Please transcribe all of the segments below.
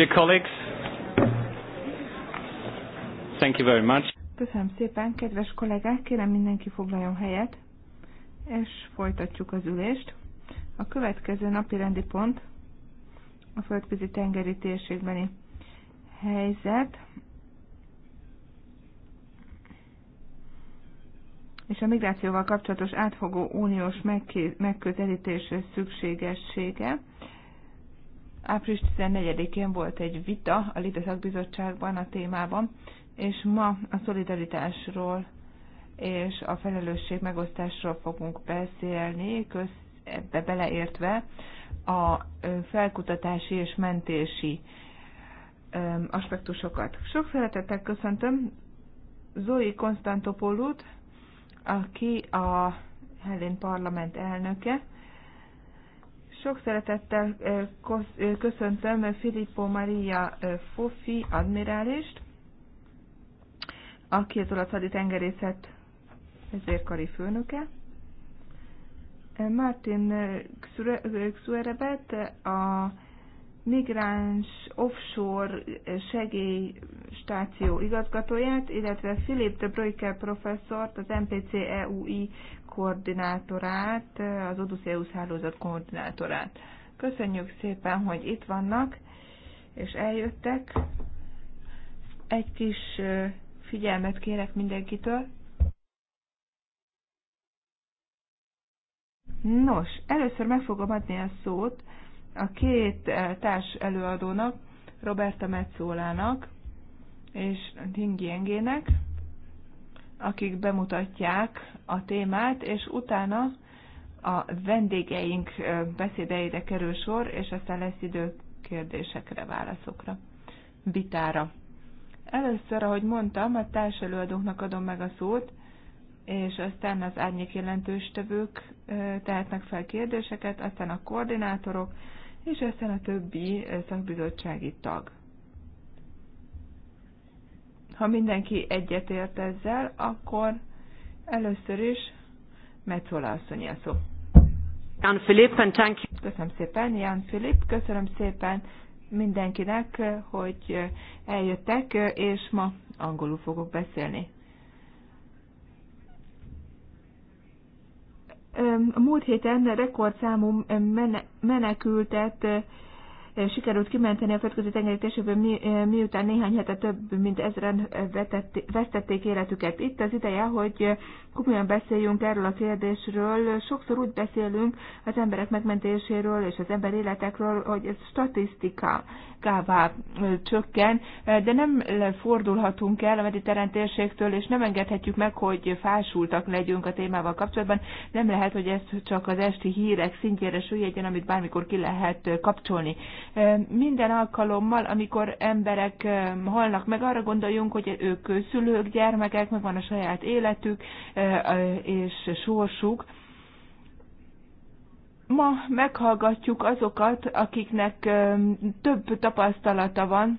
Dear colleagues, thank you very much. Köszönöm szépen, kedves kollégák, kérem mindenki foglaljon helyet, és folytatjuk az ülést. A következő napi rendi pont a földközi tengeri térségbeni helyzet, és a migrációval kapcsolatos átfogó uniós megközelítés szükségessége. Április 14-én volt egy vita a Libe szakbizottságban a témában, és ma a szolidaritásról és a felelősség megosztásról fogunk beszélni, köz, ebbe beleértve a felkutatási és mentési aspektusokat. Sok szeretettel köszöntöm Zoe Konstantopolut, aki a Hellén Parlament elnöke, sok szeretettel köszöntöm Filippo Maria Fofi admirálist, aki az olasz haditengerészet ezérkari főnöke. Martin Xuerebet, a migráns offshore segélystáció igazgatóját, illetve Philip de Bruyker professzort, az MPC EUI koordinátorát, az Odysseus hálózat koordinátorát. Köszönjük szépen, hogy itt vannak, és eljöttek. Egy kis figyelmet kérek mindenkitől. Nos, először meg fogom adni a szót a két eh, társ előadónak, Roberta Metzolának és Dingiengének, akik bemutatják a témát, és utána a vendégeink eh, beszédeire kerül sor, és aztán lesz idő kérdésekre, válaszokra, vitára. Először, ahogy mondtam, a társelőadóknak adom meg a szót, és aztán az árnyék jelentőstevők eh, tehetnek fel kérdéseket, aztán a koordinátorok, és aztán a többi eh, szakbizottsági tag. Ha mindenki egyetért ezzel, akkor először is Metzola asszony a szó. Jan Filip, Köszönöm szépen, Jan Filip, köszönöm szépen mindenkinek, hogy eljöttek, eh, és ma angolul fogok beszélni. A múlt héten rekordszámú menekültet sikerült kimenteni a földközi tengeri térségből, mi, miután néhány hete több mint ezeren vetett, vesztették életüket. Itt az ideje, hogy komolyan beszéljünk erről a kérdésről. Sokszor úgy beszélünk az emberek megmentéséről és az ember életekről, hogy ez statisztikává csökken, de nem fordulhatunk el a mediterrán térségtől, és nem engedhetjük meg, hogy fásultak legyünk a témával kapcsolatban. Nem lehet, hogy ez csak az esti hírek szintjére súlyegyen, amit bármikor ki lehet kapcsolni minden alkalommal, amikor emberek halnak meg, arra gondoljunk, hogy ők szülők, gyermekek, meg van a saját életük és sorsuk. Ma meghallgatjuk azokat, akiknek több tapasztalata van,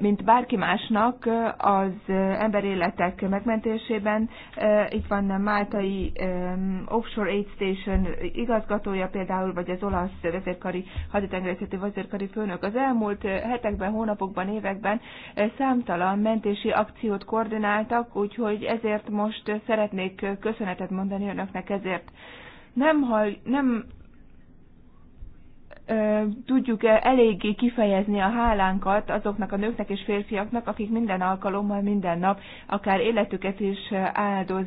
mint bárki másnak az emberéletek megmentésében. Itt van a Máltai Offshore Aid Station igazgatója például, vagy az olasz vezérkari, haditengerészeti vezérkari főnök. Az elmúlt hetekben, hónapokban, években számtalan mentési akciót koordináltak, úgyhogy ezért most szeretnék köszönetet mondani önöknek ezért. Nem, hall, nem tudjuk eléggé kifejezni a hálánkat azoknak a nőknek és férfiaknak, akik minden alkalommal, minden nap akár életüket is áldoz,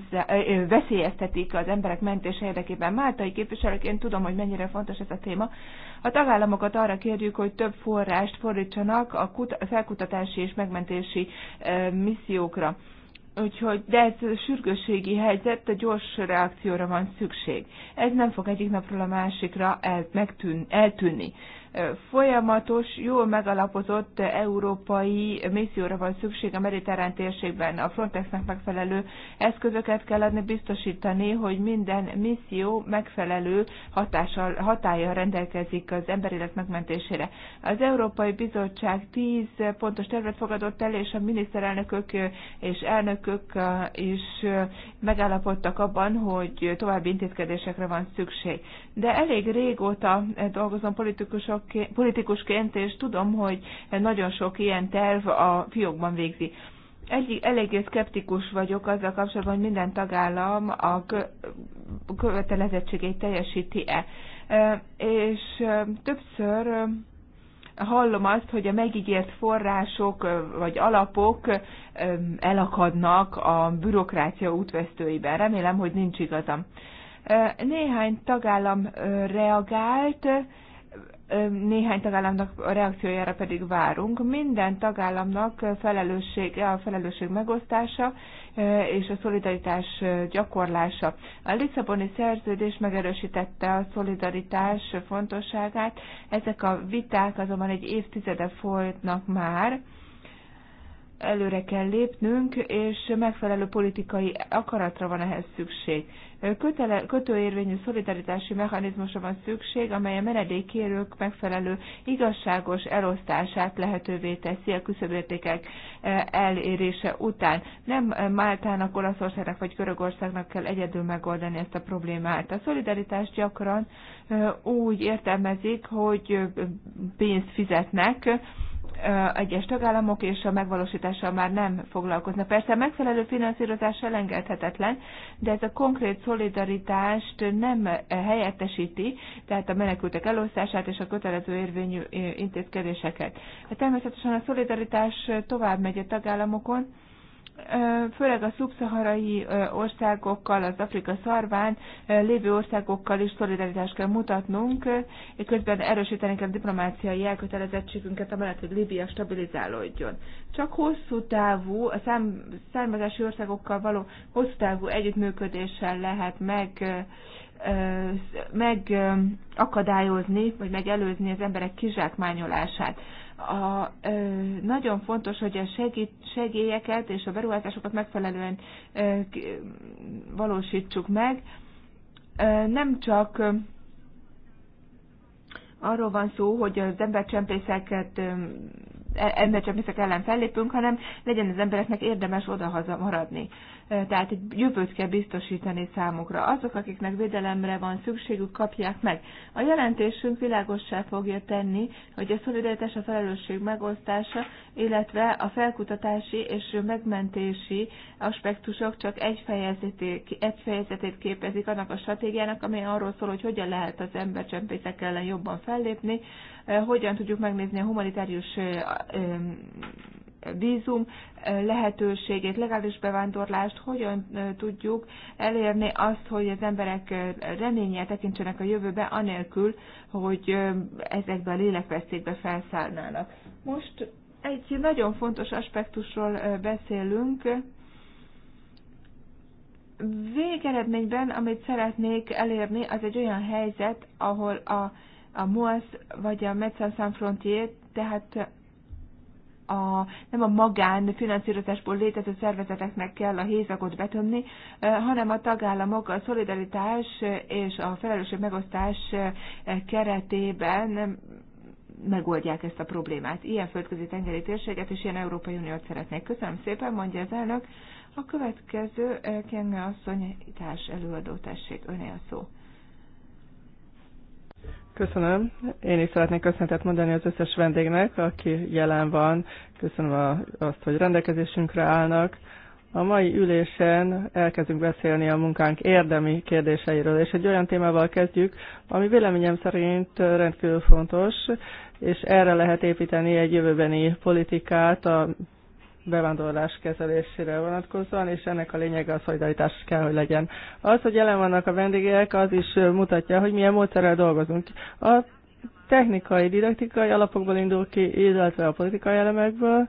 veszélyeztetik az emberek mentése érdekében. Máltai képviselőként tudom, hogy mennyire fontos ez a téma. A tagállamokat arra kérjük, hogy több forrást fordítsanak a felkutatási és megmentési missziókra. Úgyhogy, de ez a sürgőségi helyzet, a gyors reakcióra van szükség. Ez nem fog egyik napról a másikra el, megtűn, eltűnni. Folyamatos, jól megalapozott európai misszióra van szükség a mediterrán térségben. A Frontexnek megfelelő eszközöket kell adni, biztosítani, hogy minden misszió megfelelő hatással, hatája rendelkezik az élet megmentésére. Az Európai Bizottság 10 pontos tervet fogadott el, és a miniszterelnökök és elnökök is megállapodtak abban, hogy további intézkedésekre van szükség. De elég régóta dolgozom politikusok politikusként, politikusként, és tudom, hogy nagyon sok ilyen terv a fiókban végzi. Egy, eléggé szkeptikus vagyok azzal kapcsolatban, hogy minden tagállam a követelezettségét teljesíti-e. És többször hallom azt, hogy a megígért források vagy alapok elakadnak a bürokrácia útvesztőiben. Remélem, hogy nincs igazam. Néhány tagállam reagált, néhány tagállamnak a reakciójára pedig várunk. Minden tagállamnak felelősség, a felelősség megosztása és a szolidaritás gyakorlása. A Lisszaboni szerződés megerősítette a szolidaritás fontosságát. Ezek a viták azonban egy évtizede folytnak már. Előre kell lépnünk, és megfelelő politikai akaratra van ehhez szükség kötele, kötőérvényű szolidaritási mechanizmusra van szükség, amely a menedékkérők megfelelő igazságos elosztását lehetővé teszi a küszöbértékek eh, elérése után. Nem eh, Máltának, Olaszországnak vagy Görögországnak kell egyedül megoldani ezt a problémát. A szolidaritást gyakran eh, úgy értelmezik, hogy pénzt fizetnek, egyes tagállamok és a megvalósítása már nem foglalkozna. Persze a megfelelő finanszírozás elengedhetetlen, de ez a konkrét szolidaritást nem helyettesíti, tehát a menekültek elosztását és a kötelező érvényű intézkedéseket. Hát természetesen a szolidaritás tovább megy a tagállamokon, főleg a szubszaharai országokkal, az Afrika szarván lévő országokkal is szolidaritást kell mutatnunk, és közben erősíteni kell diplomáciai elkötelezettségünket, amellett, hogy Líbia stabilizálódjon. Csak hosszú távú, a szám, származási országokkal való hosszú távú együttműködéssel lehet meg megakadályozni, vagy megelőzni az emberek kizsákmányolását a, ö, nagyon fontos, hogy a segít, segélyeket és a beruházásokat megfelelően ö, valósítsuk meg. Ö, nem csak ö, arról van szó, hogy az embercsempészeket e, embercsempészek ellen fellépünk, hanem legyen az embereknek érdemes odahaza maradni tehát egy jövőt kell biztosítani számukra. Azok, akiknek védelemre van szükségük, kapják meg. A jelentésünk világossá fogja tenni, hogy a szolidaritás a felelősség megosztása, illetve a felkutatási és megmentési aspektusok csak egy fejezetét, egy fejezetét képezik annak a stratégiának, amely arról szól, hogy hogyan lehet az embercsempészek ellen jobban fellépni, hogyan tudjuk megnézni a humanitárius vízum lehetőségét, legális bevándorlást, hogyan tudjuk elérni azt, hogy az emberek reménye tekintsenek a jövőbe, anélkül, hogy ezekbe a lélekveszélybe felszállnának. Most egy nagyon fontos aspektusról beszélünk, végeredményben, amit szeretnék elérni, az egy olyan helyzet, ahol a, a MOASZ vagy a Médecins Sans Frontier, tehát a, nem a magán finanszírozásból létező szervezeteknek kell a hézagot betömni, hanem a tagállamok a szolidaritás és a felelősség megosztás keretében megoldják ezt a problémát. Ilyen földközi tengeri térséget és ilyen Európai Uniót szeretnék. Köszönöm szépen, mondja az elnök. A következő Kenge asszony társ előadó, tessék, öné a szó. Köszönöm. Én is szeretnék köszönetet mondani az összes vendégnek, aki jelen van. Köszönöm azt, hogy rendelkezésünkre állnak. A mai ülésen elkezdünk beszélni a munkánk érdemi kérdéseiről, és egy olyan témával kezdjük, ami véleményem szerint rendkívül fontos, és erre lehet építeni egy jövőbeni politikát a bevándorlás kezelésére vonatkozóan, és ennek a lényege a szolidaritás kell, hogy legyen. Az, hogy jelen vannak a vendégek, az is mutatja, hogy milyen módszerrel dolgozunk. A technikai, didaktikai alapokból indul ki, illetve a politikai elemekből,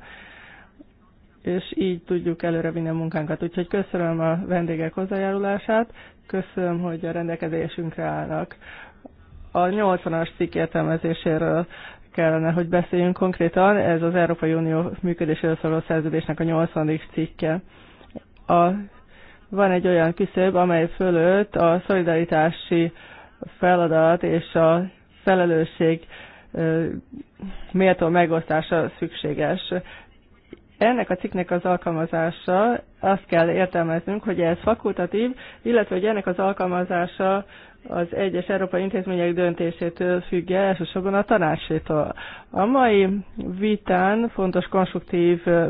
és így tudjuk előrevinni a munkánkat. Úgyhogy köszönöm a vendégek hozzájárulását, köszönöm, hogy a rendelkezésünkre állnak. A 80-as cikk értelmezéséről kellene, hogy beszéljünk konkrétan. Ez az Európai Unió működéséről szóló szerződésnek a 80. cikke. A, van egy olyan küszöb, amely fölött a szolidaritási feladat és a felelősség méltó megosztása szükséges. Ennek a cikknek az alkalmazása, azt kell értelmeznünk, hogy ez fakultatív, illetve hogy ennek az alkalmazása az egyes európai intézmények döntésétől függ el, elsősorban a tanácsétól. A mai vitán fontos konstruktív eh,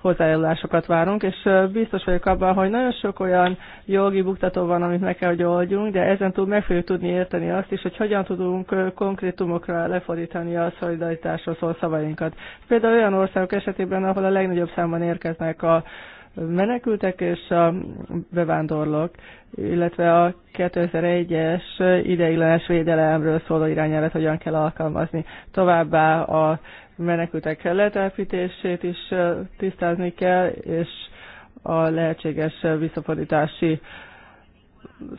hozzájárulásokat várunk, és eh, biztos vagyok abban, hogy nagyon sok olyan jogi buktató van, amit meg kell, hogy oldjunk, de ezen túl meg fogjuk tudni érteni azt is, hogy hogyan tudunk eh, konkrétumokra lefordítani a szolidaritásról szól szavainkat. Például olyan országok esetében, ahol a legnagyobb számban érkeznek a menekültek és a bevándorlók, illetve a 2001-es ideiglenes védelemről szóló irányelvet hogyan kell alkalmazni. Továbbá a menekültek letelepítését is tisztázni kell, és a lehetséges visszafordítási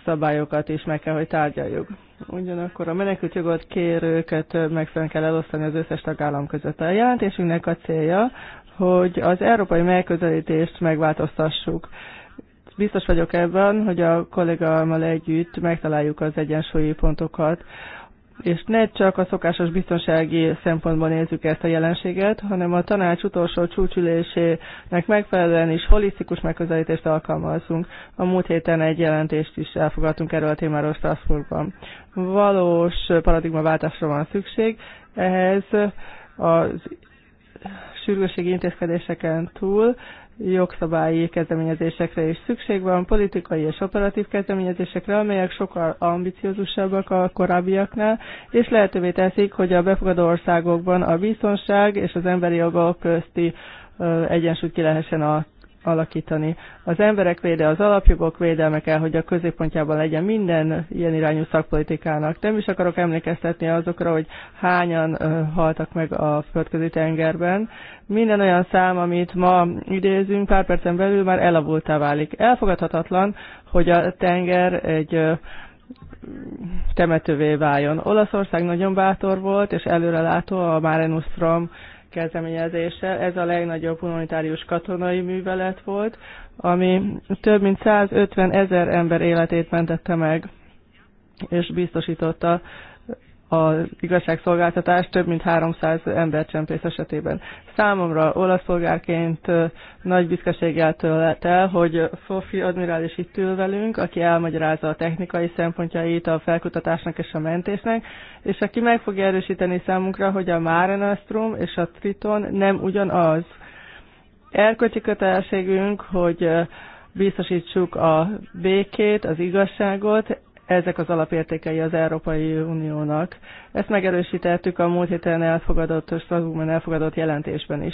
szabályokat is meg kell, hogy tárgyaljuk. Ugyanakkor a menekült jogot kérőket megfelelően kell elosztani az összes tagállam között. A jelentésünknek a célja, hogy az európai megközelítést megváltoztassuk. Biztos vagyok ebben, hogy a kollégámmal együtt megtaláljuk az egyensúlyi pontokat, és ne csak a szokásos biztonsági szempontból nézzük ezt a jelenséget, hanem a tanács utolsó csúcsülésének megfelelően is holisztikus megközelítést alkalmazunk. A múlt héten egy jelentést is elfogadtunk erről a témáról Strasbourgban. Valós paradigmaváltásra van szükség, ehhez az sürgőségi intézkedéseken túl jogszabályi kezdeményezésekre is szükség van, politikai és operatív kezdeményezésekre, amelyek sokkal ambiciózusabbak a korábbiaknál, és lehetővé teszik, hogy a befogadó országokban a biztonság és az emberi jogok közti egyensúlyt ki lehessen alakítani. Az emberek véde, az alapjogok védelme kell, hogy a középpontjában legyen minden ilyen irányú szakpolitikának. Nem is akarok emlékeztetni azokra, hogy hányan haltak meg a földközi tengerben. Minden olyan szám, amit ma idézünk, pár percen belül már elavultá válik. Elfogadhatatlan, hogy a tenger egy temetővé váljon. Olaszország nagyon bátor volt, és előrelátó a Mare Nostrum kezdeményezéssel. Ez a legnagyobb humanitárius katonai művelet volt, ami több mint 150 ezer ember életét mentette meg, és biztosította az igazságszolgáltatás több mint 300 embercsempész esetében. Számomra olasz polgárként nagy büszkeséggel tölt el, hogy Fofi admirális itt ül velünk, aki elmagyarázza a technikai szempontjait a felkutatásnak és a mentésnek, és aki meg fogja erősíteni számunkra, hogy a Mare Nostrum és a Triton nem ugyanaz. Erkölcsi kötelességünk, hogy biztosítsuk a békét, az igazságot, ezek az alapértékei az Európai Uniónak. Ezt megerősítettük a múlt héten elfogadott, Strasbourgban elfogadott jelentésben is.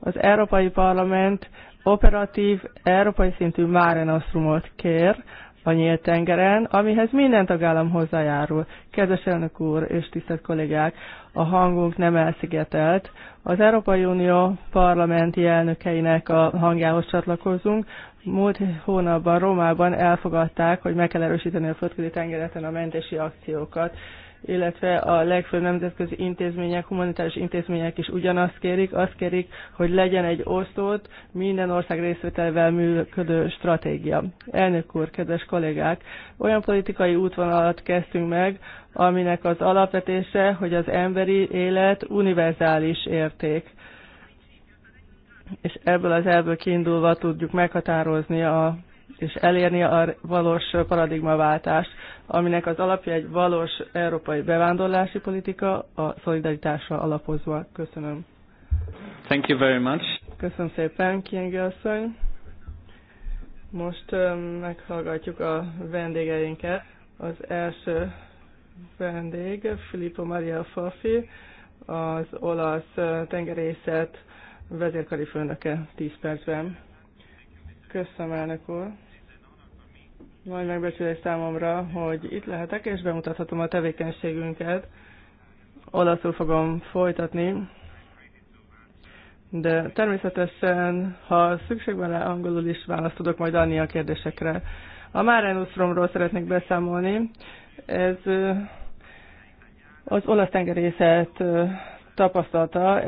Az Európai Parlament operatív, európai szintű Mare Nostrumot kér a nyílt tengeren, amihez minden tagállam hozzájárul. Kedves elnök úr és tisztelt kollégák, a hangunk nem elszigetelt. Az Európai Unió parlamenti elnökeinek a hangjához csatlakozunk. Múlt hónapban Rómában elfogadták, hogy meg kell erősíteni a földközi tengereten a mentési akciókat illetve a legfőbb nemzetközi intézmények, humanitárius intézmények is ugyanazt kérik, azt kérik, hogy legyen egy osztott, minden ország részvételvel működő stratégia. Elnök úr, kedves kollégák, olyan politikai útvonalat kezdtünk meg, aminek az alapvetése, hogy az emberi élet univerzális érték és ebből az elből kiindulva tudjuk meghatározni a és elérni a valós paradigmaváltást, aminek az alapja egy valós európai bevándorlási politika a szolidaritásra alapozva. Köszönöm. Thank you very much. Köszönöm szépen, Kiengi asszony. Most meghallgatjuk a vendégeinket. Az első vendég Filippo Maria Fafi, az olasz tengerészet vezérkari főnöke 10 percben. Köszönöm, elnök úr. Nagy megbecsülés számomra, hogy itt lehetek, és bemutathatom a tevékenységünket. Olaszul fogom folytatni, de természetesen, ha szükség van rá, angolul is választ tudok majd adni a kérdésekre. A Mare szeretnék beszámolni. Ez az olasz tengerészet tapasztalata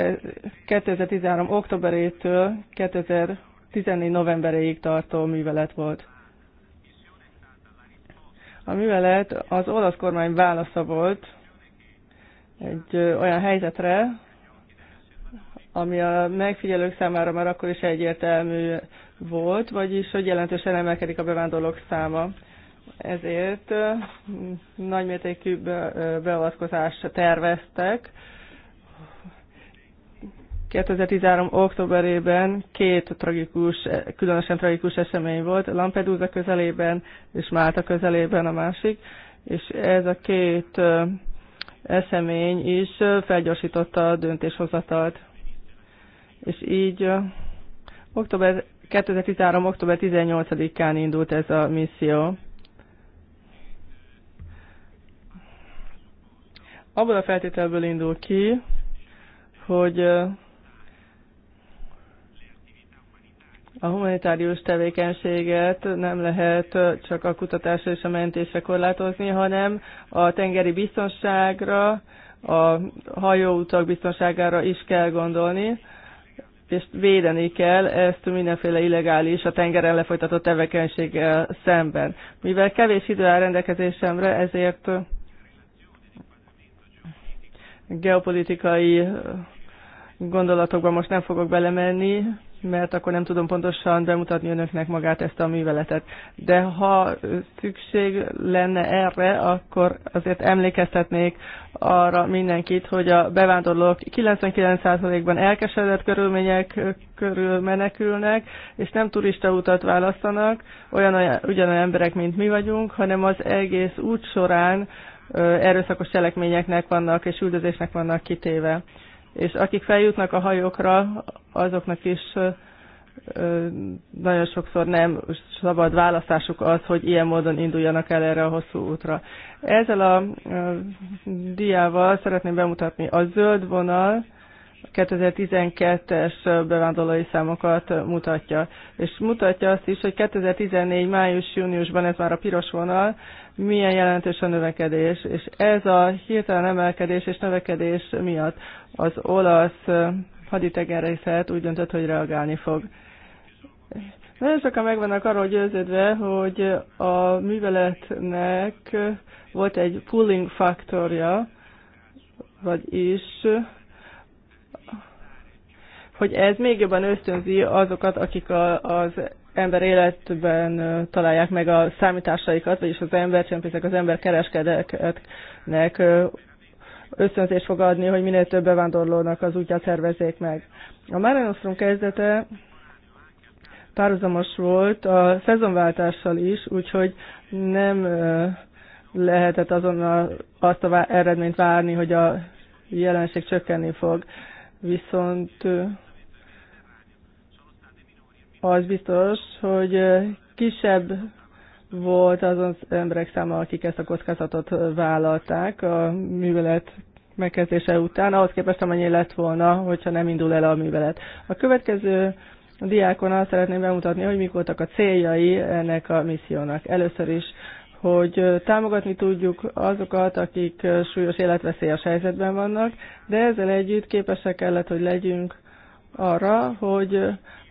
2013. E, októberétől 2014. novemberéig tartó művelet volt. A művelet az olasz kormány válasza volt egy olyan helyzetre, ami a megfigyelők számára már akkor is egyértelmű volt, vagyis hogy jelentősen emelkedik a bevándorlók száma. Ezért nagymértékű beavatkozást terveztek, 2013. októberében két tragikus, különösen tragikus esemény volt, Lampedusa közelében és Málta közelében a másik, és ez a két esemény is felgyorsította a döntéshozatalt. És így október 2013. október 18-án indult ez a misszió. Abban a feltételből indul ki, hogy A humanitárius tevékenységet nem lehet csak a kutatásra és a mentésre korlátozni, hanem a tengeri biztonságra, a hajóutak biztonságára is kell gondolni, és védeni kell ezt mindenféle illegális, a tengeren lefolytatott tevékenységgel szemben. Mivel kevés idő áll rendelkezésemre, ezért geopolitikai gondolatokban most nem fogok belemenni, mert akkor nem tudom pontosan bemutatni önöknek magát ezt a műveletet. De ha szükség lenne erre, akkor azért emlékeztetnék arra mindenkit, hogy a bevándorlók 99%-ban elkeseredett körülmények körül menekülnek, és nem turista utat választanak, olyan, olyan ugyanolyan emberek, mint mi vagyunk, hanem az egész út során erőszakos cselekményeknek vannak és üldözésnek vannak kitéve és akik feljutnak a hajókra, azoknak is nagyon sokszor nem szabad választásuk az, hogy ilyen módon induljanak el erre a hosszú útra. Ezzel a diával szeretném bemutatni a zöld vonal, 2012-es bevándorlói számokat mutatja. És mutatja azt is, hogy 2014. május-júniusban ez már a piros vonal, milyen jelentős a növekedés, és ez a hirtelen emelkedés és növekedés miatt az olasz haditegerészet úgy döntött, hogy reagálni fog. Nagyon sokan meg vannak arról győződve, hogy a műveletnek volt egy pulling faktorja, vagyis hogy ez még jobban ösztönzi azokat, akik a, az ember életben találják meg a számításaikat, vagyis az ember csempészek az ember kereskedeknek ösztönzést fog adni, hogy minél több bevándorlónak az útját szervezzék meg. A Mare kezdete párhuzamos volt a szezonváltással is, úgyhogy nem lehetett azonnal azt a eredményt várni, hogy a jelenség csökkenni fog. Viszont az biztos, hogy kisebb volt azon emberek száma, akik ezt a kockázatot vállalták a művelet megkezdése után, ahhoz képest amennyi lett volna, hogyha nem indul el a művelet. A következő diákon azt szeretném bemutatni, hogy mik voltak a céljai ennek a missziónak. Először is, hogy támogatni tudjuk azokat, akik súlyos életveszélyes helyzetben vannak, de ezzel együtt képesek kellett, hogy legyünk arra, hogy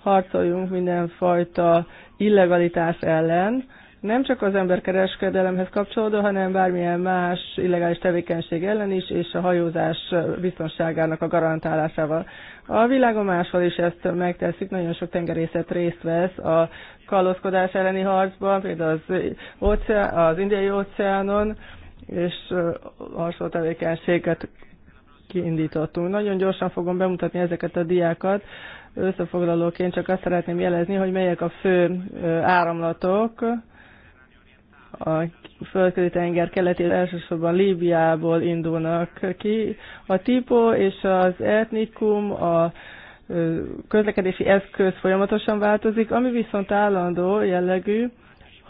harcoljunk mindenfajta illegalitás ellen, nem csak az emberkereskedelemhez kapcsolódó, hanem bármilyen más illegális tevékenység ellen is, és a hajózás biztonságának a garantálásával. A világon máshol is ezt megteszik, nagyon sok tengerészet részt vesz a kalózkodás elleni harcban, például az, óceán, az indiai óceánon, és hasonló tevékenységet kiindítottunk. Nagyon gyorsan fogom bemutatni ezeket a diákat, összefoglalóként csak azt szeretném jelezni, hogy melyek a fő áramlatok a földközi tenger keleti elsősorban Líbiából indulnak ki. A TIPO és az etnikum, a közlekedési eszköz folyamatosan változik, ami viszont állandó jellegű,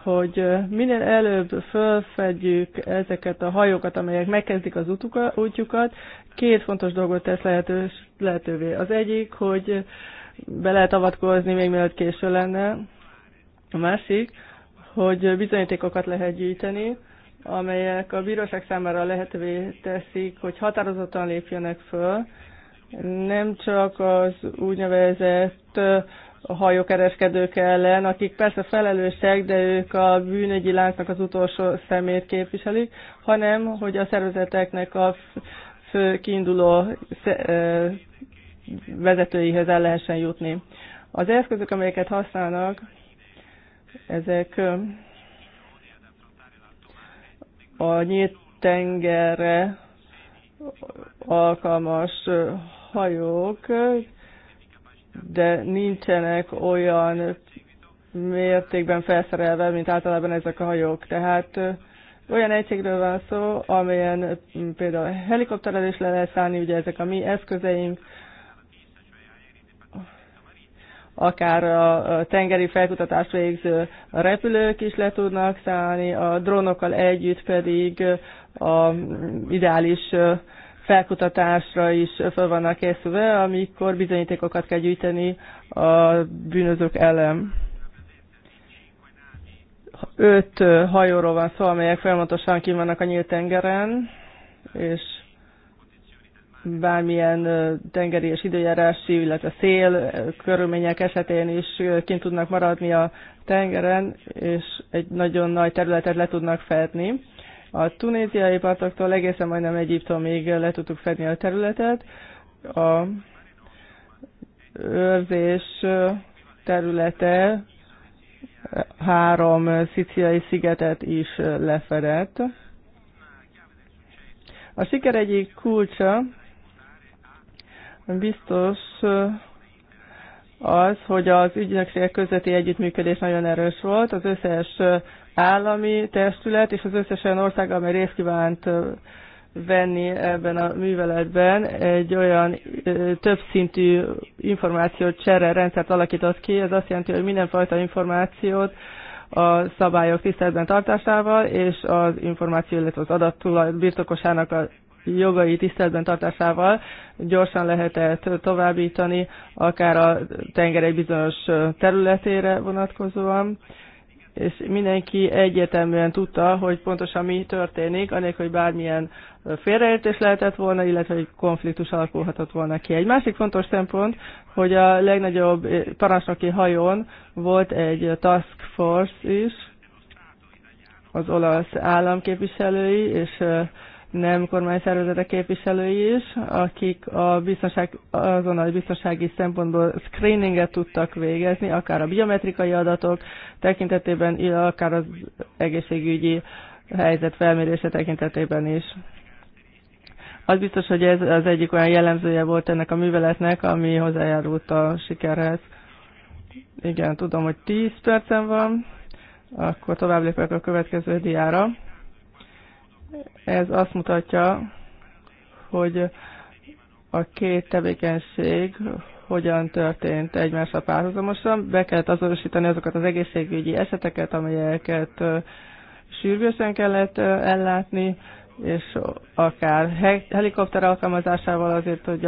hogy minél előbb fölfedjük ezeket a hajókat, amelyek megkezdik az útjukat, két fontos dolgot tesz lehetős, lehetővé. Az egyik, hogy be lehet avatkozni, még mielőtt késő lenne. A másik, hogy bizonyítékokat lehet gyűjteni, amelyek a bíróság számára lehetővé teszik, hogy határozottan lépjenek föl, nem csak az úgynevezett uh, hajókereskedők ellen, akik persze felelősek, de ők a bűnögi láncnak az utolsó szemét képviselik, hanem hogy a szervezeteknek a fő kiinduló e, vezetőihez el lehessen jutni. Az eszközök, amelyeket használnak, ezek e, a nyílt tengerre alkalmas hajók, de nincsenek olyan mértékben felszerelve, mint általában ezek a hajók. Tehát olyan egységről van szó, amelyen mm, például helikopterrel is le lehet szállni, ugye ezek a mi eszközeink, akár a tengeri felkutatást végző repülők is le tudnak szállni, a drónokkal együtt pedig a mm, ideális felkutatásra is fel vannak készülve, amikor bizonyítékokat kell gyűjteni a bűnözők ellen. Öt hajóról van szó, amelyek folyamatosan kivannak a nyílt tengeren, és bármilyen tengeri és időjárási, illetve szél körülmények esetén is kint tudnak maradni a tengeren, és egy nagyon nagy területet le tudnak fedni. A tunéziai partoktól egészen majdnem Egyiptomig le tudtuk fedni a területet. A őrzés területe három sziciai szigetet is lefedett. A siker egyik kulcsa biztos az, hogy az ügynökségek közötti együttműködés nagyon erős volt. Az összes állami testület és az összes olyan ország, amely részt kívánt venni ebben a műveletben. Egy olyan többszintű csere rendszert alakított ki, ez azt jelenti, hogy mindenfajta információt a szabályok tiszteletben tartásával és az információ, illetve az adattulaj birtokosának a jogai tiszteletben tartásával gyorsan lehetett továbbítani, akár a tenger egy bizonyos területére vonatkozóan, és mindenki egyértelműen tudta, hogy pontosan mi történik, anélkül, hogy bármilyen félreértés lehetett volna, illetve hogy konfliktus alakulhatott volna ki. Egy másik fontos szempont, hogy a legnagyobb parancsnoki hajón volt egy task force is, az olasz államképviselői és nem kormány képviselői is, akik a biztonság, azon a biztonsági szempontból screeninget tudtak végezni, akár a biometrikai adatok tekintetében, akár az egészségügyi helyzet felmérése tekintetében is. Az biztos, hogy ez az egyik olyan jellemzője volt ennek a műveletnek, ami hozzájárult a sikerhez. Igen, tudom, hogy 10 percen van, akkor tovább lépek a következő diára. Ez azt mutatja, hogy a két tevékenység hogyan történt egymásra párhuzamosan. Be kellett azonosítani azokat az egészségügyi eseteket, amelyeket sürgősen kellett ellátni, és akár helikopter alkalmazásával azért, hogy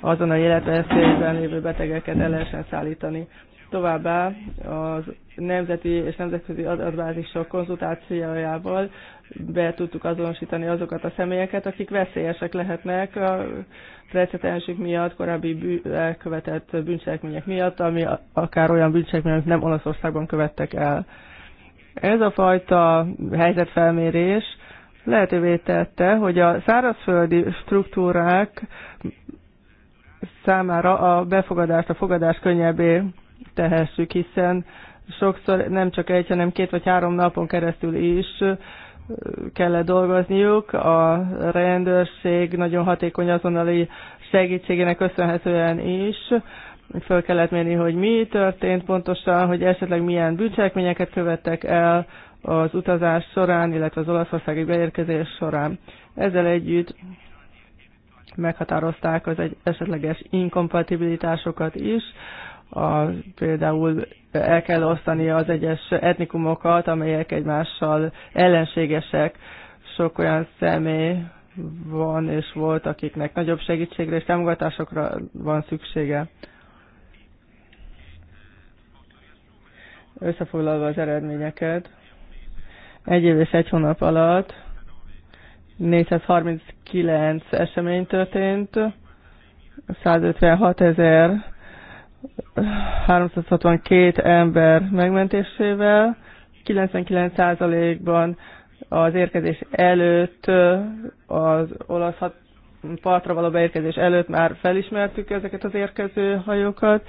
azon a életveszélyben lévő betegeket el lehessen szállítani. Továbbá az nemzeti és nemzetközi adatbázisok konzultációjával be tudtuk azonosítani azokat a személyeket, akik veszélyesek lehetnek a precedensük miatt, korábbi elkövetett bűncselekmények miatt, ami akár olyan bűncselekmények, amit nem Olaszországban követtek el. Ez a fajta helyzetfelmérés lehetővé tette, hogy a szárazföldi struktúrák számára a befogadást, a fogadást könnyebbé tehessük, hiszen sokszor nem csak egy, hanem két vagy három napon keresztül is kellett dolgozniuk. A rendőrség nagyon hatékony azonnali segítségének köszönhetően is föl kellett mérni, hogy mi történt pontosan, hogy esetleg milyen bűncselekményeket követtek el az utazás során, illetve az olaszországi beérkezés során. Ezzel együtt meghatározták az egy esetleges inkompatibilitásokat is, a, például el kell osztani az egyes etnikumokat, amelyek egymással ellenségesek. Sok olyan személy van és volt, akiknek nagyobb segítségre és támogatásokra van szüksége. Összefoglalva az eredményeket, egy év és egy hónap alatt 439 esemény történt, 156 ezer 362 ember megmentésével, 99%-ban az érkezés előtt, az olasz partra való beérkezés előtt már felismertük ezeket az érkező hajókat.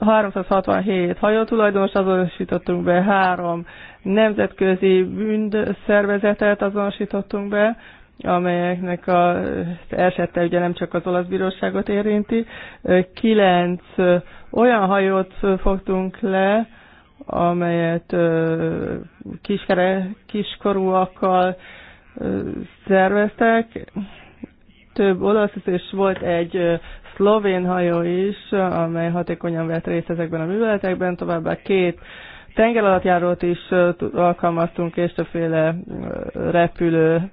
367 hajótulajdonos azonosítottunk be, három nemzetközi bűnszervezetet azonosítottunk be, amelyeknek a esete ugye nem csak az olasz bíróságot érinti. Kilenc olyan hajót fogtunk le, amelyet kiskere, kiskorúakkal szerveztek. Több olasz, és volt egy szlovén hajó is, amely hatékonyan vett részt ezekben a műveletekben, továbbá két tengeralattjárót is alkalmaztunk, és többféle repülő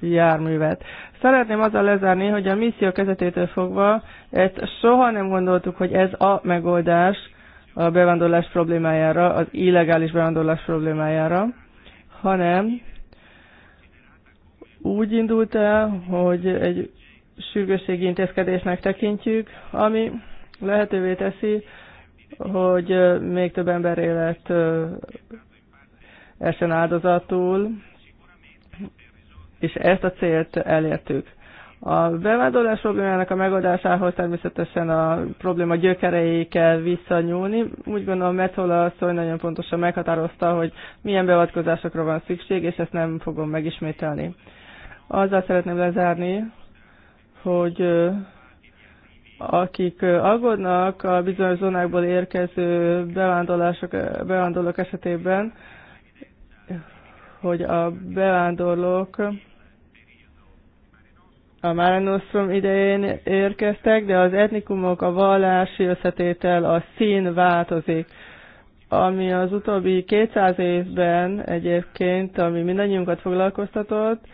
járművet. Szeretném azzal lezárni, hogy a misszió kezetétől fogva ezt soha nem gondoltuk, hogy ez a megoldás a bevándorlás problémájára, az illegális bevándorlás problémájára, hanem úgy indult el, hogy egy sürgősségi intézkedésnek tekintjük, ami lehetővé teszi, hogy még több ember élet essen áldozatul, és ezt a célt elértük. A bevándorlás problémának a megoldásához természetesen a probléma gyökerei kell visszanyúlni. Úgy gondolom, Metzola asszony nagyon pontosan meghatározta, hogy milyen beavatkozásokra van szükség, és ezt nem fogom megismételni. Azzal szeretném lezárni, hogy akik aggódnak a bizonyos zónákból érkező bevándorlások, bevándorlók esetében, hogy a bevándorlók a Márenosztrom idején érkeztek, de az etnikumok, a vallási összetétel, a szín változik. Ami az utóbbi 200 évben egyébként, ami mindannyiunkat foglalkoztatott,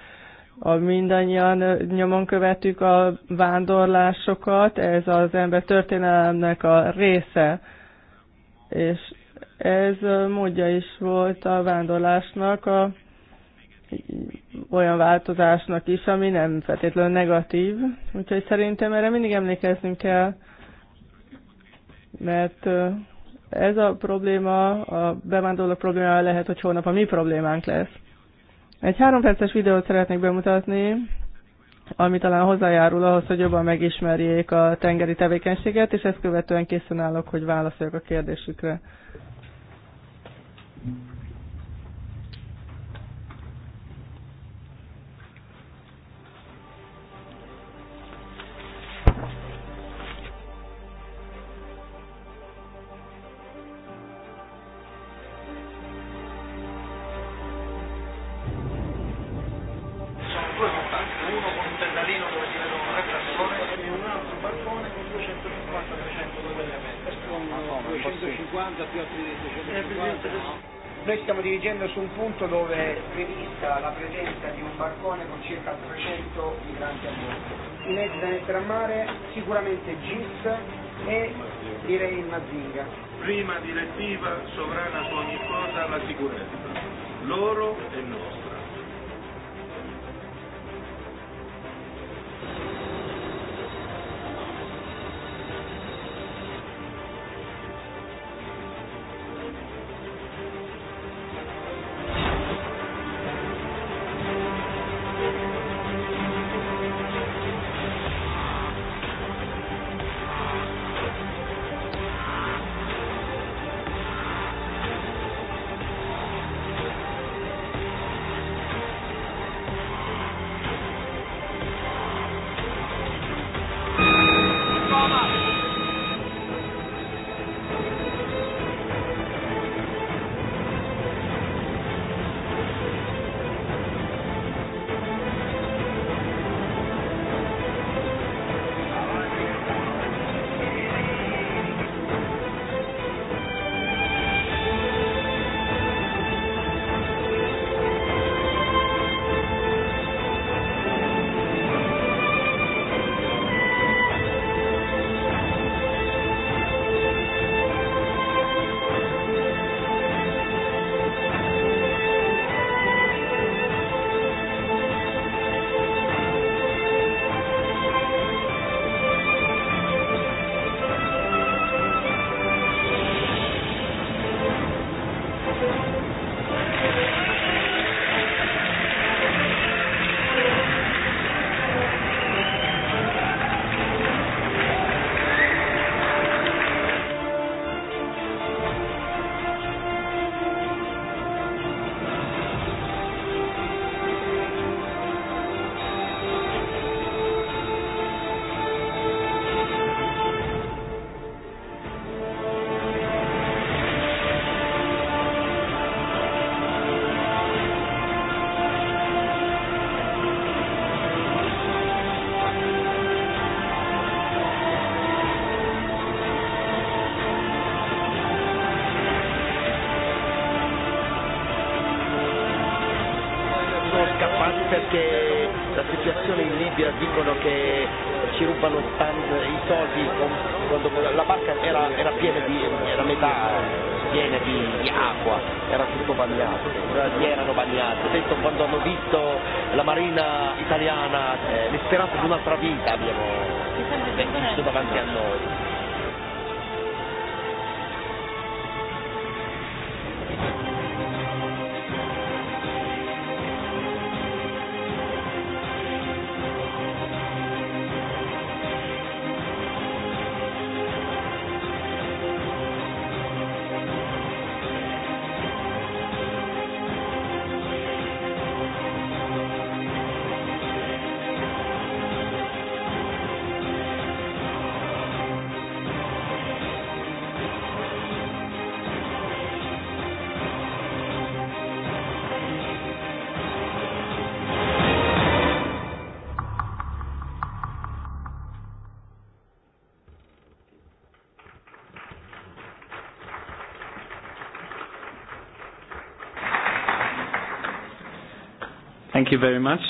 a mindannyian nyomon követtük a vándorlásokat, ez az ember történelemnek a része. És ez módja is volt a vándorlásnak, a, olyan változásnak is, ami nem feltétlenül negatív. Úgyhogy szerintem erre mindig emlékeznünk kell, mert ez a probléma, a bevándorló problémája lehet, hogy holnap a mi problémánk lesz. Egy három perces videót szeretnék bemutatni, ami talán hozzájárul ahhoz, hogy jobban megismerjék a tengeri tevékenységet, és ezt követően készen állok, hogy válaszoljak a kérdésükre. sicuramente GIS e direi Mazinga. Prima direttiva sovrana su ogni cosa la sicurezza, loro e nostra. un'altra vita abbiamo visto davanti a noi. Thank you very much.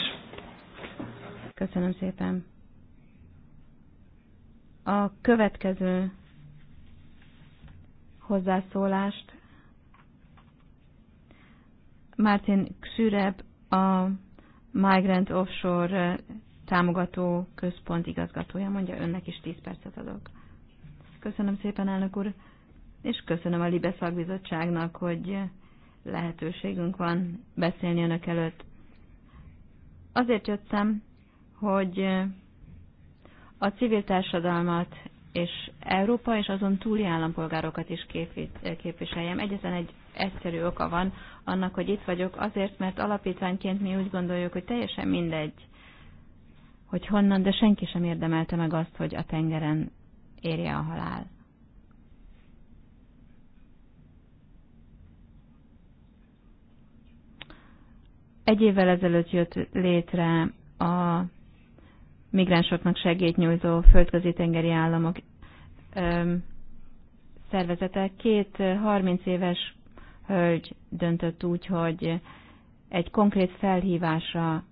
Köszönöm szépen. A következő hozzászólást Martin Xüreb, a Migrant Offshore támogató központ igazgatója mondja, önnek is 10 percet adok. Köszönöm szépen, elnök úr, és köszönöm a Libe szakbizottságnak, hogy lehetőségünk van beszélni önök előtt. Azért jöttem, hogy a civil társadalmat és Európa és azon túli állampolgárokat is képviseljem. Egyetlen egy egyszerű oka van annak, hogy itt vagyok, azért, mert alapítványként mi úgy gondoljuk, hogy teljesen mindegy, hogy honnan, de senki sem érdemelte meg azt, hogy a tengeren érje a halál. Egy évvel ezelőtt jött létre a migránsoknak segélyt nyújtó földközi-tengeri államok szervezete. Két 30 éves hölgy döntött úgy, hogy egy konkrét felhívásra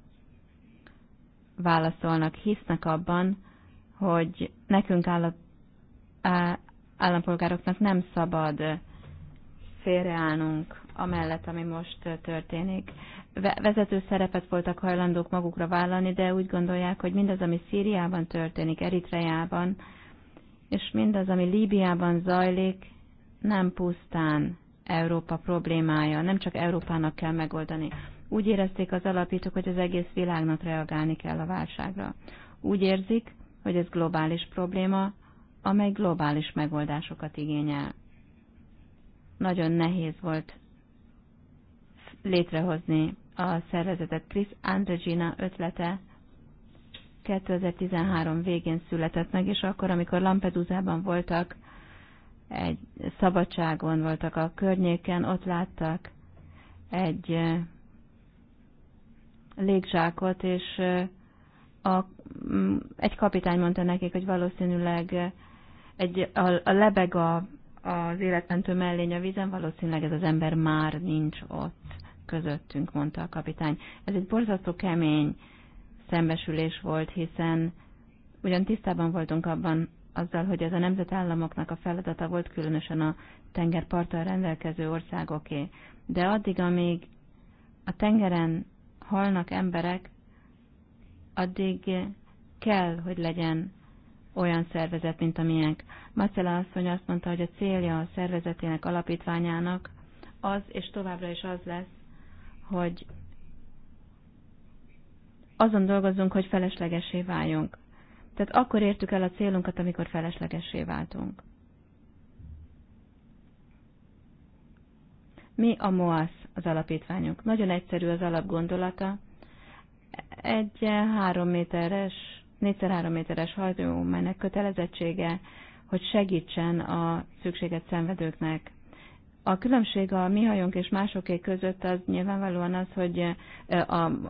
válaszolnak, hisznek abban, hogy nekünk állap, állampolgároknak nem szabad félreállnunk amellett, ami most történik vezető szerepet voltak hajlandók magukra vállalni, de úgy gondolják, hogy mindaz, ami Szíriában történik, Eritreában, és mindaz, ami Líbiában zajlik, nem pusztán Európa problémája, nem csak Európának kell megoldani. Úgy érezték az alapítók, hogy az egész világnak reagálni kell a válságra. Úgy érzik, hogy ez globális probléma, amely globális megoldásokat igényel. Nagyon nehéz volt létrehozni a szervezetet. Chris Andregina ötlete 2013 végén született meg, és akkor, amikor Lampedusában voltak, egy szabadságon voltak a környéken, ott láttak egy légzsákot, és a, egy kapitány mondta nekik, hogy valószínűleg egy, a, a lebeg a, az életmentő mellény a vízen, valószínűleg ez az ember már nincs ott közöttünk, mondta a kapitány. Ez egy borzasztó kemény szembesülés volt, hiszen ugyan tisztában voltunk abban azzal, hogy ez a nemzetállamoknak a feladata volt, különösen a tengerparttal rendelkező országoké. De addig, amíg a tengeren halnak emberek, addig kell, hogy legyen olyan szervezet, mint a miénk. Marcella asszony azt mondta, hogy a célja a szervezetének alapítványának az, és továbbra is az lesz, hogy azon dolgozunk, hogy feleslegesé váljunk. Tehát akkor értük el a célunkat, amikor feleslegesé váltunk. Mi a MOASZ az alapítványunk? Nagyon egyszerű az alapgondolata. Egy három méteres, négyszer három méteres hajtóműnek kötelezettsége, hogy segítsen a szükséget szenvedőknek a különbség a mi hajónk és másoké között az nyilvánvalóan az, hogy eh, a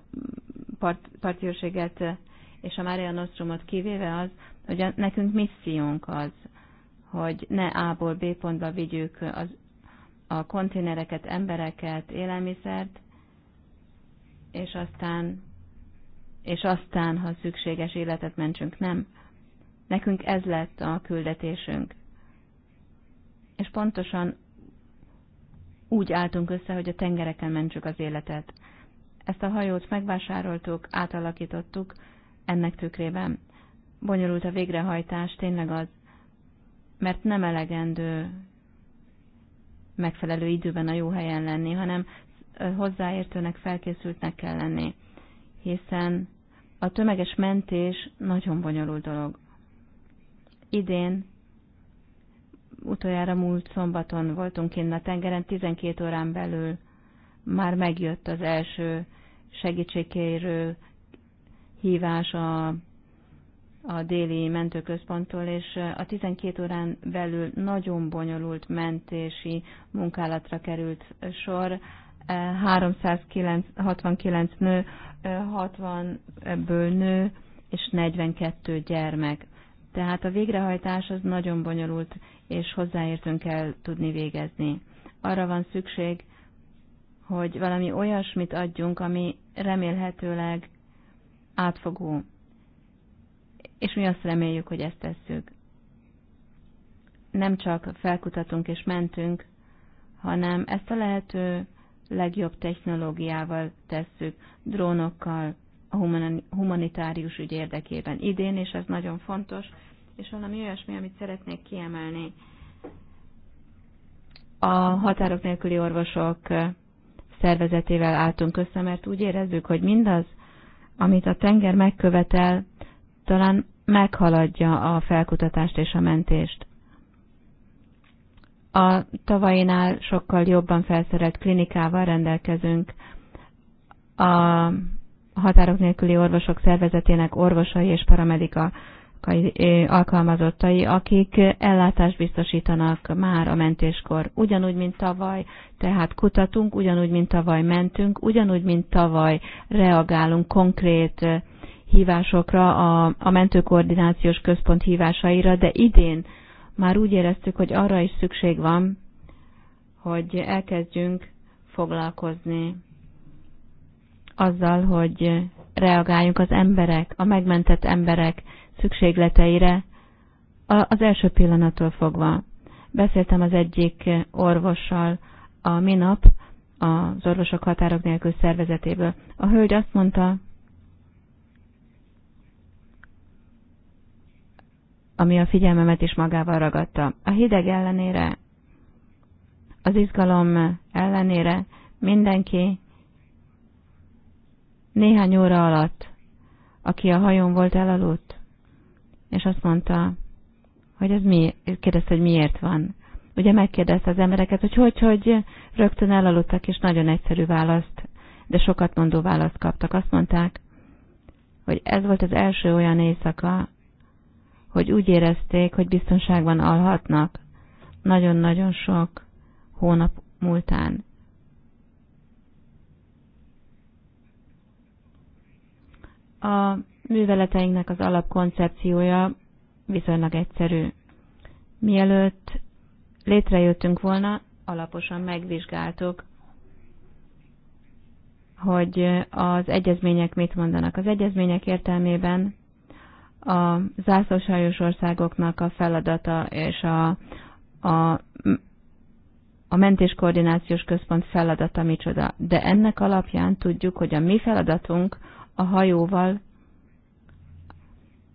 part, partjőrséget eh, és a Mária Nostrumot kivéve az, hogy a, nekünk missziónk az, hogy ne A-ból B pontba vigyük az, a konténereket, embereket, élelmiszert, és aztán, és aztán, ha szükséges életet mentsünk, nem. Nekünk ez lett a küldetésünk. És pontosan úgy álltunk össze, hogy a tengereken mentsük az életet. Ezt a hajót megvásároltuk, átalakítottuk, ennek tükrében. Bonyolult a végrehajtás, tényleg az, mert nem elegendő megfelelő időben a jó helyen lenni, hanem hozzáértőnek, felkészültnek kell lenni, hiszen a tömeges mentés nagyon bonyolult dolog. Idén utoljára múlt szombaton voltunk innen a tengeren, 12 órán belül már megjött az első segítségkérő hívás a, a déli mentőközponttól, és a 12 órán belül nagyon bonyolult mentési munkálatra került sor. 369 eh, nő, 60-ből eh, nő és 42 gyermek. Tehát a végrehajtás az nagyon bonyolult, és hozzáértünk kell tudni végezni. Arra van szükség, hogy valami olyasmit adjunk, ami remélhetőleg átfogó. És mi azt reméljük, hogy ezt tesszük. Nem csak felkutatunk és mentünk, hanem ezt a lehető legjobb technológiával tesszük, drónokkal, a humanitárius ügy érdekében idén, és ez nagyon fontos, és valami olyasmi, amit szeretnék kiemelni. A határok nélküli orvosok szervezetével álltunk össze, mert úgy érezzük, hogy mindaz, amit a tenger megkövetel, talán meghaladja a felkutatást és a mentést. A tavainál sokkal jobban felszerelt klinikával rendelkezünk. A a határok nélküli orvosok szervezetének orvosai és paramedika alkalmazottai, akik ellátást biztosítanak már a mentéskor. Ugyanúgy, mint tavaly, tehát kutatunk, ugyanúgy, mint tavaly mentünk, ugyanúgy, mint tavaly reagálunk konkrét hívásokra, a, a mentőkoordinációs központ hívásaira, de idén már úgy éreztük, hogy arra is szükség van, hogy elkezdjünk foglalkozni azzal, hogy reagáljunk az emberek, a megmentett emberek szükségleteire az első pillanattól fogva. Beszéltem az egyik orvossal a minap, az Orvosok Határok Nélkül szervezetéből. A hölgy azt mondta, ami a figyelmemet is magával ragadta. A hideg ellenére, az izgalom ellenére mindenki néhány óra alatt, aki a hajón volt, elaludt, és azt mondta, hogy ez mi, kérdezte, hogy miért van. Ugye megkérdezte az embereket, hogy hogy, hogy rögtön elaludtak, és nagyon egyszerű választ, de sokat mondó választ kaptak. Azt mondták, hogy ez volt az első olyan éjszaka, hogy úgy érezték, hogy biztonságban alhatnak. Nagyon-nagyon sok hónap múltán. A műveleteinknek az alapkoncepciója viszonylag egyszerű. Mielőtt létrejöttünk volna, alaposan megvizsgáltuk, hogy az egyezmények mit mondanak. Az egyezmények értelmében a zászlósajos országoknak a feladata és a, a, a mentéskoordinációs központ feladata micsoda. De ennek alapján tudjuk, hogy a mi feladatunk a hajóval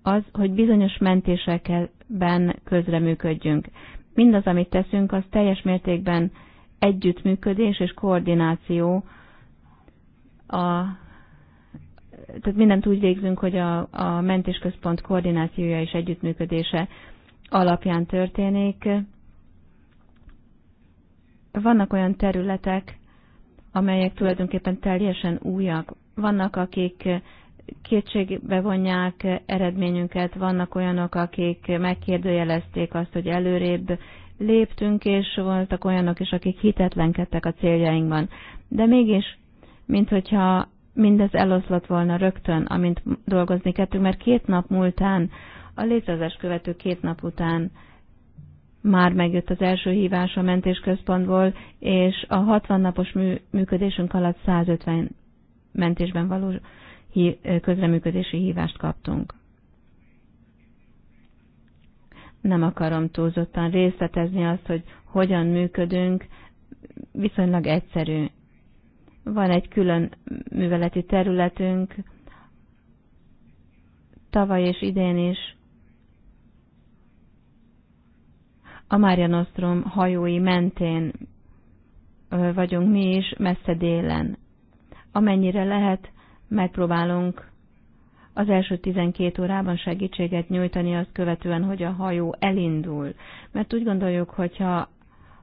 az, hogy bizonyos mentésekben közreműködjünk. Mindaz, amit teszünk, az teljes mértékben együttműködés és koordináció. A, tehát mindent úgy végzünk, hogy a, a mentésközpont koordinációja és együttműködése alapján történik. Vannak olyan területek, amelyek tulajdonképpen teljesen újak, vannak, akik kétségbe vonják eredményünket, vannak olyanok, akik megkérdőjelezték azt, hogy előrébb léptünk, és voltak olyanok is, akik hitetlenkedtek a céljainkban. De mégis, mint hogyha mindez eloszlott volna rögtön, amint dolgozni kettünk, mert két nap múltán, a létezés követő két nap után már megjött az első hívás a mentésközpontból, és a 60 napos mű, működésünk alatt 150 mentésben való közreműködési hívást kaptunk. Nem akarom túlzottan részletezni azt, hogy hogyan működünk, viszonylag egyszerű. Van egy külön műveleti területünk, tavaly és idén is a Mária Nostrum hajói mentén vagyunk mi is, messze délen amennyire lehet, megpróbálunk az első 12 órában segítséget nyújtani azt követően, hogy a hajó elindul. Mert úgy gondoljuk, hogy ha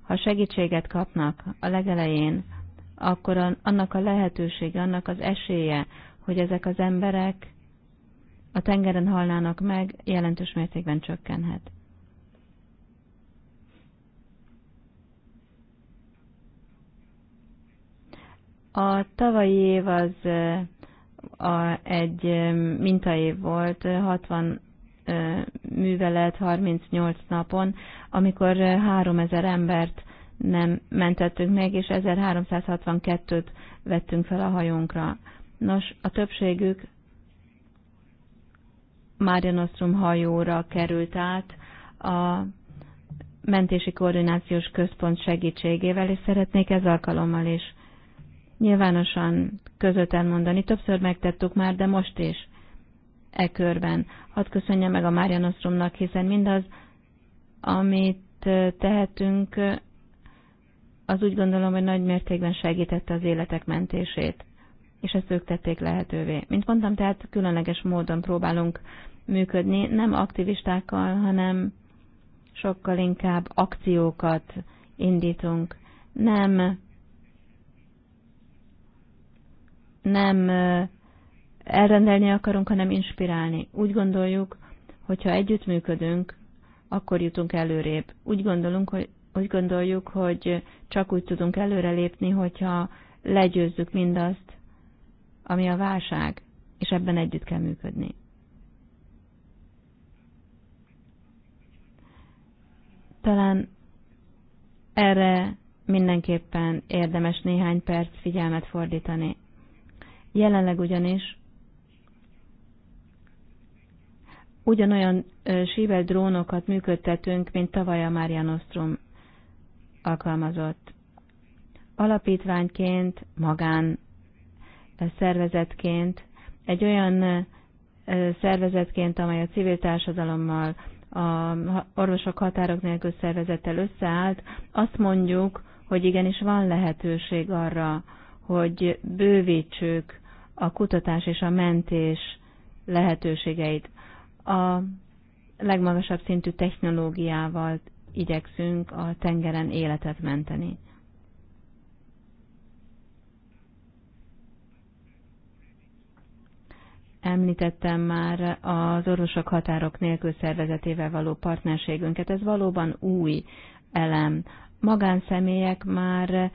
segítséget kapnak a legelején, akkor a, annak a lehetősége, annak az esélye, hogy ezek az emberek a tengeren halnának meg, jelentős mértékben csökkenhet. A tavalyi év az a, egy mintaév volt, 60 művelet 38 napon, amikor 3000 embert nem mentettünk meg, és 1362-t vettünk fel a hajónkra. Nos, a többségük Mária Nostrum hajóra került át a mentési koordinációs központ segítségével, és szeretnék ez alkalommal is nyilvánosan közöten mondani. Többször megtettük már, de most is e körben. Hadd köszönje meg a Mária Nostrumnak, hiszen mindaz, amit tehetünk, az úgy gondolom, hogy nagy mértékben segítette az életek mentését, és ezt ők tették lehetővé. Mint mondtam, tehát különleges módon próbálunk működni, nem aktivistákkal, hanem sokkal inkább akciókat indítunk. Nem nem elrendelni akarunk, hanem inspirálni. Úgy gondoljuk, hogyha együttműködünk, akkor jutunk előrébb. Úgy, gondolunk, hogy, úgy gondoljuk, hogy csak úgy tudunk előrelépni, hogyha legyőzzük mindazt, ami a válság, és ebben együtt kell működni. Talán erre mindenképpen érdemes néhány perc figyelmet fordítani. Jelenleg ugyanis ugyanolyan sível drónokat működtetünk, mint tavaly a Mária Nostrum alkalmazott. Alapítványként, magán szervezetként, egy olyan szervezetként, amely a civil társadalommal, a orvosok határok nélkül szervezettel összeállt, azt mondjuk, hogy igenis van lehetőség arra, hogy bővítsük a kutatás és a mentés lehetőségeit. A legmagasabb szintű technológiával igyekszünk a tengeren életet menteni. Említettem már az Orvosok Határok Nélkül szervezetével való partnerségünket. Ez valóban új elem. Magánszemélyek már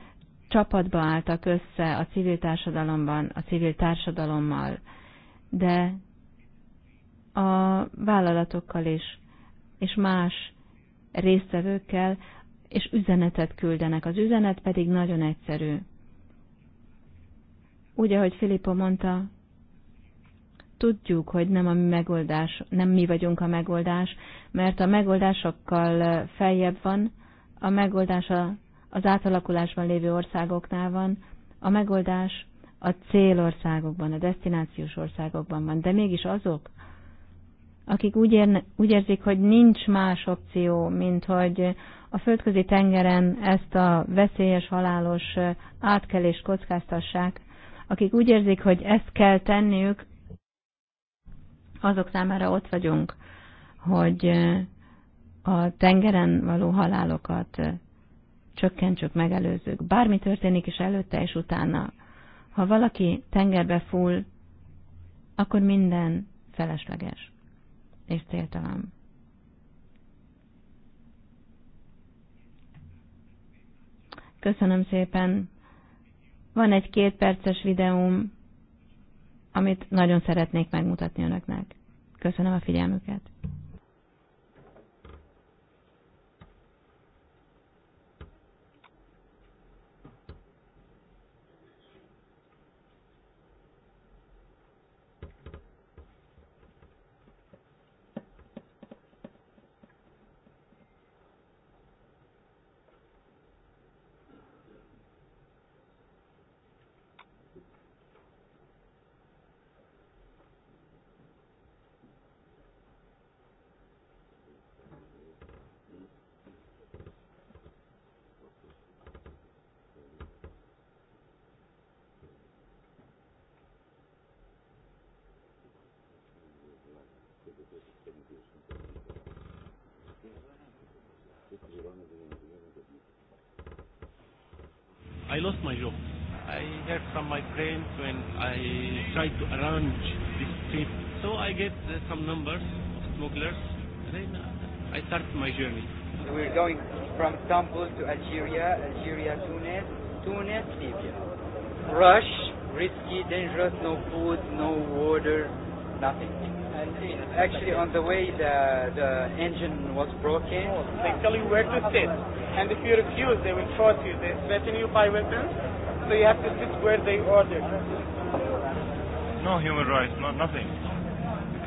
csapatba álltak össze a civil társadalomban, a civil társadalommal, de a vállalatokkal is, és más résztvevőkkel, és üzenetet küldenek. Az üzenet pedig nagyon egyszerű. Úgy, ahogy Filippo mondta, tudjuk, hogy nem a mi megoldás, nem mi vagyunk a megoldás, mert a megoldásokkal feljebb van, a megoldás a az átalakulásban lévő országoknál van, a megoldás a célországokban, a destinációs országokban van, de mégis azok, akik úgy, érne, úgy érzik, hogy nincs más opció, mint hogy a földközi tengeren ezt a veszélyes, halálos átkelést kockáztassák, akik úgy érzik, hogy ezt kell tenniük, azok számára ott vagyunk, hogy a tengeren való halálokat csökkentsük, megelőzzük. Bármi történik is előtte és utána. Ha valaki tengerbe full, akkor minden felesleges és céltalan. Köszönöm szépen. Van egy két perces videóm, amit nagyon szeretnék megmutatni önöknek. Köszönöm a figyelmüket. some numbers of smugglers. Then I started my journey. So we're going from Istanbul to Algeria, Algeria, Tunis, Tunis, Libya. Rush, risky, dangerous, no food, no water, nothing. And actually, on the way, the, the engine was broken. They tell you where to sit. And if you refuse, they will force you. They threaten you by weapons, so you have to sit where they ordered. No human rights, not nothing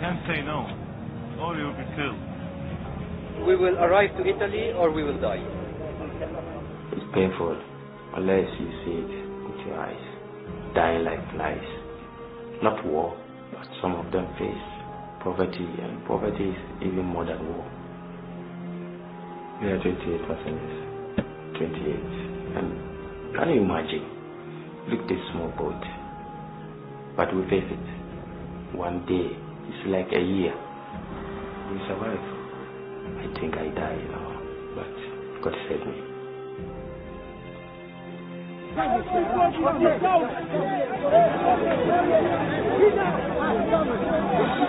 can't say no, or you'll be killed. We will arrive to Italy or we will die. It's painful unless you see it with your eyes. Dying like flies. Not war, but some of them face poverty, and poverty is even more than war. We are 28 passengers. 28. And can you imagine? Look this small boat. But we face it. One day It's like a year. We survived. I think I died, now, but God saved me.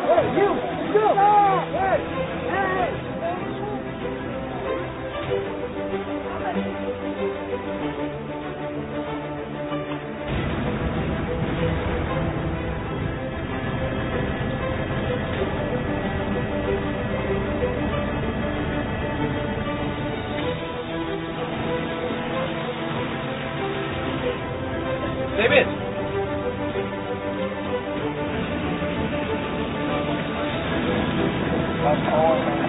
Hey, you! You! Hey! David. That's all.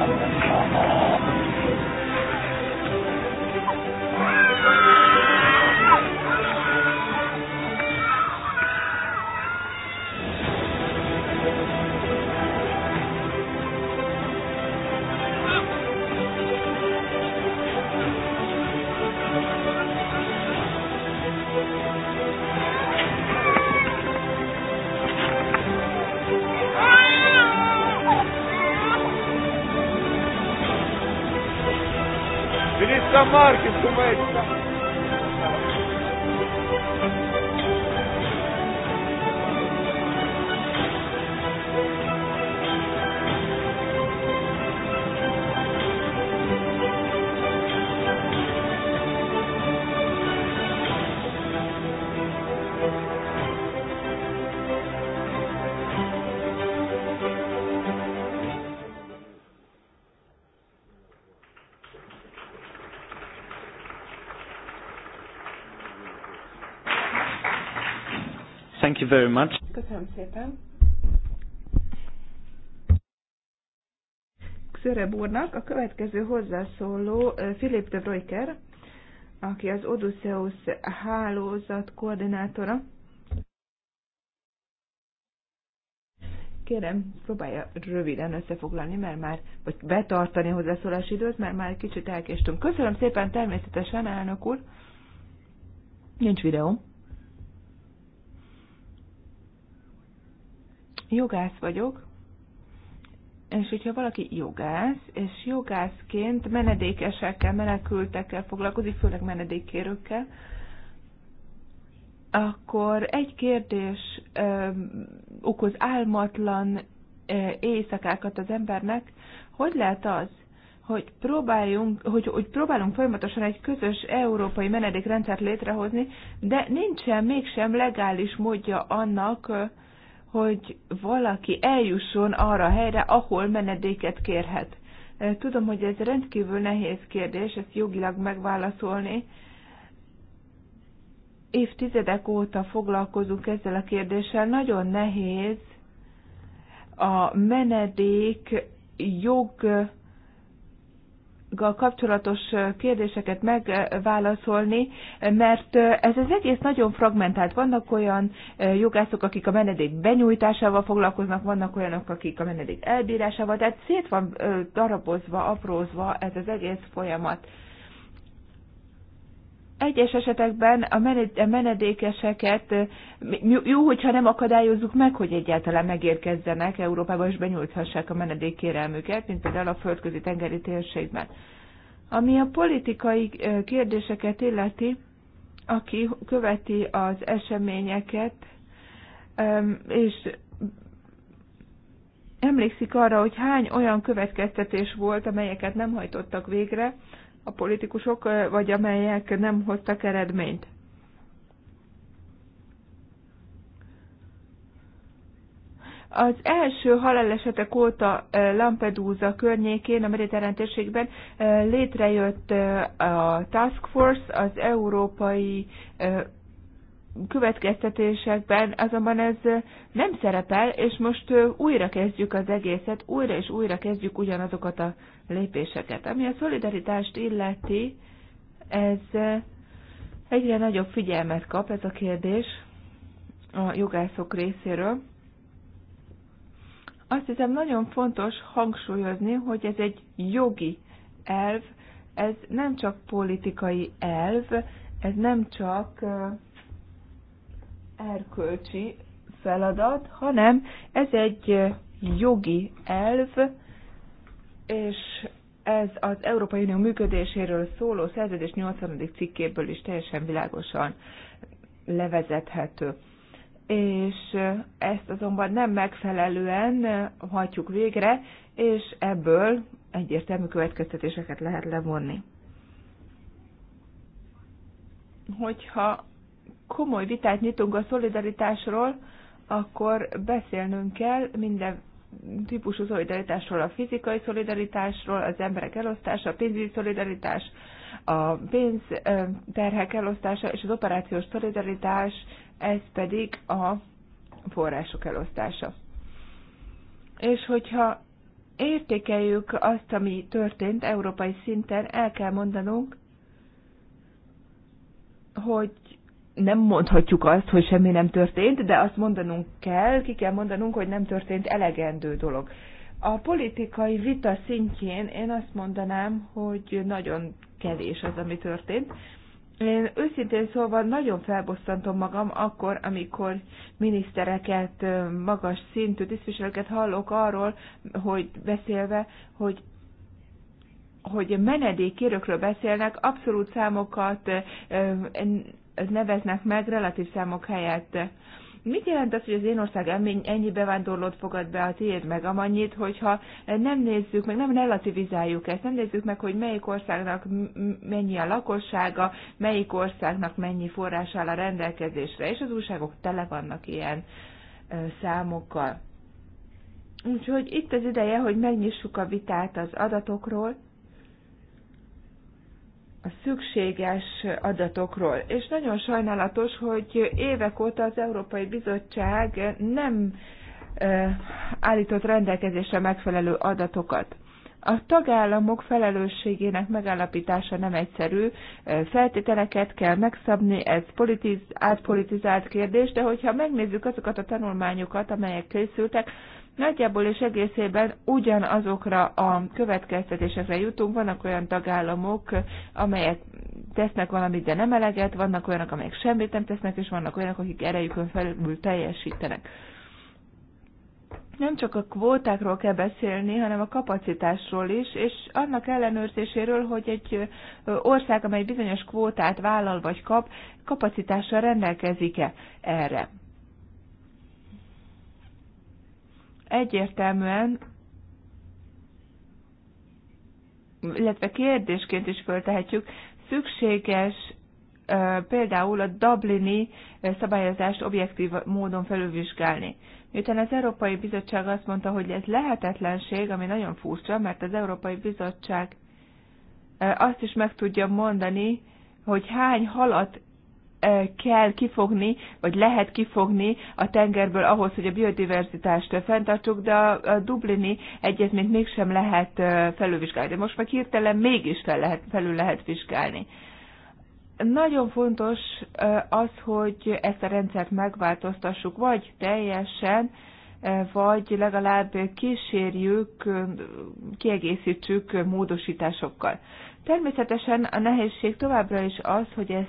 you very much. Köszönöm szépen. Szöreb úrnak a következő hozzászóló Filip de Broiker, aki az Odysseus hálózat koordinátora. Kérem, próbálja röviden összefoglalni, mert már, vagy betartani a hozzászólási időt, mert már kicsit elkéstünk. Köszönöm szépen, természetesen, elnök úr. Nincs videó. jogász vagyok, és hogyha valaki jogász, és jogászként menedékesekkel, menekültekkel foglalkozik, főleg menedékkérőkkel, akkor egy kérdés ö, okoz álmatlan ö, éjszakákat az embernek, hogy lehet az, hogy próbáljunk, hogy, hogy próbálunk folyamatosan egy közös európai menedékrendszert létrehozni, de nincsen mégsem legális módja annak, hogy valaki eljusson arra a helyre, ahol menedéket kérhet. Tudom, hogy ez rendkívül nehéz kérdés, ezt jogilag megválaszolni. Évtizedek óta foglalkozunk ezzel a kérdéssel. Nagyon nehéz a menedék jog kapcsolatos kérdéseket megválaszolni, mert ez az egész nagyon fragmentált. Vannak olyan jogászok, akik a menedék benyújtásával foglalkoznak, vannak olyanok, akik a menedék elbírásával, tehát szét van darabozva, aprózva ez az egész folyamat. Egyes esetekben a menedékeseket jó, hogyha nem akadályozzuk meg, hogy egyáltalán megérkezzenek Európába és benyújthassák a menedékkérelmüket, mint például a földközi tengeri térségben. Ami a politikai kérdéseket illeti, aki követi az eseményeket, és emlékszik arra, hogy hány olyan következtetés volt, amelyeket nem hajtottak végre, a politikusok, vagy amelyek nem hoztak eredményt. Az első halálesetek óta Lampedusa környékén, a mediterrán térségben létrejött a Task Force, az Európai következtetésekben azonban ez nem szerepel, és most újra kezdjük az egészet, újra és újra kezdjük ugyanazokat a lépéseket. Ami a szolidaritást illeti, ez egyre nagyobb figyelmet kap ez a kérdés a jogászok részéről. Azt hiszem nagyon fontos hangsúlyozni, hogy ez egy jogi elv, ez nem csak politikai elv, ez nem csak erkölcsi feladat, hanem ez egy jogi elv, és ez az Európai Unió működéséről szóló szerződés 80. cikkéből is teljesen világosan levezethető. És ezt azonban nem megfelelően hagyjuk végre, és ebből egyértelmű következtetéseket lehet levonni. Hogyha komoly vitát nyitunk a szolidaritásról, akkor beszélnünk kell minden típusú szolidaritásról, a fizikai szolidaritásról, az emberek elosztása, a pénzügyi szolidaritás, a pénzterhek elosztása és az operációs szolidaritás, ez pedig a források elosztása. És hogyha értékeljük azt, ami történt európai szinten, el kell mondanunk, hogy nem mondhatjuk azt, hogy semmi nem történt, de azt mondanunk kell, ki kell mondanunk, hogy nem történt elegendő dolog. A politikai vita szintjén én azt mondanám, hogy nagyon kevés az, ami történt. Én őszintén szóval nagyon felbosszantom magam akkor, amikor minisztereket, magas szintű tisztviselőket hallok arról, hogy beszélve, hogy hogy menedékkérőkről beszélnek, abszolút számokat, neveznek meg relatív számok helyett. Mit jelent az, hogy az én ország ennyi bevándorlót fogad be, a tiéd meg amannyit, hogyha nem nézzük meg, nem relativizáljuk ezt, nem nézzük meg, hogy melyik országnak mennyi a lakossága, melyik országnak mennyi forrás áll a rendelkezésre, és az újságok tele vannak ilyen számokkal. Úgyhogy itt az ideje, hogy megnyissuk a vitát az adatokról, a szükséges adatokról. És nagyon sajnálatos, hogy évek óta az Európai Bizottság nem állított rendelkezésre megfelelő adatokat. A tagállamok felelősségének megállapítása nem egyszerű, feltételeket kell megszabni, ez politiz, átpolitizált kérdés, de hogyha megnézzük azokat a tanulmányokat, amelyek készültek, Nagyjából és egészében ugyanazokra a következtetésekre jutunk. Vannak olyan tagállamok, amelyek tesznek valamit, de nem eleget, vannak olyanok, amelyek semmit nem tesznek, és vannak olyanok, akik erejükön felül teljesítenek. Nem csak a kvótákról kell beszélni, hanem a kapacitásról is, és annak ellenőrzéséről, hogy egy ország, amely bizonyos kvótát vállal vagy kap, kapacitással rendelkezik-e erre. egyértelműen, illetve kérdésként is föltehetjük, szükséges például a Dublini szabályozást objektív módon felülvizsgálni. Miután az Európai Bizottság azt mondta, hogy ez lehetetlenség, ami nagyon furcsa, mert az Európai Bizottság azt is meg tudja mondani, hogy hány halat kell kifogni, vagy lehet kifogni a tengerből ahhoz, hogy a biodiverzitást fenntartsuk, de a Dublini egyezményt mégsem lehet felülvizsgálni. De most meg hirtelen mégis fel lehet, felül lehet vizsgálni. Nagyon fontos az, hogy ezt a rendszert megváltoztassuk, vagy teljesen, vagy legalább kísérjük, kiegészítsük módosításokkal. Természetesen a nehézség továbbra is az, hogy ez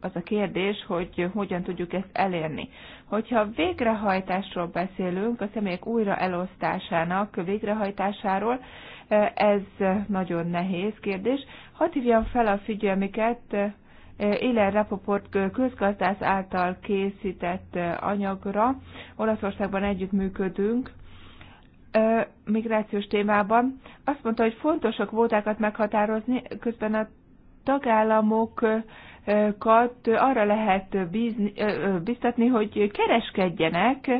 az a kérdés, hogy hogyan tudjuk ezt elérni. Hogyha végrehajtásról beszélünk, a személyek újra elosztásának végrehajtásáról, ez nagyon nehéz kérdés. Hadd hívjam fel a figyelmüket Éler Rapoport közgazdász által készített anyagra. Olaszországban együttműködünk migrációs témában. Azt mondta, hogy fontosak voltákat meghatározni, közben a tagállamok kat arra lehet bízni, biztatni, hogy kereskedjenek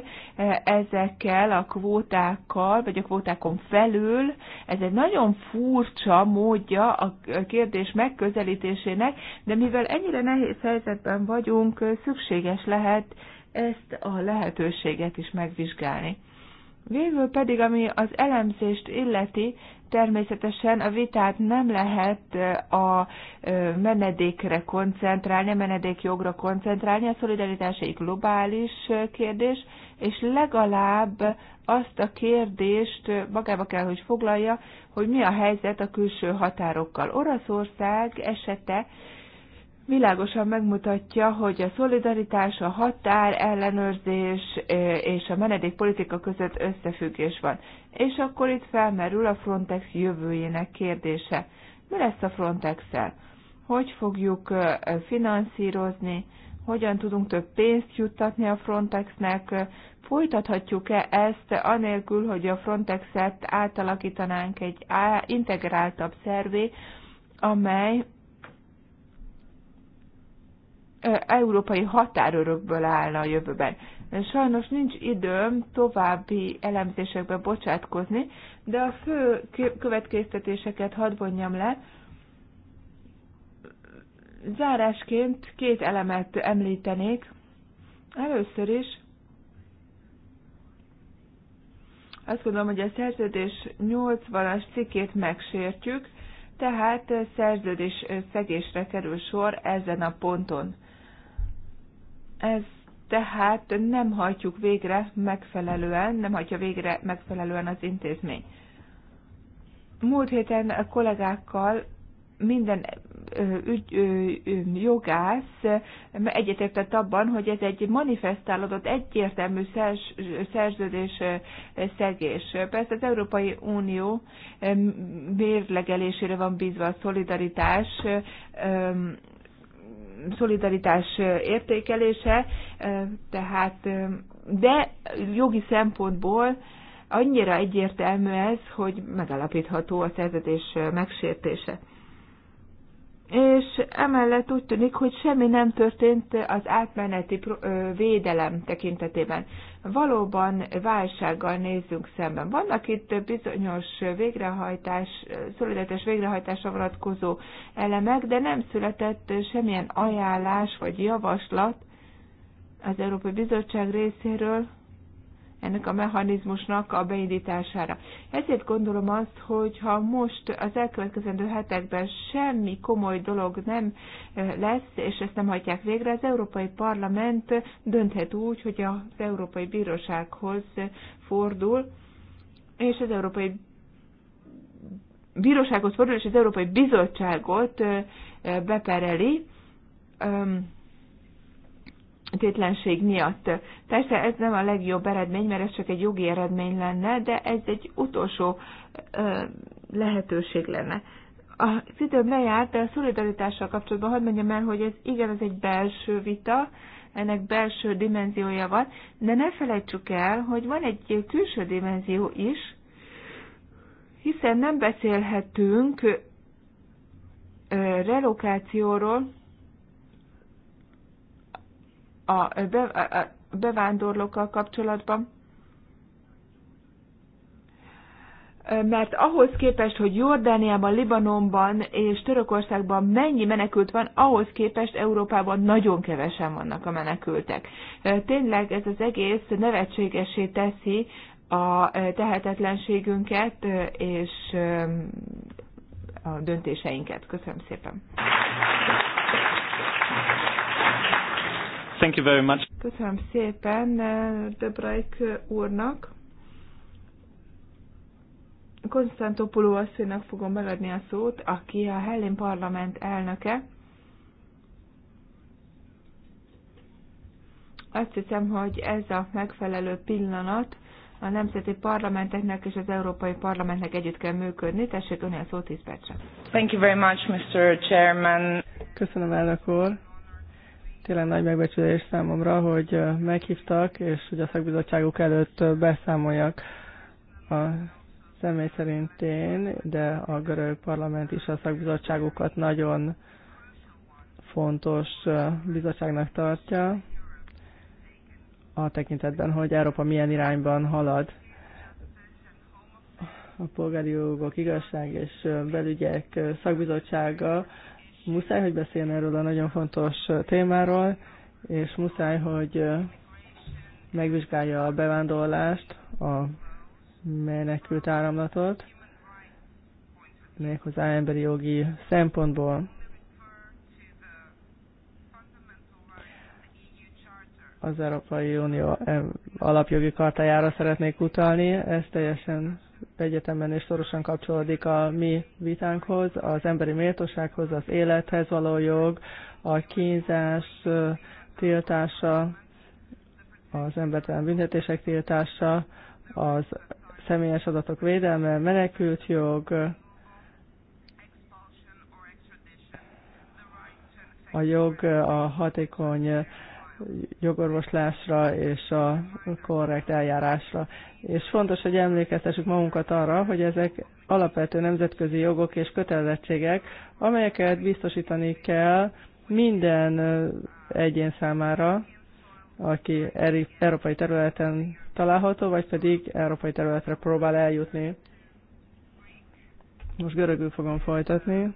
ezekkel a kvótákkal, vagy a kvótákon felül. Ez egy nagyon furcsa módja a kérdés megközelítésének, de mivel ennyire nehéz helyzetben vagyunk, szükséges lehet ezt a lehetőséget is megvizsgálni. Végül pedig, ami az elemzést illeti, Természetesen a vitát nem lehet a menedékre koncentrálni, a menedékjogra koncentrálni, a szolidaritás egy globális kérdés, és legalább azt a kérdést magába kell, hogy foglalja, hogy mi a helyzet a külső határokkal. Oroszország esete világosan megmutatja, hogy a szolidaritás, a határ ellenőrzés és a menedékpolitika között összefüggés van. És akkor itt felmerül a Frontex jövőjének kérdése. Mi lesz a Frontex-el? Hogy fogjuk finanszírozni? Hogyan tudunk több pénzt juttatni a Frontexnek? Folytathatjuk-e ezt anélkül, hogy a Frontexet átalakítanánk egy integráltabb szervé, amely európai határőrökből állna a jövőben. Sajnos nincs időm további elemzésekbe bocsátkozni, de a fő következtetéseket hadd vonjam le. Zárásként két elemet említenék. Először is azt gondolom, hogy a szerződés 80-as cikkét megsértjük, tehát szerződés szegésre kerül sor ezen a ponton. Ez tehát nem hajtjuk végre megfelelően, nem hajtja végre megfelelően az intézmény. Múlt héten a kollégákkal minden ügy, jogász egyetértett abban, hogy ez egy manifestálódott egyértelmű szerződés szegés. Persze az Európai Unió mérlegelésére van bízva a szolidaritás szolidaritás értékelése, tehát de jogi szempontból annyira egyértelmű ez, hogy megalapítható a szerződés megsértése és emellett úgy tűnik, hogy semmi nem történt az átmeneti védelem tekintetében. Valóban válsággal nézzünk szemben. Vannak itt bizonyos végrehajtás, szolidaritás végrehajtásra vonatkozó elemek, de nem született semmilyen ajánlás vagy javaslat az Európai Bizottság részéről, ennek a mechanizmusnak a beindítására. Ezért gondolom azt, hogy ha most az elkövetkezendő hetekben semmi komoly dolog nem lesz, és ezt nem hagyják végre, az Európai Parlament dönthet úgy, hogy az Európai Bírósághoz fordul, és az Európai Bírósághoz fordul, és az Európai Bizottságot bepereli, tétlenség miatt. Persze ez nem a legjobb eredmény, mert ez csak egy jogi eredmény lenne, de ez egy utolsó ö, lehetőség lenne. A időm lejárt, de a szolidaritással kapcsolatban hadd mondjam el, hogy ez igen, ez egy belső vita, ennek belső dimenziója van, de ne felejtsük el, hogy van egy külső dimenzió is, hiszen nem beszélhetünk relokációról, a bevándorlókkal kapcsolatban, mert ahhoz képest, hogy Jordániában, Libanonban és Törökországban mennyi menekült van, ahhoz képest Európában nagyon kevesen vannak a menekültek. Tényleg ez az egész nevetségesé teszi a tehetetlenségünket és a döntéseinket. Köszönöm szépen! Thank you very much. Köszönöm szépen eh, De Braik eh, úrnak. Konstantopoló asszonynak fogom megadni a szót, aki a Hellén Parlament elnöke. Azt hiszem, hogy ez a megfelelő pillanat. A nemzeti parlamenteknek és az Európai Parlamentnek együtt kell működni. Tessék önél szó 10 percre. Thank you very much, Mr. Chairman. Köszönöm, elnök úr. Tényleg nagy megbecsülés számomra, hogy meghívtak, és hogy a szakbizottságuk előtt beszámoljak a személy szerint én, de a görög parlament is a szakbizottságukat nagyon fontos bizottságnak tartja, a tekintetben, hogy Európa milyen irányban halad a polgári jogok igazság és belügyek szakbizottsága Muszáj, hogy beszéljen erről a nagyon fontos témáról, és muszáj, hogy megvizsgálja a bevándorlást, a menekült áramlatot, méghozzá emberi jogi szempontból. Az Európai Unió alapjogi kartájára szeretnék utalni, ez teljesen egyetemen és szorosan kapcsolódik a mi vitánkhoz, az emberi méltósághoz, az élethez való jog, a kínzás tiltása, az embertelen büntetések tiltása, az személyes adatok védelme, menekült jog, a jog a hatékony jogorvoslásra és a korrekt eljárásra. És fontos, hogy emlékeztessük magunkat arra, hogy ezek alapvető nemzetközi jogok és kötelezettségek, amelyeket biztosítani kell minden egyén számára, aki európai területen található, vagy pedig európai területre próbál eljutni. Most görögül fogom folytatni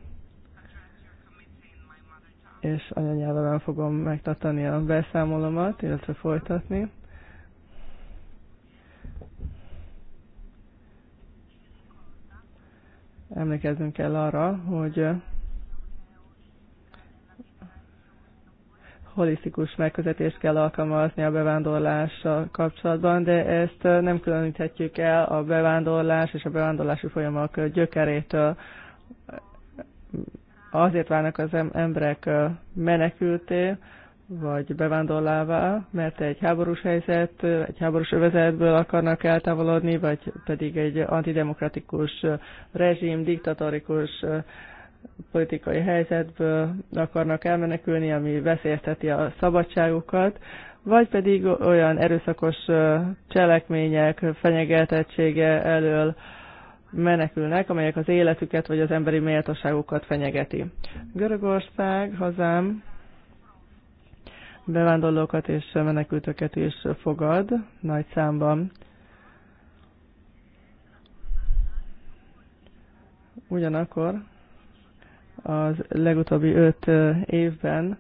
és anyanyelvemen fogom megtartani a beszámolomat, illetve folytatni. Emlékeznünk kell arra, hogy holisztikus megközetést kell alkalmazni a bevándorlással kapcsolatban, de ezt nem különíthetjük el a bevándorlás és a bevándorlási folyamok gyökerétől azért válnak az emberek menekülté, vagy bevándorlává, mert egy háborús helyzet, egy háborús övezetből akarnak eltávolodni, vagy pedig egy antidemokratikus rezsim, diktatórikus politikai helyzetből akarnak elmenekülni, ami veszélyezteti a szabadságukat, vagy pedig olyan erőszakos cselekmények fenyegetettsége elől menekülnek, amelyek az életüket vagy az emberi méltóságukat fenyegeti. Görögország, hazám, bevándorlókat és menekültöket is fogad nagy számban. Ugyanakkor az legutóbbi öt évben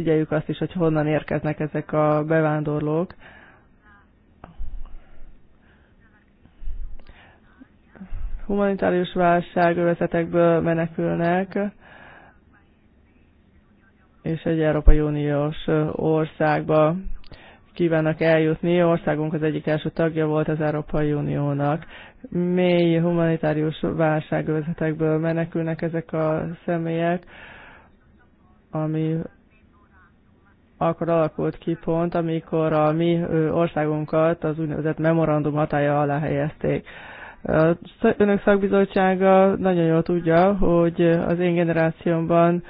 figyeljük azt is, hogy honnan érkeznek ezek a bevándorlók. Humanitárius válság övezetekből menekülnek, és egy Európai Uniós országba kívánnak eljutni. Országunk az egyik első tagja volt az Európai Uniónak. Mély humanitárius válságövezetekből menekülnek ezek a személyek, ami akkor alakult ki pont, amikor a mi országunkat az úgynevezett memorandum hatája alá helyezték. A önök szakbizottsága nagyon jól tudja, hogy az én generációmban,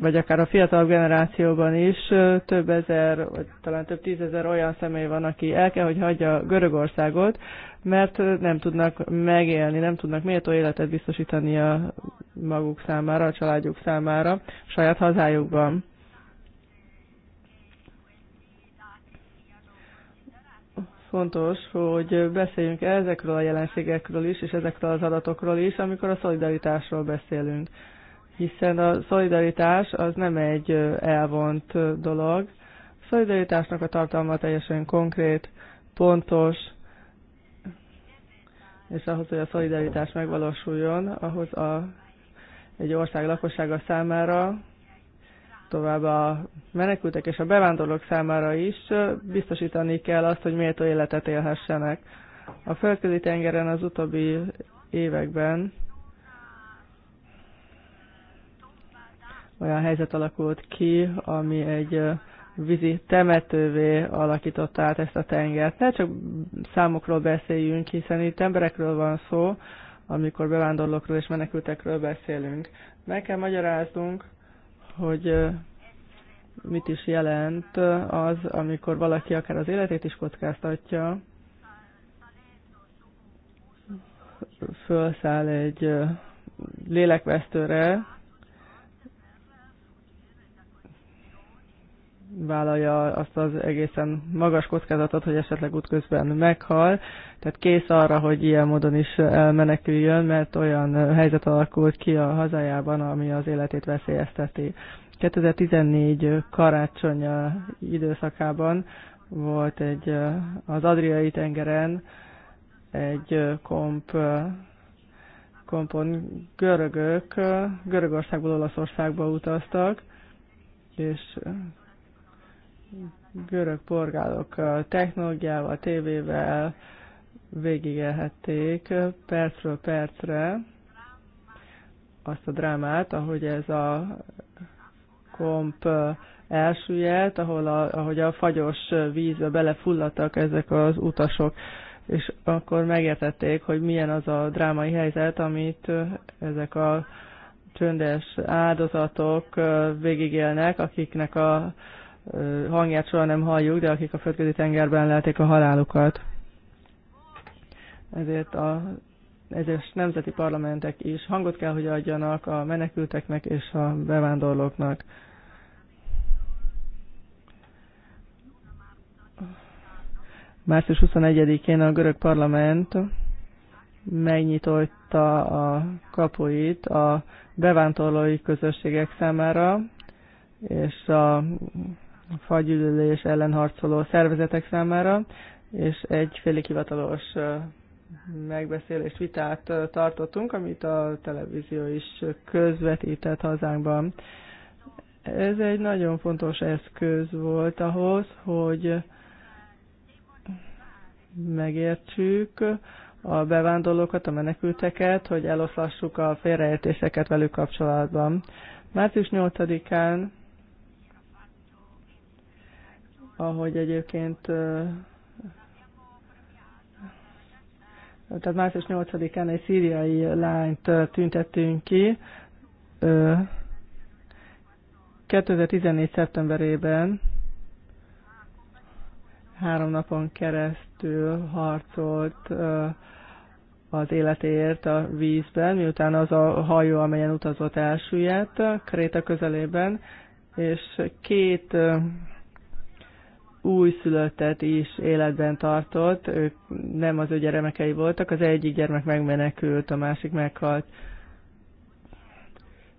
vagy akár a fiatalabb generációban is több ezer, vagy talán több tízezer olyan személy van, aki el kell, hogy hagyja Görögországot, mert nem tudnak megélni, nem tudnak méltó életet biztosítani a maguk számára, a családjuk számára, a saját hazájukban fontos, hogy beszéljünk ezekről a jelenségekről is, és ezekről az adatokról is, amikor a szolidaritásról beszélünk. Hiszen a szolidaritás az nem egy elvont dolog. A szolidaritásnak a tartalma teljesen konkrét, pontos, és ahhoz, hogy a szolidaritás megvalósuljon, ahhoz a, egy ország lakossága számára tovább a menekültek és a bevándorlók számára is biztosítani kell azt, hogy méltó életet élhessenek. A földközi tengeren az utóbbi években olyan helyzet alakult ki, ami egy vízi temetővé alakította át ezt a tengert. Ne csak számokról beszéljünk, hiszen itt emberekről van szó, amikor bevándorlókról és menekültekről beszélünk. Meg kell magyaráznunk, hogy mit is jelent az, amikor valaki akár az életét is kockáztatja, fölszáll egy lélekvesztőre, vállalja azt az egészen magas kockázatot, hogy esetleg útközben meghal, tehát kész arra, hogy ilyen módon is elmeneküljön, mert olyan helyzet alakult ki a hazájában, ami az életét veszélyezteti. 2014 karácsony időszakában volt egy az Adriai tengeren egy komp kompon görögök Görögországból Olaszországba utaztak, és görög porgálok technológiával, tévével végigelhették percről percre azt a drámát, ahogy ez a komp elsüllyedt, ahol a, ahogy a fagyos vízbe belefulladtak ezek az utasok, és akkor megértették, hogy milyen az a drámai helyzet, amit ezek a csöndes áldozatok végigélnek, akiknek a hangját soha nem halljuk, de akik a földközi tengerben lelték a halálukat. Ezért a ezért nemzeti parlamentek is hangot kell, hogy adjanak a menekülteknek és a bevándorlóknak. Március 21-én a görög parlament megnyitotta a kapuit a bevándorlói közösségek számára, és a fagyűlölés ellen harcoló szervezetek számára, és egy félig hivatalos megbeszélést, vitát tartottunk, amit a televízió is közvetített hazánkban. Ez egy nagyon fontos eszköz volt ahhoz, hogy megértsük a bevándorlókat, a menekülteket, hogy eloszlassuk a félreértéseket velük kapcsolatban. Március 8-án ahogy egyébként tehát március 8-án egy szíriai lányt tüntettünk ki, 2014. szeptemberében három napon keresztül harcolt az életéért a vízben, miután az a hajó, amelyen utazott elsüllyedt, Kréta közelében, és két újszülöttet is életben tartott, ők nem az ő gyermekei voltak, az egyik gyermek megmenekült, a másik meghalt.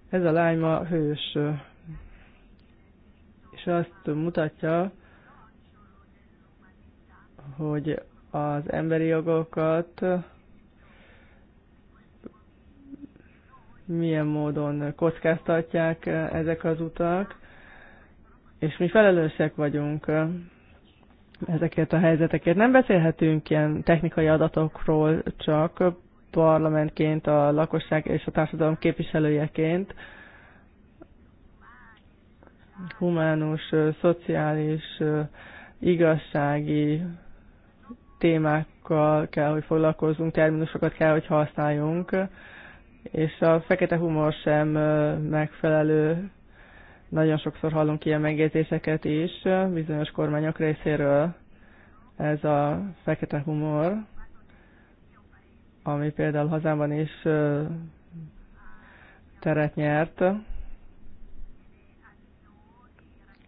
Ez a lány ma hős, és azt mutatja, hogy az emberi jogokat milyen módon kockáztatják ezek az utak, és mi felelősek vagyunk ezekért a helyzetekért. Nem beszélhetünk ilyen technikai adatokról, csak parlamentként, a lakosság és a társadalom képviselőjeként humánus, szociális, igazsági témákkal kell, hogy foglalkozzunk, terminusokat kell, hogy használjunk, és a fekete humor sem megfelelő nagyon sokszor hallunk ilyen megjegyzéseket is bizonyos kormányok részéről. Ez a fekete humor, ami például hazámban is teret nyert,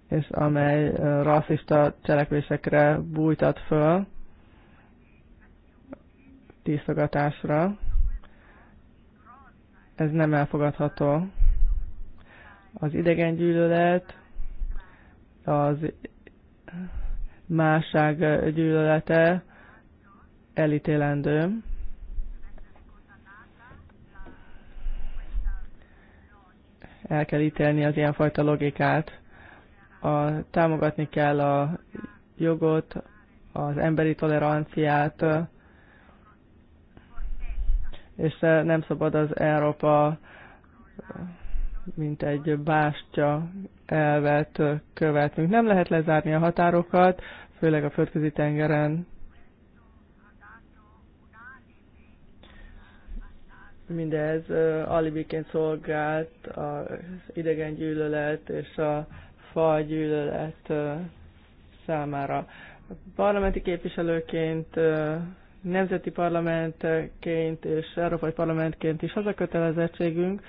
és amely rasszista cselekvésekre bújtat föl, tisztogatásra. Ez nem elfogadható az idegengyűlölet, az másság gyűlölete elítélendő. El kell ítélni az ilyenfajta logikát. A, támogatni kell a jogot, az emberi toleranciát, és nem szabad az Európa mint egy bástya elvet követnünk. Nem lehet lezárni a határokat, főleg a földközi tengeren. Mindez alibiként szolgált az gyűlölet és a gyűlölet számára. Parlamenti képviselőként nemzeti parlamentként és európai parlamentként is az a kötelezettségünk,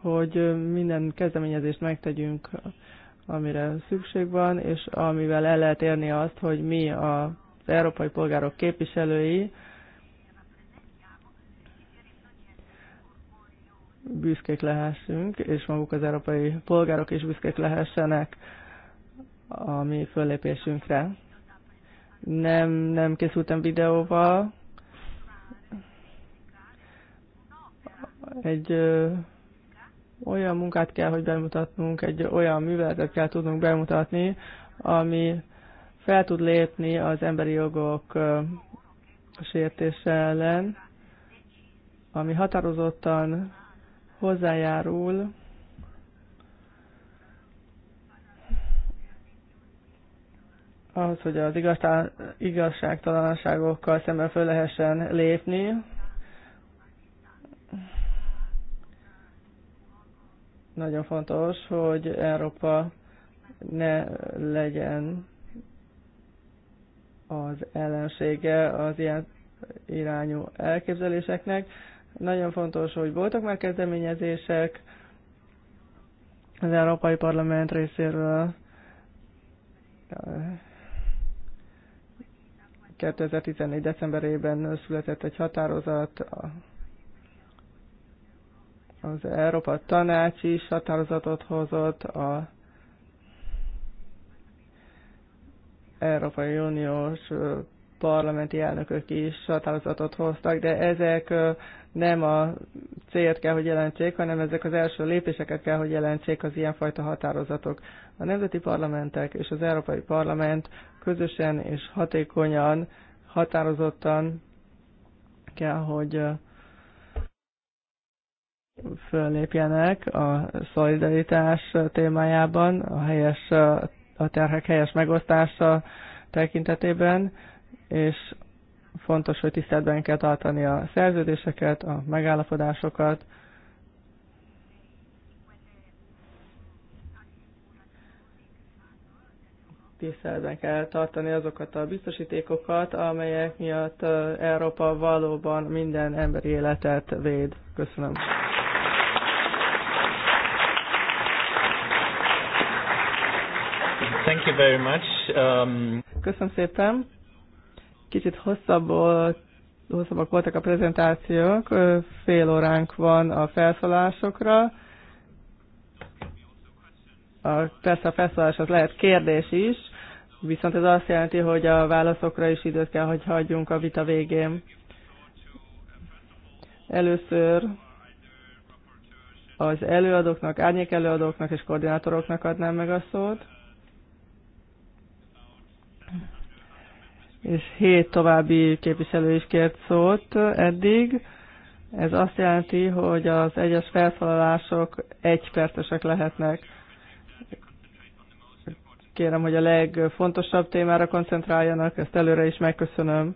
hogy minden kezdeményezést megtegyünk, amire szükség van, és amivel el lehet érni azt, hogy mi az európai polgárok képviselői büszkék lehessünk, és maguk az európai polgárok is büszkék lehessenek a mi föllépésünkre. Nem, nem készültem videóval. Egy olyan munkát kell, hogy bemutatnunk, egy olyan műveletet kell tudnunk bemutatni, ami fel tud lépni az emberi jogok sértése ellen, ami határozottan hozzájárul ahhoz, hogy az igazságtalanságokkal szemben föl lehessen lépni, Nagyon fontos, hogy Európa ne legyen az ellensége az ilyen irányú elképzeléseknek. Nagyon fontos, hogy voltak már kezdeményezések az Európai Parlament részéről 2014. decemberében született egy határozat, az Európa Tanács is határozatot hozott, a Európai Uniós parlamenti elnökök is határozatot hoztak, de ezek nem a célt kell, hogy jelentsék, hanem ezek az első lépéseket kell, hogy jelentsék az ilyenfajta határozatok. A nemzeti parlamentek és az Európai Parlament közösen és hatékonyan, határozottan kell, hogy föllépjenek a szolidaritás témájában, a, helyes, a terhek helyes megosztása tekintetében, és fontos, hogy tiszteletben kell tartani a szerződéseket, a megállapodásokat, tiszteletben kell tartani azokat a biztosítékokat, amelyek miatt Európa valóban minden emberi életet véd. Köszönöm. Thank you very much. Um... Köszönöm szépen. Kicsit hosszabb hosszabbak voltak a prezentációk, fél óránk van a felszólásokra. A, persze a felszólás az lehet kérdés is, viszont ez azt jelenti, hogy a válaszokra is időt kell, hogy hagyjunk a vita végén. Először az előadóknak, árnyék előadóknak és koordinátoroknak adnám meg a szót és hét további képviselő is kért szót eddig. Ez azt jelenti, hogy az egyes felszólalások egypercesek lehetnek. Kérem, hogy a legfontosabb témára koncentráljanak, ezt előre is megköszönöm.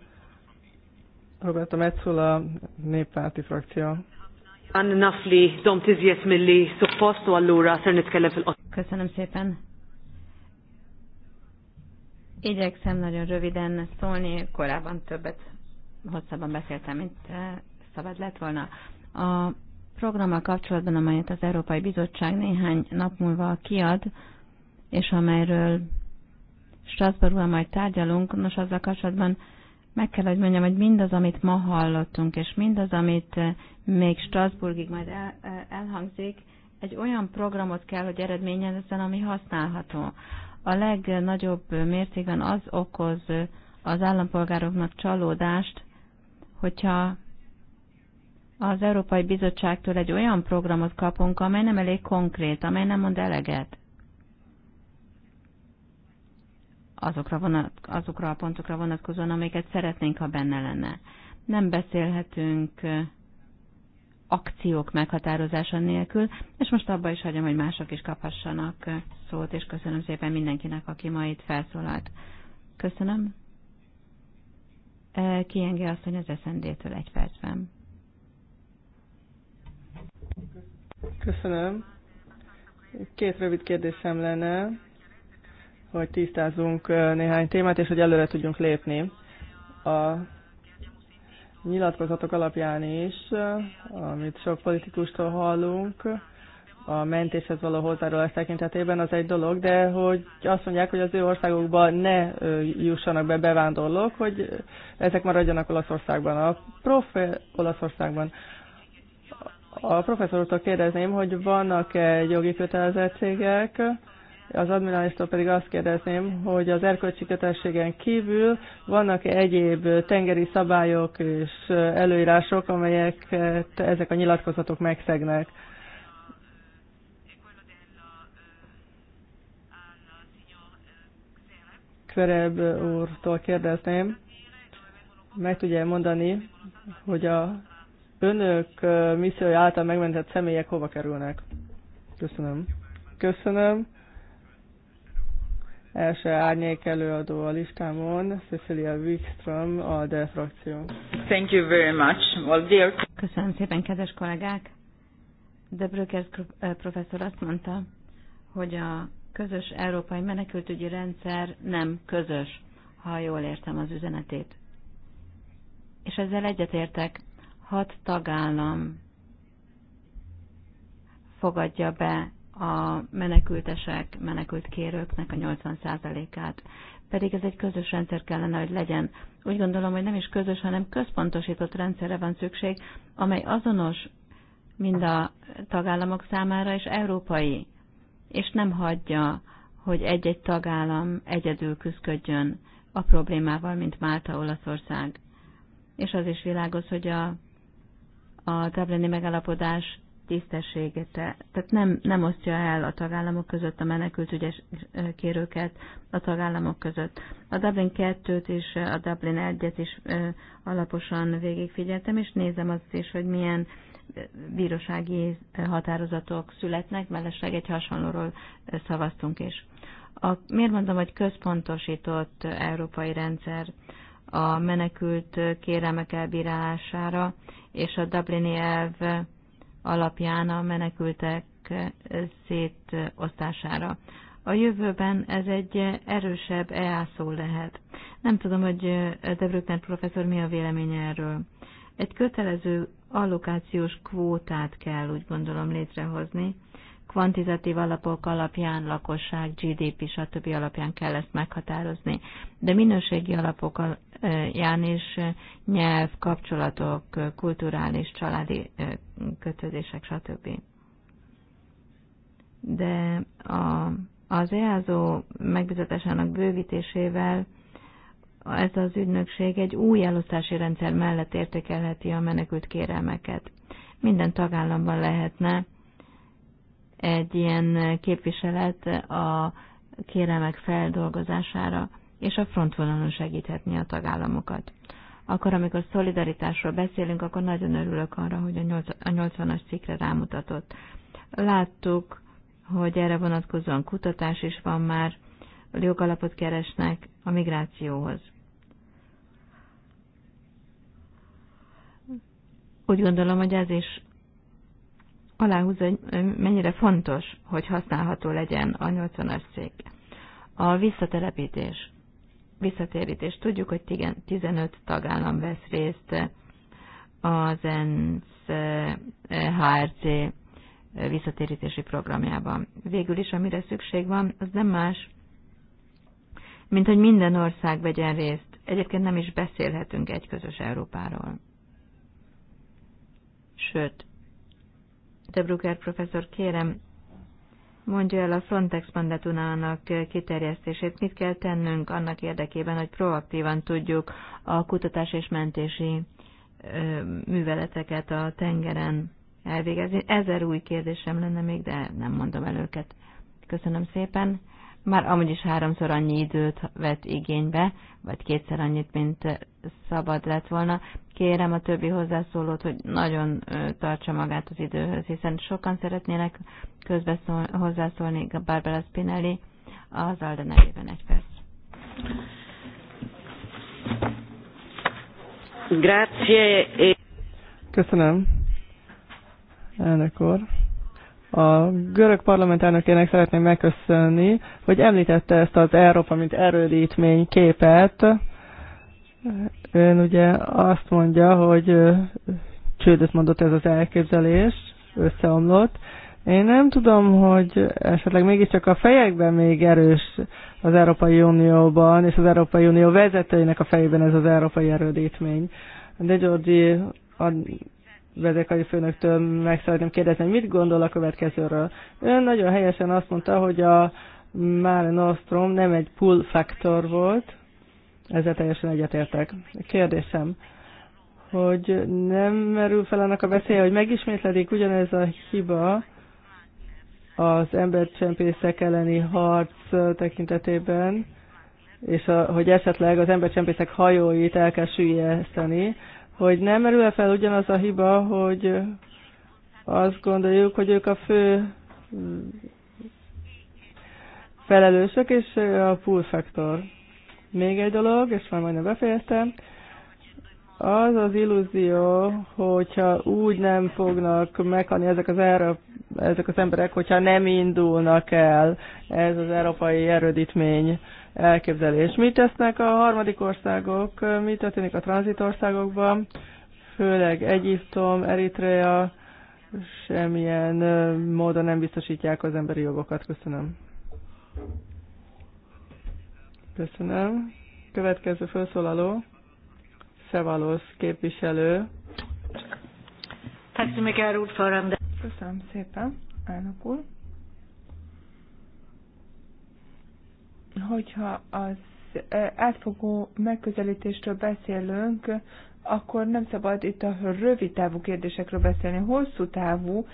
Roberta Metzula, néppárti frakció. Köszönöm szépen. Igyekszem nagyon röviden szólni, korábban többet, hosszabban beszéltem, mint eh, szabad lett volna. A programmal kapcsolatban, amelyet az Európai Bizottság néhány nap múlva kiad, és amelyről Strasbourgban majd tárgyalunk, nos azzal kapcsolatban meg kell, hogy mondjam, hogy mindaz, amit ma hallottunk, és mindaz, amit eh, még Strasbourgig majd el, eh, elhangzik, egy olyan programot kell, hogy eredményezzen, ami használható a legnagyobb mértékben az okoz az állampolgároknak csalódást, hogyha az Európai Bizottságtól egy olyan programot kapunk, amely nem elég konkrét, amely nem mond eleget. Azokra, vonat, azokra a pontokra vonatkozóan, amiket szeretnénk, ha benne lenne. Nem beszélhetünk akciók meghatározása nélkül, és most abba is hagyom, hogy mások is kaphassanak szót, és köszönöm szépen mindenkinek, aki ma itt felszólalt. Köszönöm. Eh, azt, hogy az eszendétől egy percben. Köszönöm. Két rövid kérdésem lenne, hogy tisztázunk eh, néhány témát, és hogy előre tudjunk lépni. A nyilatkozatok alapján is, amit sok politikustól hallunk, a mentéshez való hozzárulás tekintetében az egy dolog, de hogy azt mondják, hogy az ő országokban ne jussanak be bevándorlók, hogy ezek maradjanak Olaszországban. A profe Olaszországban a professzorútól kérdezném, hogy vannak-e jogi kötelezettségek, az admirálistól pedig azt kérdezném, hogy az erkölcsi kötelességen kívül vannak -e egyéb tengeri szabályok és előírások, amelyeket ezek a nyilatkozatok megszegnek? Kvereb úrtól kérdezném, meg tudja mondani, hogy a önök missziója által megmentett személyek hova kerülnek? Köszönöm. Köszönöm. Első árnyék előadó a listámon, Cecilia Wikström, a DEL frakció. Thank you very much. Well, dear... Köszönöm szépen, kedves kollégák! De Bröckers professzor azt mondta, hogy a közös európai menekültügyi rendszer nem közös, ha jól értem az üzenetét. És ezzel egyetértek, hat tagállam fogadja be a menekültesek, menekültkérőknek a 80%-át. Pedig ez egy közös rendszer kellene, hogy legyen. Úgy gondolom, hogy nem is közös, hanem központosított rendszerre van szükség, amely azonos mind a tagállamok számára, és európai, és nem hagyja, hogy egy-egy tagállam egyedül küzdködjön a problémával, mint Málta, Olaszország. És az is világos, hogy a, a Dublini megalapodás tisztességet, tehát nem, nem osztja el a tagállamok között a menekültügyes kérőket a tagállamok között. A Dublin 2-t és a Dublin 1-et is alaposan végigfigyeltem, és nézem azt is, hogy milyen bírósági határozatok születnek, mellesleg egy hasonlóról szavaztunk is. A, miért mondom, hogy központosított európai rendszer a menekült kérelmek elbírálására és a Dublini elv alapján a menekültek szétosztására. A jövőben ez egy erősebb EASZO lehet. Nem tudom, hogy Debrückner professzor mi a véleménye erről. Egy kötelező allokációs kvótát kell úgy gondolom létrehozni, kvantitatív alapok alapján, lakosság, GDP, stb. alapján kell ezt meghatározni. De minőségi alapok alapján is nyelv, kapcsolatok, kulturális, családi kötődések, stb. De a, az EASO megbizatásának bővítésével ez az ügynökség egy új elosztási rendszer mellett értékelheti a menekült kérelmeket. Minden tagállamban lehetne egy ilyen képviselet a kéremek feldolgozására, és a frontvonalon segíthetni a tagállamokat. Akkor, amikor szolidaritásról beszélünk, akkor nagyon örülök arra, hogy a 80-as cikkre rámutatott. Láttuk, hogy erre vonatkozóan kutatás is van már, jogalapot keresnek a migrációhoz. Úgy gondolom, hogy ez is aláhúzza, hogy mennyire fontos, hogy használható legyen a 80-as cég. A visszatelepítés, visszatérítés. Tudjuk, hogy 15 tagállam vesz részt az ENSZ HRC visszatérítési programjában. Végül is, amire szükség van, az nem más, mint hogy minden ország vegyen részt. Egyébként nem is beszélhetünk egy közös Európáról. Sőt, de Brugger professzor, kérem, mondja el a Frontex mandatunának kiterjesztését. Mit kell tennünk annak érdekében, hogy proaktívan tudjuk a kutatás és mentési műveleteket a tengeren elvégezni? Ezer új kérdésem lenne még, de nem mondom el őket. Köszönöm szépen már amúgy is háromszor annyi időt vett igénybe, vagy kétszer annyit, mint eh, szabad lett volna. Kérem a többi hozzászólót, hogy nagyon tartsa magát az időhöz, hiszen sokan szeretnének közbeszól, hozzászólni Barbara Spinelli az Alda nevében egy perc. Grazie. Eh. Köszönöm. Elnök úr. A görög parlamentárnökének szeretném megköszönni, hogy említette ezt az Európa, mint erődítmény képet. Ön ugye azt mondja, hogy csődöt mondott ez az elképzelés, összeomlott. Én nem tudom, hogy esetleg mégiscsak a fejekben még erős az Európai Unióban, és az Európai Unió vezetőinek a fejében ez az Európai Erődítmény. De Georgi, vezérkari főnöktől meg szeretném kérdezni, hogy mit gondol a következőről. Ön nagyon helyesen azt mondta, hogy a Mare Nostrum nem egy pull faktor volt, ezzel teljesen egyetértek. Kérdésem, hogy nem merül fel annak a veszélye, hogy megismétledik ugyanez a hiba az embercsempészek elleni harc tekintetében, és a, hogy esetleg az embercsempészek hajóit el kell süllyeszteni, hogy nem merül fel ugyanaz a hiba, hogy azt gondoljuk, hogy ők a fő felelősök és a pull factor. Még egy dolog, és már majdnem befejeztem, az az illúzió, hogyha úgy nem fognak meghalni ezek az, erő, ezek az emberek, hogyha nem indulnak el ez az európai erődítmény elképzelés. Mit tesznek a harmadik országok, mi történik a tranzitországokban, főleg Egyiptom, Eritrea, semmilyen módon nem biztosítják az emberi jogokat. Köszönöm. Köszönöm. Következő felszólaló, Szevalosz képviselő. Köszönöm szépen, elnök úr. hogyha az átfogó megközelítésről beszélünk, akkor nem szabad itt a rövid távú kérdésekről beszélni, hosszú távú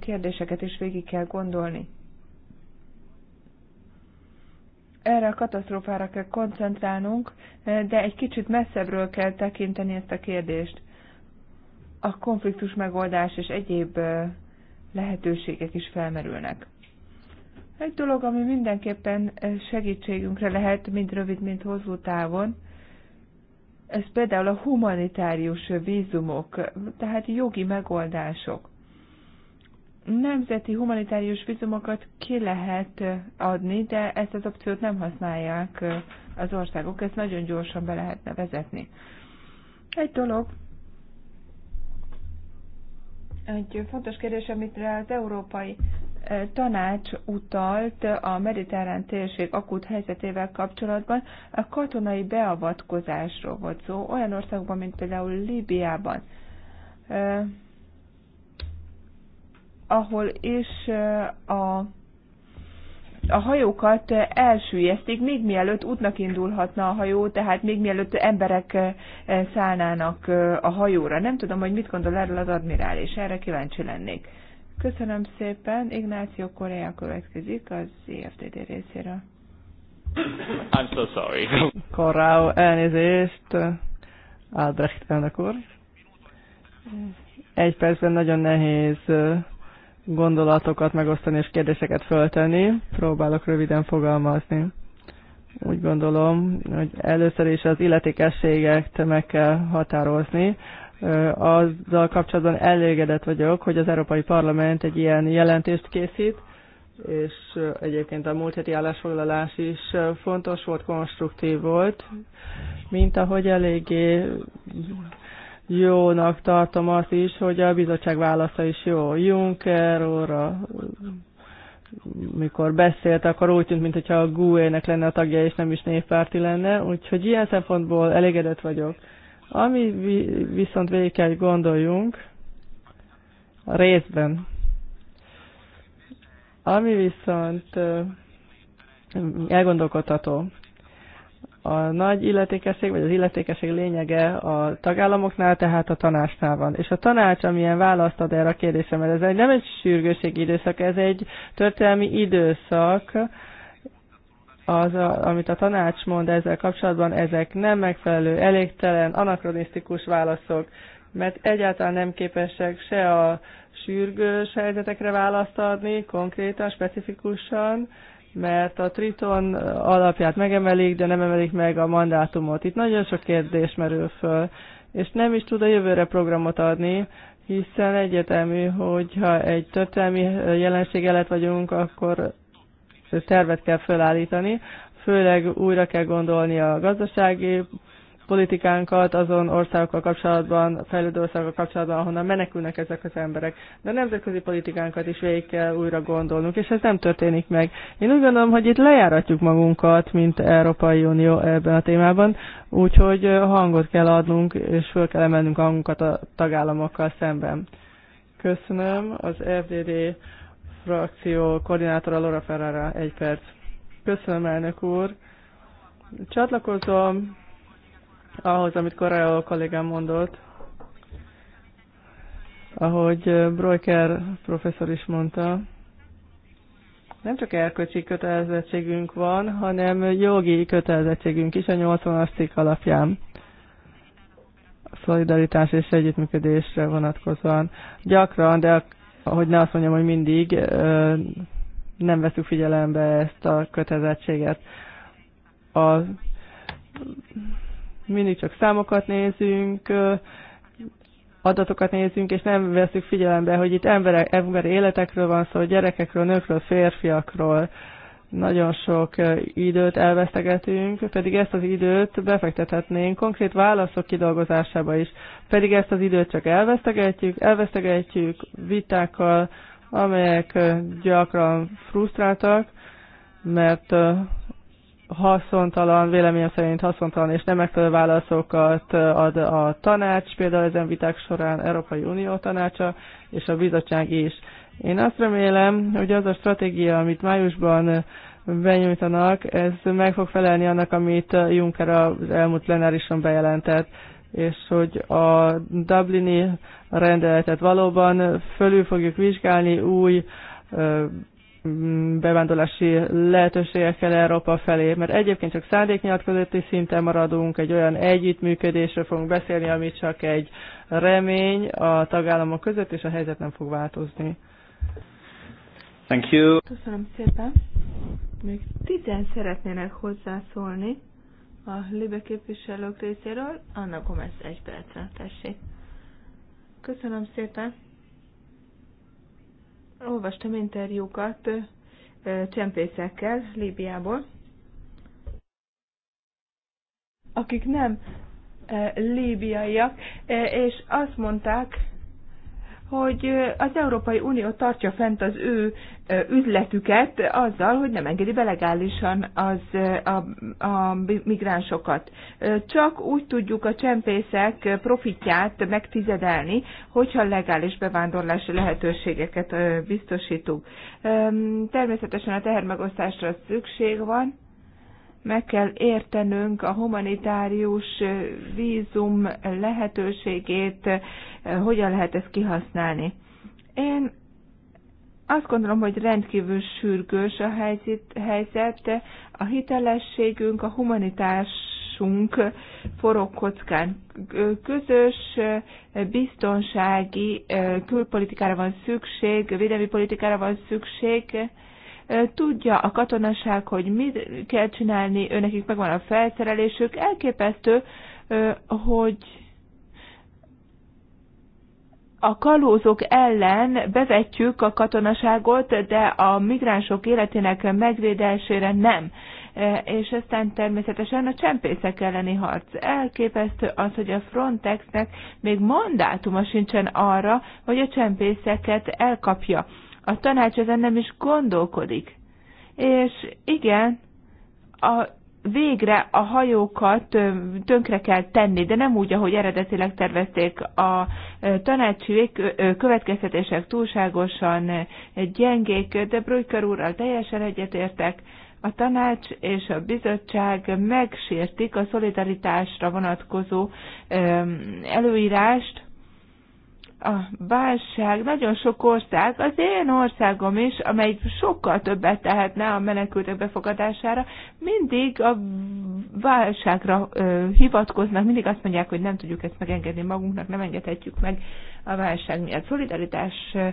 kérdéseket is végig kell gondolni. Erre a katasztrófára kell koncentrálnunk, de egy kicsit messzebbről kell tekinteni ezt a kérdést. A konfliktus megoldás és egyéb lehetőségek is felmerülnek. Egy dolog, ami mindenképpen eh, segítségünkre lehet, mind rövid, mind hosszú távon, ez például a humanitárius vízumok, tehát jogi megoldások. Nemzeti humanitárius vízumokat ki lehet eh, adni, de ezt az opciót nem használják eh, az országok, ezt nagyon gyorsan be lehetne vezetni. Egy dolog, egy fontos kérdés, amit az Európai tanács utalt a mediterrán térség akut helyzetével kapcsolatban a katonai beavatkozásról volt szó, olyan országban, mint például Líbiában, eh, ahol is a, a hajókat elsüllyesztik, még mielőtt útnak indulhatna a hajó, tehát még mielőtt emberek szállnának a hajóra. Nem tudom, hogy mit gondol erről az admirális, erre kíváncsi lennék. Köszönöm szépen. Ignácio Korea következik az IFTD e részéről. I'm so sorry. Korrao, elnézést. Albrecht elnök úr. Egy percben nagyon nehéz gondolatokat megosztani és kérdéseket föltenni. Próbálok röviden fogalmazni. Úgy gondolom, hogy először is az illetékességet meg kell határozni azzal kapcsolatban elégedett vagyok, hogy az Európai Parlament egy ilyen jelentést készít, és egyébként a múlt heti állásfoglalás is fontos volt, konstruktív volt, mint ahogy eléggé jónak tartom azt is, hogy a bizottság válasza is jó. Juncker óra, mikor beszélt, akkor úgy tűnt, mintha a GUE-nek lenne a tagja, és nem is néppárti lenne, úgyhogy ilyen szempontból elégedett vagyok. Ami viszont végig kell gondoljunk, a részben. Ami viszont elgondolkodható, a nagy illetékesség, vagy az illetékesség lényege a tagállamoknál, tehát a tanácsnál van. És a tanács, amilyen választ ad erre a kérdésre, mert ez egy, nem egy sürgőségi időszak, ez egy történelmi időszak, az, amit a tanács mond ezzel kapcsolatban, ezek nem megfelelő, elégtelen, anakronisztikus válaszok, mert egyáltalán nem képesek se a sürgős helyzetekre választ adni, konkrétan, specifikusan, mert a Triton alapját megemelik, de nem emelik meg a mandátumot. Itt nagyon sok kérdés merül föl, és nem is tud a jövőre programot adni, hiszen egyetemű, hogyha egy történelmi jelenség elett vagyunk, akkor tervet kell felállítani, főleg újra kell gondolni a gazdasági politikánkat azon országokkal kapcsolatban, fejlődő országokkal kapcsolatban, ahonnan menekülnek ezek az emberek. De a nemzetközi politikánkat is végig kell újra gondolnunk, és ez nem történik meg. Én úgy gondolom, hogy itt lejáratjuk magunkat, mint Európai Unió ebben a témában, úgyhogy hangot kell adnunk, és föl kell emelnünk hangunkat a tagállamokkal szemben. Köszönöm az FDD frakció koordinátora Laura Ferrara, egy perc. Köszönöm, elnök úr. Csatlakozom ahhoz, amit korábban a kollégám mondott, ahogy Broiker professzor is mondta, nem csak erkölcsi kötelezettségünk van, hanem jogi kötelezettségünk is a 80-as cikk alapján szolidaritás és együttműködésre vonatkozóan. Gyakran, de hogy ne azt mondjam, hogy mindig nem veszük figyelembe ezt a kötelezettséget. A, mindig csak számokat nézünk, adatokat nézünk, és nem veszük figyelembe, hogy itt emberek, emberi életekről van szó, gyerekekről, nőkről, férfiakról, nagyon sok időt elvesztegetünk, pedig ezt az időt befektethetnénk konkrét válaszok kidolgozásába is. Pedig ezt az időt csak elvesztegetjük, elvesztegetjük vitákkal, amelyek gyakran frusztráltak, mert haszontalan, véleményem szerint haszontalan és nem megfelelő válaszokat ad a tanács, például ezen viták során Európai Unió tanácsa és a bizottság is. Én azt remélem, hogy az a stratégia, amit májusban benyújtanak, ez meg fog felelni annak, amit Juncker az elmúlt plenárison bejelentett, és hogy a Dublini rendeletet valóban fölül fogjuk vizsgálni új bevándorlási lehetőségekkel Európa felé, mert egyébként csak szándéknyilatkozati szinten maradunk, egy olyan együttműködésről fogunk beszélni, ami csak egy remény a tagállamok között, és a helyzet nem fog változni. Thank you. Köszönöm szépen. Még tizen szeretnének hozzászólni a Libe képviselők részéről. Anna Gomez egy percre, tessék. Köszönöm szépen. Olvastam interjúkat csempészekkel Líbiából, akik nem líbiaiak, és azt mondták, hogy az Európai Unió tartja fent az ő üzletüket azzal, hogy nem engedi belegálisan az, a, a migránsokat. Csak úgy tudjuk a csempészek profitját megtizedelni, hogyha legális bevándorlási lehetőségeket biztosítunk. Természetesen a tehermegosztásra szükség van, meg kell értenünk a humanitárius vízum lehetőségét, hogyan lehet ezt kihasználni. Én azt gondolom, hogy rendkívül sürgős a helyzet, a hitelességünk, a humanitásunk forog kockán. Közös biztonsági külpolitikára van szükség, védelmi politikára van szükség, tudja a katonaság, hogy mit kell csinálni, őnekik megvan a felszerelésük. Elképesztő, hogy a kalózok ellen bevetjük a katonaságot, de a migránsok életének megvédelsére nem. És aztán természetesen a csempészek elleni harc. Elképesztő az, hogy a Frontexnek még mandátuma sincsen arra, hogy a csempészeket elkapja. A tanács ezen nem is gondolkodik. És igen, a végre a hajókat tönkre kell tenni, de nem úgy, ahogy eredetileg tervezték. A tanácsi következtetések túlságosan gyengék, de Brujker úrral teljesen egyetértek. A tanács és a bizottság megsértik a szolidaritásra vonatkozó előírást, a válság nagyon sok ország, az én országom is, amely sokkal többet tehetne a menekültek befogadására, mindig a válságra ö, hivatkoznak, mindig azt mondják, hogy nem tudjuk ezt megengedni magunknak, nem engedhetjük meg a válság miatt. Szolidaritáson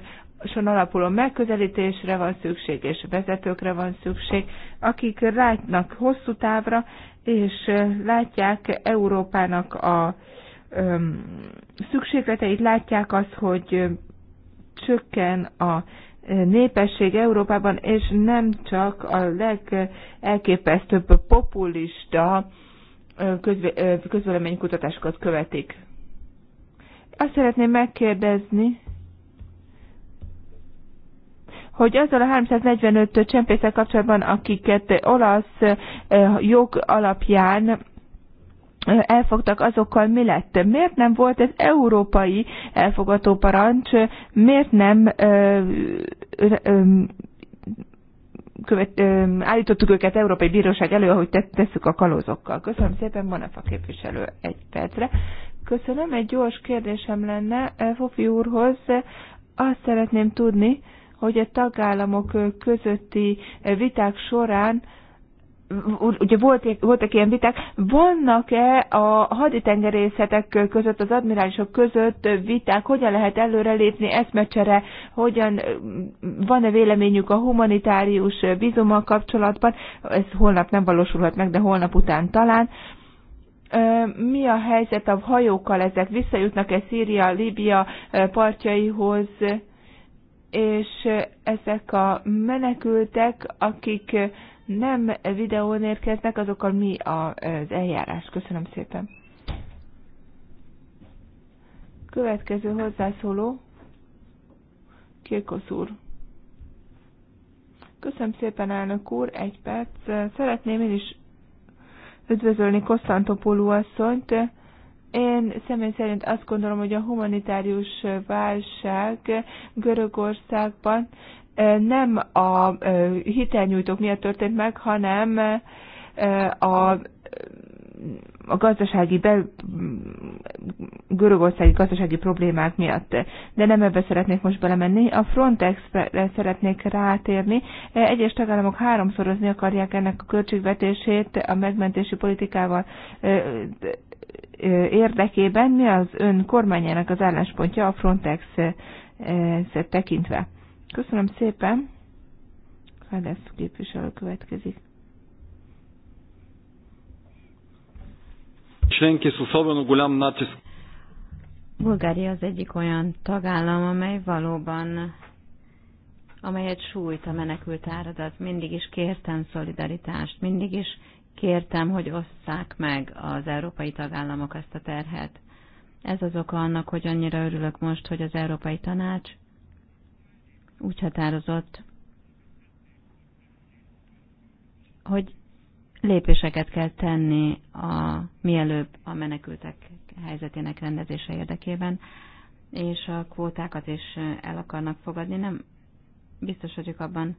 alapuló megközelítésre van szükség, és vezetőkre van szükség, akik látnak hosszú távra, és látják Európának a szükségleteit, látják azt, hogy csökken a népesség Európában, és nem csak a legelképesztőbb populista közvéleménykutatásokat követik. Azt szeretném megkérdezni, hogy azzal a 345 csempészel kapcsolatban, akiket olasz jog alapján elfogtak, azokkal mi lett? Miért nem volt ez európai elfogató parancs? Miért nem ö, ö, ö, követ, ö, állítottuk őket Európai Bíróság elő, ahogy tesszük a kalózokkal? Köszönöm szépen, Manafa képviselő egy percre. Köszönöm, egy gyors kérdésem lenne Fofi úrhoz. Azt szeretném tudni, hogy a tagállamok közötti viták során ugye volt, voltak ilyen viták, vannak-e a haditengerészetek között, az admirálisok között viták, hogyan lehet előrelépni, eszmecsere, hogyan hm, van-e véleményük a humanitárius vízummal kapcsolatban, ez holnap nem valósulhat meg, de holnap után talán. Mi a helyzet a hajókkal, ezek visszajutnak-e Szíria, Líbia partjaihoz, és ezek a menekültek, akik nem videón érkeznek, azokkal mi az eljárás? Köszönöm szépen. Következő hozzászóló, Kirkosz úr. Köszönöm szépen, elnök úr, egy perc. Szeretném én is üdvözölni Kosztantopolú asszonyt. Én személy szerint azt gondolom, hogy a humanitárius válság Görögországban nem a hitelnyújtók miatt történt meg, hanem a, a gazdasági be, görögországi gazdasági problémák miatt. De nem ebbe szeretnék most belemenni. A Frontex-re szeretnék rátérni. Egyes tagállamok háromszorozni akarják ennek a költségvetését a megmentési politikával érdekében. Mi az ön kormányának az álláspontja a Frontex tekintve? Köszönöm szépen. Kádesz képviselő következik. Членки с особено голям натиск. Bulgária az egyik olyan tagállam, amely valóban amelyet sújt a menekült áradat. Mindig is kértem szolidaritást, mindig is kértem, hogy osszák meg az európai tagállamok ezt a terhet. Ez az oka annak, hogy annyira örülök most, hogy az Európai Tanács úgy határozott, hogy lépéseket kell tenni a, mielőbb a menekültek helyzetének rendezése érdekében, és a kvótákat is el akarnak fogadni. Nem biztos vagyok abban,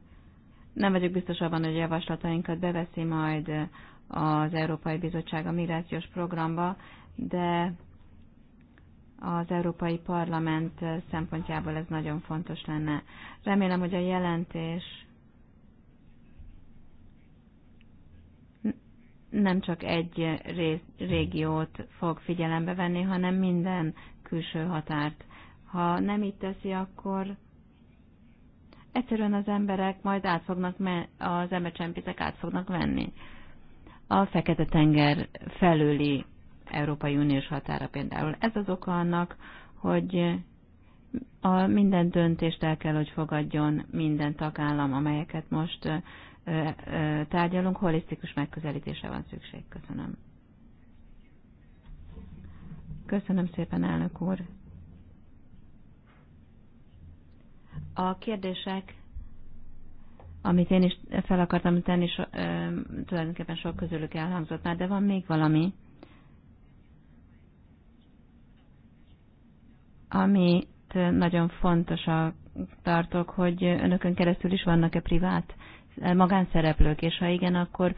nem vagyok biztos abban, hogy javaslatainkat beveszi majd az Európai Bizottság a migrációs programba, de az Európai Parlament szempontjából ez nagyon fontos lenne. Remélem, hogy a jelentés nem csak egy régiót fog figyelembe venni, hanem minden külső határt. Ha nem így teszi, akkor egyszerűen az emberek majd át fognak, az embercsempitek át fognak venni. A Fekete-tenger felüli Európai Uniós határa például. Ez az oka annak, hogy a minden döntést el kell, hogy fogadjon minden tagállam, amelyeket most tárgyalunk, holisztikus megközelítése van szükség. Köszönöm. Köszönöm szépen, elnök úr. A kérdések, amit én is fel akartam tenni, so, ö, tulajdonképpen sok közülük elhangzott már, de van még valami. amit nagyon fontos a tartok, hogy önökön keresztül is vannak-e privát eh, magánszereplők, és ha igen, akkor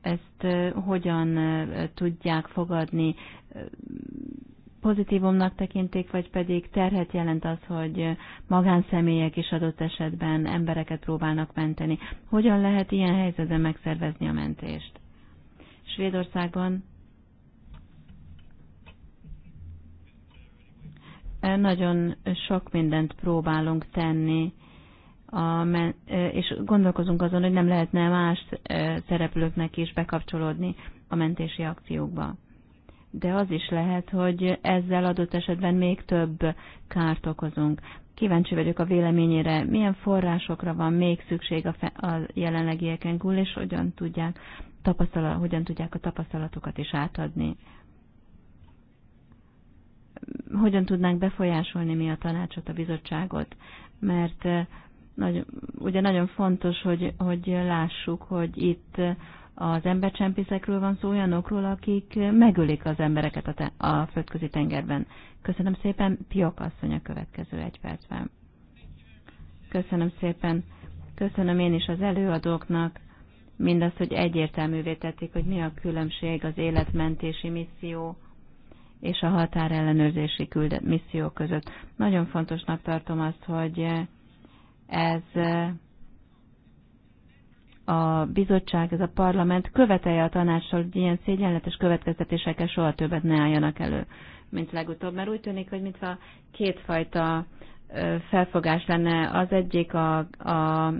ezt eh, hogyan eh, tudják fogadni? Pozitívumnak tekintik, vagy pedig terhet jelent az, hogy magánszemélyek is adott esetben embereket próbálnak menteni. Hogyan lehet ilyen helyzetben megszervezni a mentést? Svédországban nagyon sok mindent próbálunk tenni, a, és gondolkozunk azon, hogy nem lehetne más szereplőknek is bekapcsolódni a mentési akciókba. De az is lehet, hogy ezzel adott esetben még több kárt okozunk. Kíváncsi vagyok a véleményére, milyen forrásokra van még szükség a, fe, a jelenlegieken túl, és hogyan tudják, hogyan tudják a tapasztalatokat is átadni hogyan tudnánk befolyásolni mi a tanácsot, a bizottságot, mert eh, nagyon, ugye nagyon fontos, hogy, hogy lássuk, hogy itt eh, az embercsempészekről van szó, olyanokról, akik eh, megölik az embereket a, te, a földközi tengerben. Köszönöm szépen, Piok asszony a következő egy percben. Köszönöm szépen. Köszönöm én is az előadóknak mindazt, hogy egyértelművé tették, hogy mi a különbség az életmentési misszió és a határellenőrzési küldet misszió között. Nagyon fontosnak tartom azt, hogy ez a bizottság, ez a parlament követelje a tanácssal, hogy ilyen szégyenletes következtetésekkel soha többet ne álljanak elő, mint legutóbb, mert úgy tűnik, hogy mintha kétfajta felfogás lenne az egyik a, a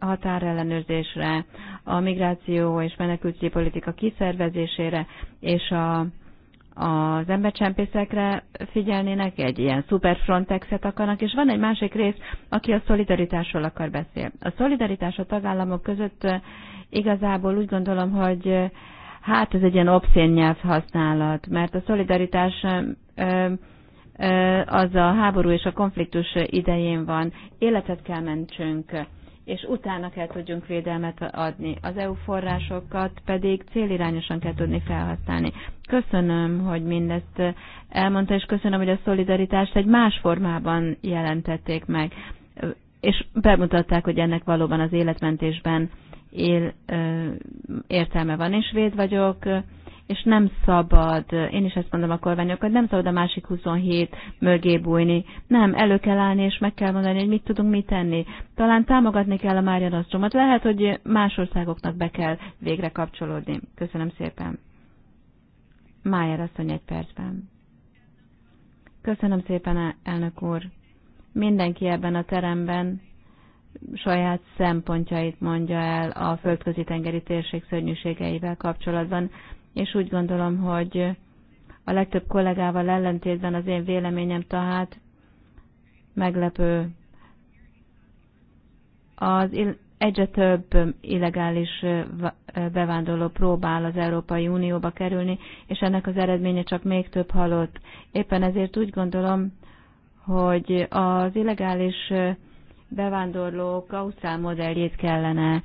határellenőrzésre, a migráció és menekültügyi politika kiszervezésére, és a az embercsempészekre figyelnének, egy ilyen szuper Frontexet akarnak, és van egy másik rész, aki a szolidaritásról akar beszél. A szolidaritás a tagállamok között igazából úgy gondolom, hogy hát ez egy ilyen obszén használat, mert a szolidaritás az a háború és a konfliktus idején van. Életet kell mentsünk és utána kell tudjunk védelmet adni. Az EU forrásokat pedig célirányosan kell tudni felhasználni. Köszönöm, hogy mindezt elmondta, és köszönöm, hogy a szolidaritást egy más formában jelentették meg, és bemutatták, hogy ennek valóban az életmentésben él, értelme van, és véd vagyok és nem szabad, én is ezt mondom a kormányokat, nem szabad a másik 27 mögé bújni. Nem, elő kell állni, és meg kell mondani, hogy mit tudunk mit tenni. Talán támogatni kell a Mária Nostromot. Lehet, hogy más országoknak be kell végre kapcsolódni. Köszönöm szépen. Májer asszony egy percben. Köszönöm szépen, elnök úr. Mindenki ebben a teremben saját szempontjait mondja el a földközi tengeri térség szörnyűségeivel kapcsolatban és úgy gondolom, hogy a legtöbb kollégával ellentétben az én véleményem tehát meglepő. Az egyre több illegális bevándorló próbál az Európai Unióba kerülni, és ennek az eredménye csak még több halott. Éppen ezért úgy gondolom, hogy az illegális bevándorlók Ausztrál modelljét kellene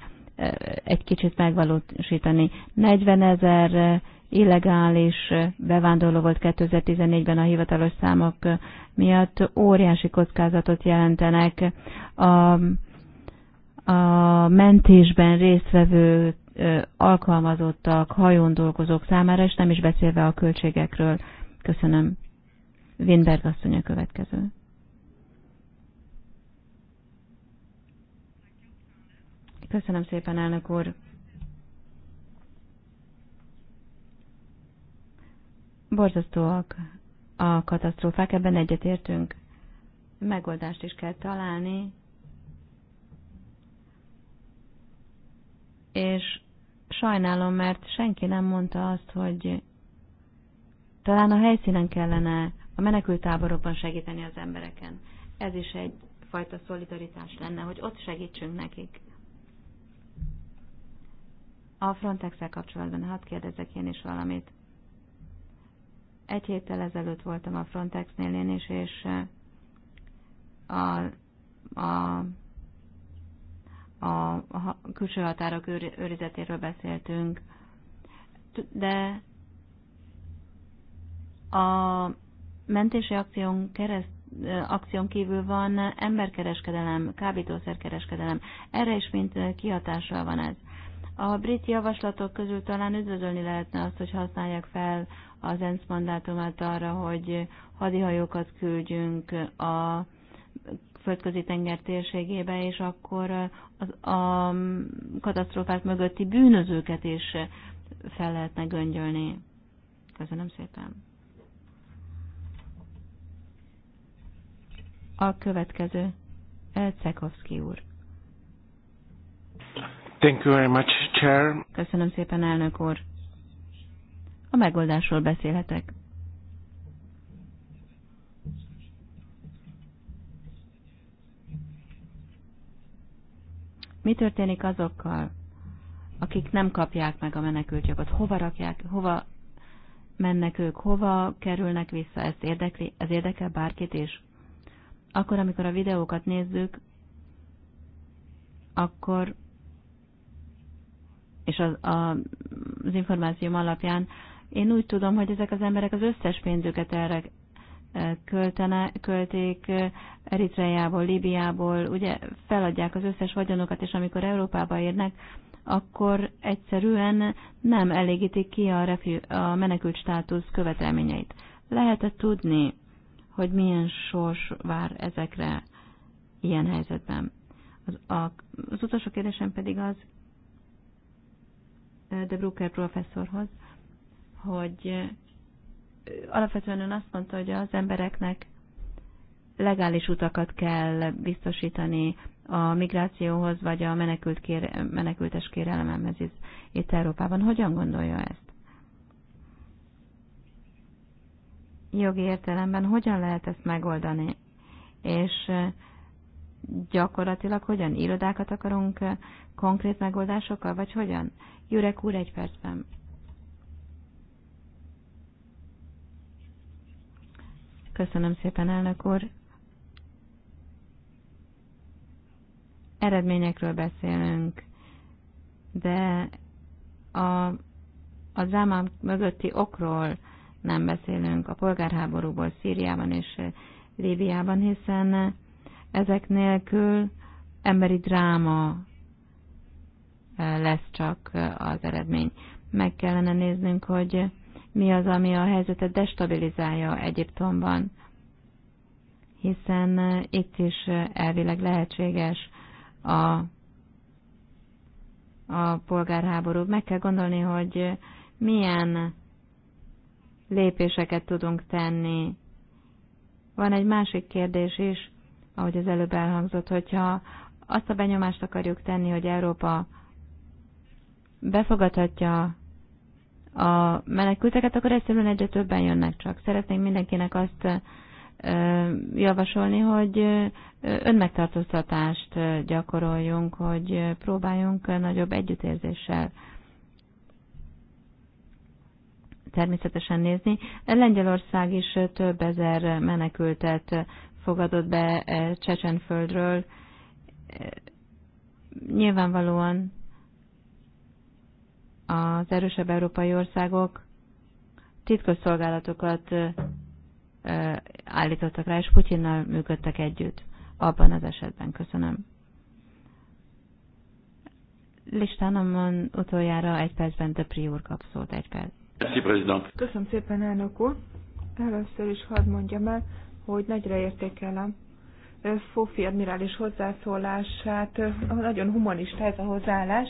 egy kicsit megvalósítani. 40 ezer eh, illegális eh, bevándorló volt 2014-ben a hivatalos számok eh, miatt, óriási kockázatot jelentenek a, a mentésben résztvevő alkalmazottak, hajón dolgozók számára, és nem is beszélve a költségekről. Köszönöm. Winberg asszony a következő. Köszönöm szépen, elnök úr. Borzasztóak a katasztrófák, ebben egyetértünk. Megoldást is kell találni, és sajnálom, mert senki nem mondta azt, hogy talán a helyszínen kellene a menekültáborokban segíteni az embereken. Ez is egyfajta szolidaritás lenne, hogy ott segítsünk nekik. A frontex kapcsolatban hadd kérdezek én is valamit. Egy héttel ezelőtt voltam a Frontexnél én is, és eh, a, a, a, a külső határok őrizetéről beszéltünk, de a mentési akción, kereszt, eh, akción kívül van emberkereskedelem, kábítószerkereskedelem. Erre is mint kihatással van ez. A brit javaslatok közül talán üdvözölni lehetne azt, hogy használják fel az ENSZ mandátumát arra, hogy hadihajókat küldjünk a földközi tenger térségébe, és akkor az, a katasztrófák mögötti bűnözőket is fel lehetne göngyölni. Köszönöm szépen. A következő. Cekovszki úr. Thank you very much, Chair. Köszönöm szépen, elnök úr. A megoldásról beszélhetek. Mi történik azokkal, akik nem kapják meg a menekültjogot? Hova rakják, hova mennek ők, hova kerülnek vissza? Ez, érdekli, ez érdekel bárkit is? Akkor, amikor a videókat nézzük, akkor és az, a, az információm alapján én úgy tudom, hogy ezek az emberek az összes pénzüket erre e, költene, költék e, Eritreából, Líbiából, ugye feladják az összes vagyonukat, és amikor Európába érnek, akkor egyszerűen nem elégítik ki a, refü- a menekült státusz követelményeit. Lehet-e tudni, hogy milyen sors vár ezekre ilyen helyzetben? Az, a, az utolsó kérdésem pedig az, de Brucker professzorhoz, hogy alapvetően ön azt mondta, hogy az embereknek legális utakat kell biztosítani a migrációhoz, vagy a menekült kér, menekültes kérelemhez itt Európában. Hogyan gondolja ezt? Jogi értelemben hogyan lehet ezt megoldani? És gyakorlatilag hogyan? Irodákat akarunk eh, konkrét megoldásokkal, vagy hogyan? Jurek úr, egy percben. Köszönöm szépen, elnök úr. Eredményekről beszélünk, de a, a zámám mögötti okról nem beszélünk, a polgárháborúból Szíriában és Líbiában, hiszen ezek nélkül emberi dráma e, lesz csak e, az eredmény. Meg kellene néznünk, hogy mi az, ami a helyzetet destabilizálja Egyiptomban, hiszen e, itt is elvileg lehetséges a, a polgárháború. Meg kell gondolni, hogy milyen lépéseket tudunk tenni. Van egy másik kérdés is, ahogy az előbb elhangzott, hogyha azt a benyomást akarjuk tenni, hogy Európa befogadhatja a menekülteket, akkor egyszerűen egyre többen jönnek csak. Szeretnénk mindenkinek azt javasolni, hogy önmegtartóztatást gyakoroljunk, hogy próbáljunk nagyobb együttérzéssel természetesen nézni. Lengyelország is több ezer menekültet fogadott be eh, Csecsenföldről. Eh, nyilvánvalóan az erősebb európai országok titkos szolgálatokat eh, állítottak rá, és Putyinnal működtek együtt abban az esetben. Köszönöm. Listánomon utoljára egy percben de Priúr kap szót egy perc. Köszönöm szépen, elnök úr. Először is hadd mondjam el, hogy nagyra értékelem Fofi admirális hozzászólását, nagyon humanista ez a hozzáállás.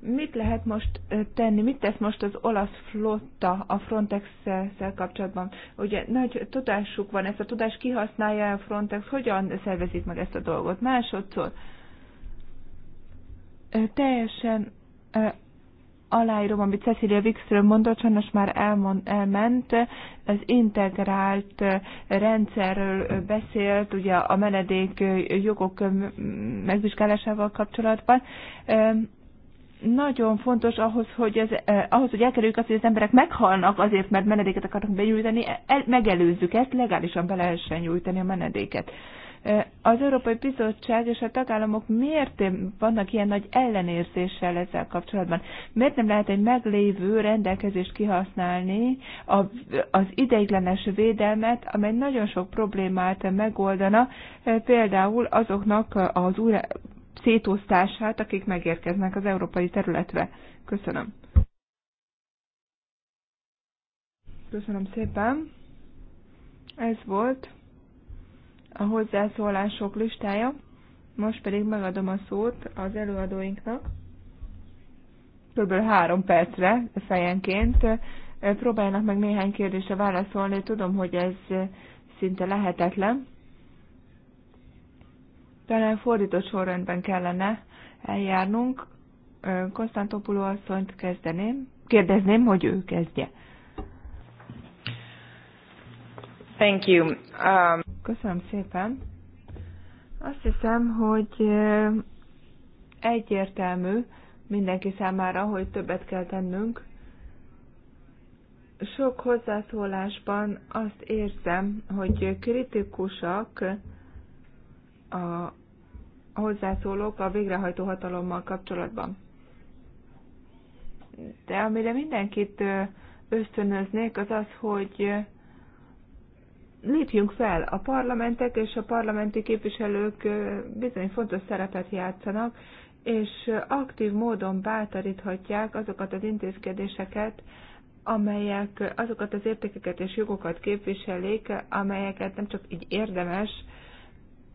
Mit lehet most tenni, mit tesz most az olasz flotta a Frontex-szel kapcsolatban? Ugye nagy tudásuk van, ezt a tudást kihasználja a Frontex, hogyan szervezik meg ezt a dolgot? Másodszor, teljesen aláírom, amit Cecilia Wikström mondott, sajnos már elmond, elment, az integrált rendszerről beszélt, ugye a menedék jogok megvizsgálásával kapcsolatban. Nagyon fontos ahhoz, hogy, ez, eh, ahhoz, hogy elkerüljük azt, hogy az emberek meghalnak azért, mert menedéket akarnak benyújtani, el, megelőzzük ezt, legálisan be lehessen nyújtani a menedéket. Eh, az Európai Bizottság és a tagállamok miért vannak ilyen nagy ellenérzéssel ezzel kapcsolatban? Miért nem lehet egy meglévő rendelkezést kihasználni az ideiglenes védelmet, amely nagyon sok problémát megoldana, például azoknak az újra szétosztását, akik megérkeznek az európai területre. Köszönöm. Köszönöm szépen. Ez volt a hozzászólások listája. Most pedig megadom a szót az előadóinknak. Kb. három percre fejenként. Próbálnak meg néhány kérdésre válaszolni. Tudom, hogy ez szinte lehetetlen. Talán fordított sorrendben kellene eljárnunk. Konstantopuló asszonyt kezdeném. Kérdezném, hogy ő kezdje. Thank you. Um... Köszönöm szépen. Azt hiszem, hogy eh, egyértelmű mindenki számára, hogy többet kell tennünk. Sok hozzászólásban azt érzem, hogy kritikusak a hozzászólók a végrehajtó hatalommal kapcsolatban. De amire mindenkit eh, ösztönöznék, az az, hogy lépjünk fel. A parlamentek és a parlamenti képviselők bizony fontos szerepet játszanak, és aktív módon bátoríthatják azokat az intézkedéseket, amelyek azokat az értékeket és jogokat képviselik, amelyeket nem csak így érdemes,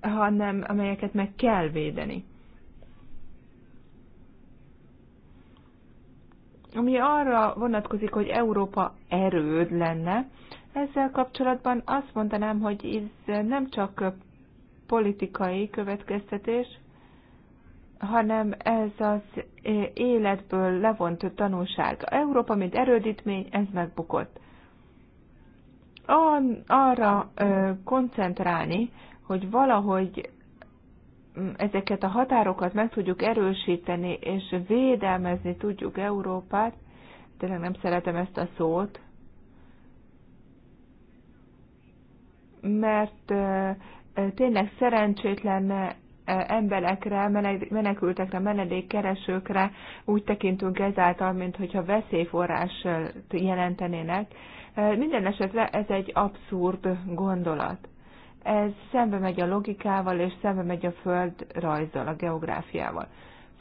hanem amelyeket meg kell védeni. Ami arra vonatkozik, hogy Európa erőd lenne, ezzel kapcsolatban azt mondanám, hogy ez nem csak politikai következtetés, hanem ez az életből levont tanulság. Európa, mint erődítmény, ez megbukott. Arra koncentrálni, hogy valahogy mm, ezeket a határokat meg tudjuk erősíteni, és védelmezni tudjuk Európát, tényleg nem szeretem ezt a szót, mert tényleg szerencsétlen emberekre, menekültekre, menedékkeresőkre úgy tekintünk ezáltal, mint hogyha veszélyforrás jelentenének. Minden esetre ez egy abszurd gondolat. Ez szembe megy a logikával, és szembe megy a földrajzzal, a geográfiával.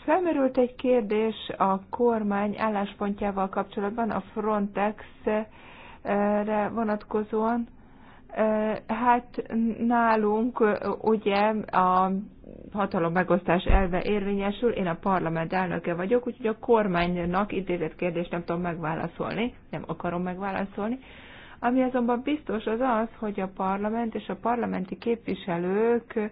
Felmerült egy kérdés a kormány álláspontjával kapcsolatban, a Frontex-re vonatkozóan, Hát nálunk ugye a hatalom megosztás elve érvényesül, én a parlament elnöke vagyok, úgyhogy a kormánynak intézett kérdést nem tudom megválaszolni, nem akarom megválaszolni. Ami azonban biztos az az, hogy a parlament és a parlamenti képviselők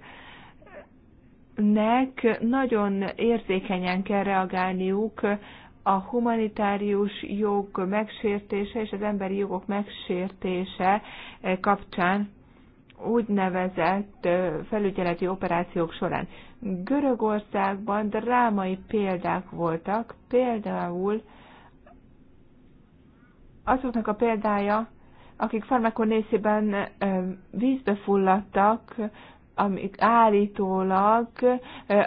nek nagyon érzékenyen kell reagálniuk a humanitárius jog megsértése és az emberi jogok megsértése eh, kapcsán úgynevezett eh, felügyeleti operációk során. Görögországban drámai példák voltak, például azoknak a példája, akik farmakonészében eh, vízbe fulladtak, amik állítólag,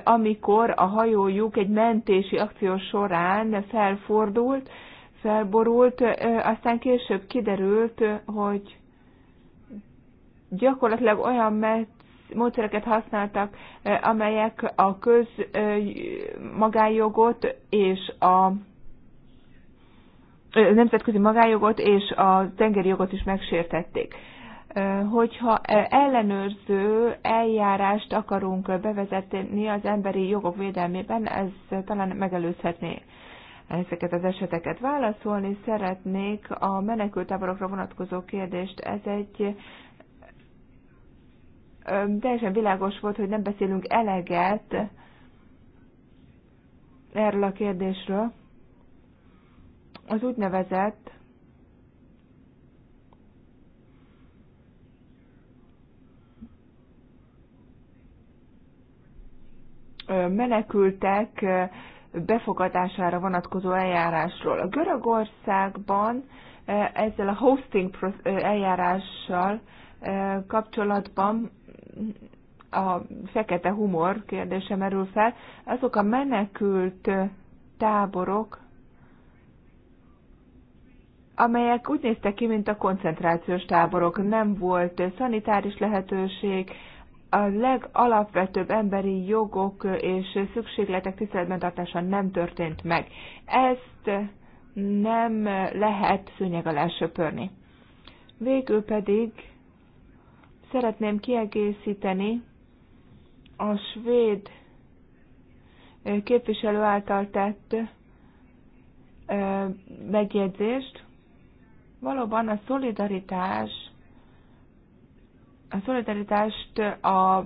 amikor a hajójuk egy mentési akció során felfordult, felborult, aztán később kiderült, hogy gyakorlatilag olyan módszereket használtak, amelyek a közmagájogot és a nemzetközi magájogot és a tengeri jogot is megsértették hogyha ellenőrző eljárást akarunk bevezetni az emberi jogok védelmében, ez talán megelőzhetné ezeket az eseteket. Válaszolni szeretnék a menekültáborokra vonatkozó kérdést. Ez egy teljesen világos volt, hogy nem beszélünk eleget erről a kérdésről. Az úgynevezett menekültek befogadására vonatkozó eljárásról. A Görögországban ezzel a hosting eljárással kapcsolatban a fekete humor kérdése merül fel. Azok a menekült táborok, amelyek úgy néztek ki, mint a koncentrációs táborok. Nem volt szanitáris lehetőség, a legalapvetőbb emberi jogok és szükségletek tiszteletben tartása nem történt meg. Ezt nem lehet szőnyeg alá söpörni. Végül pedig szeretném kiegészíteni a svéd képviselő által tett megjegyzést. Valóban a szolidaritás a szolidaritást a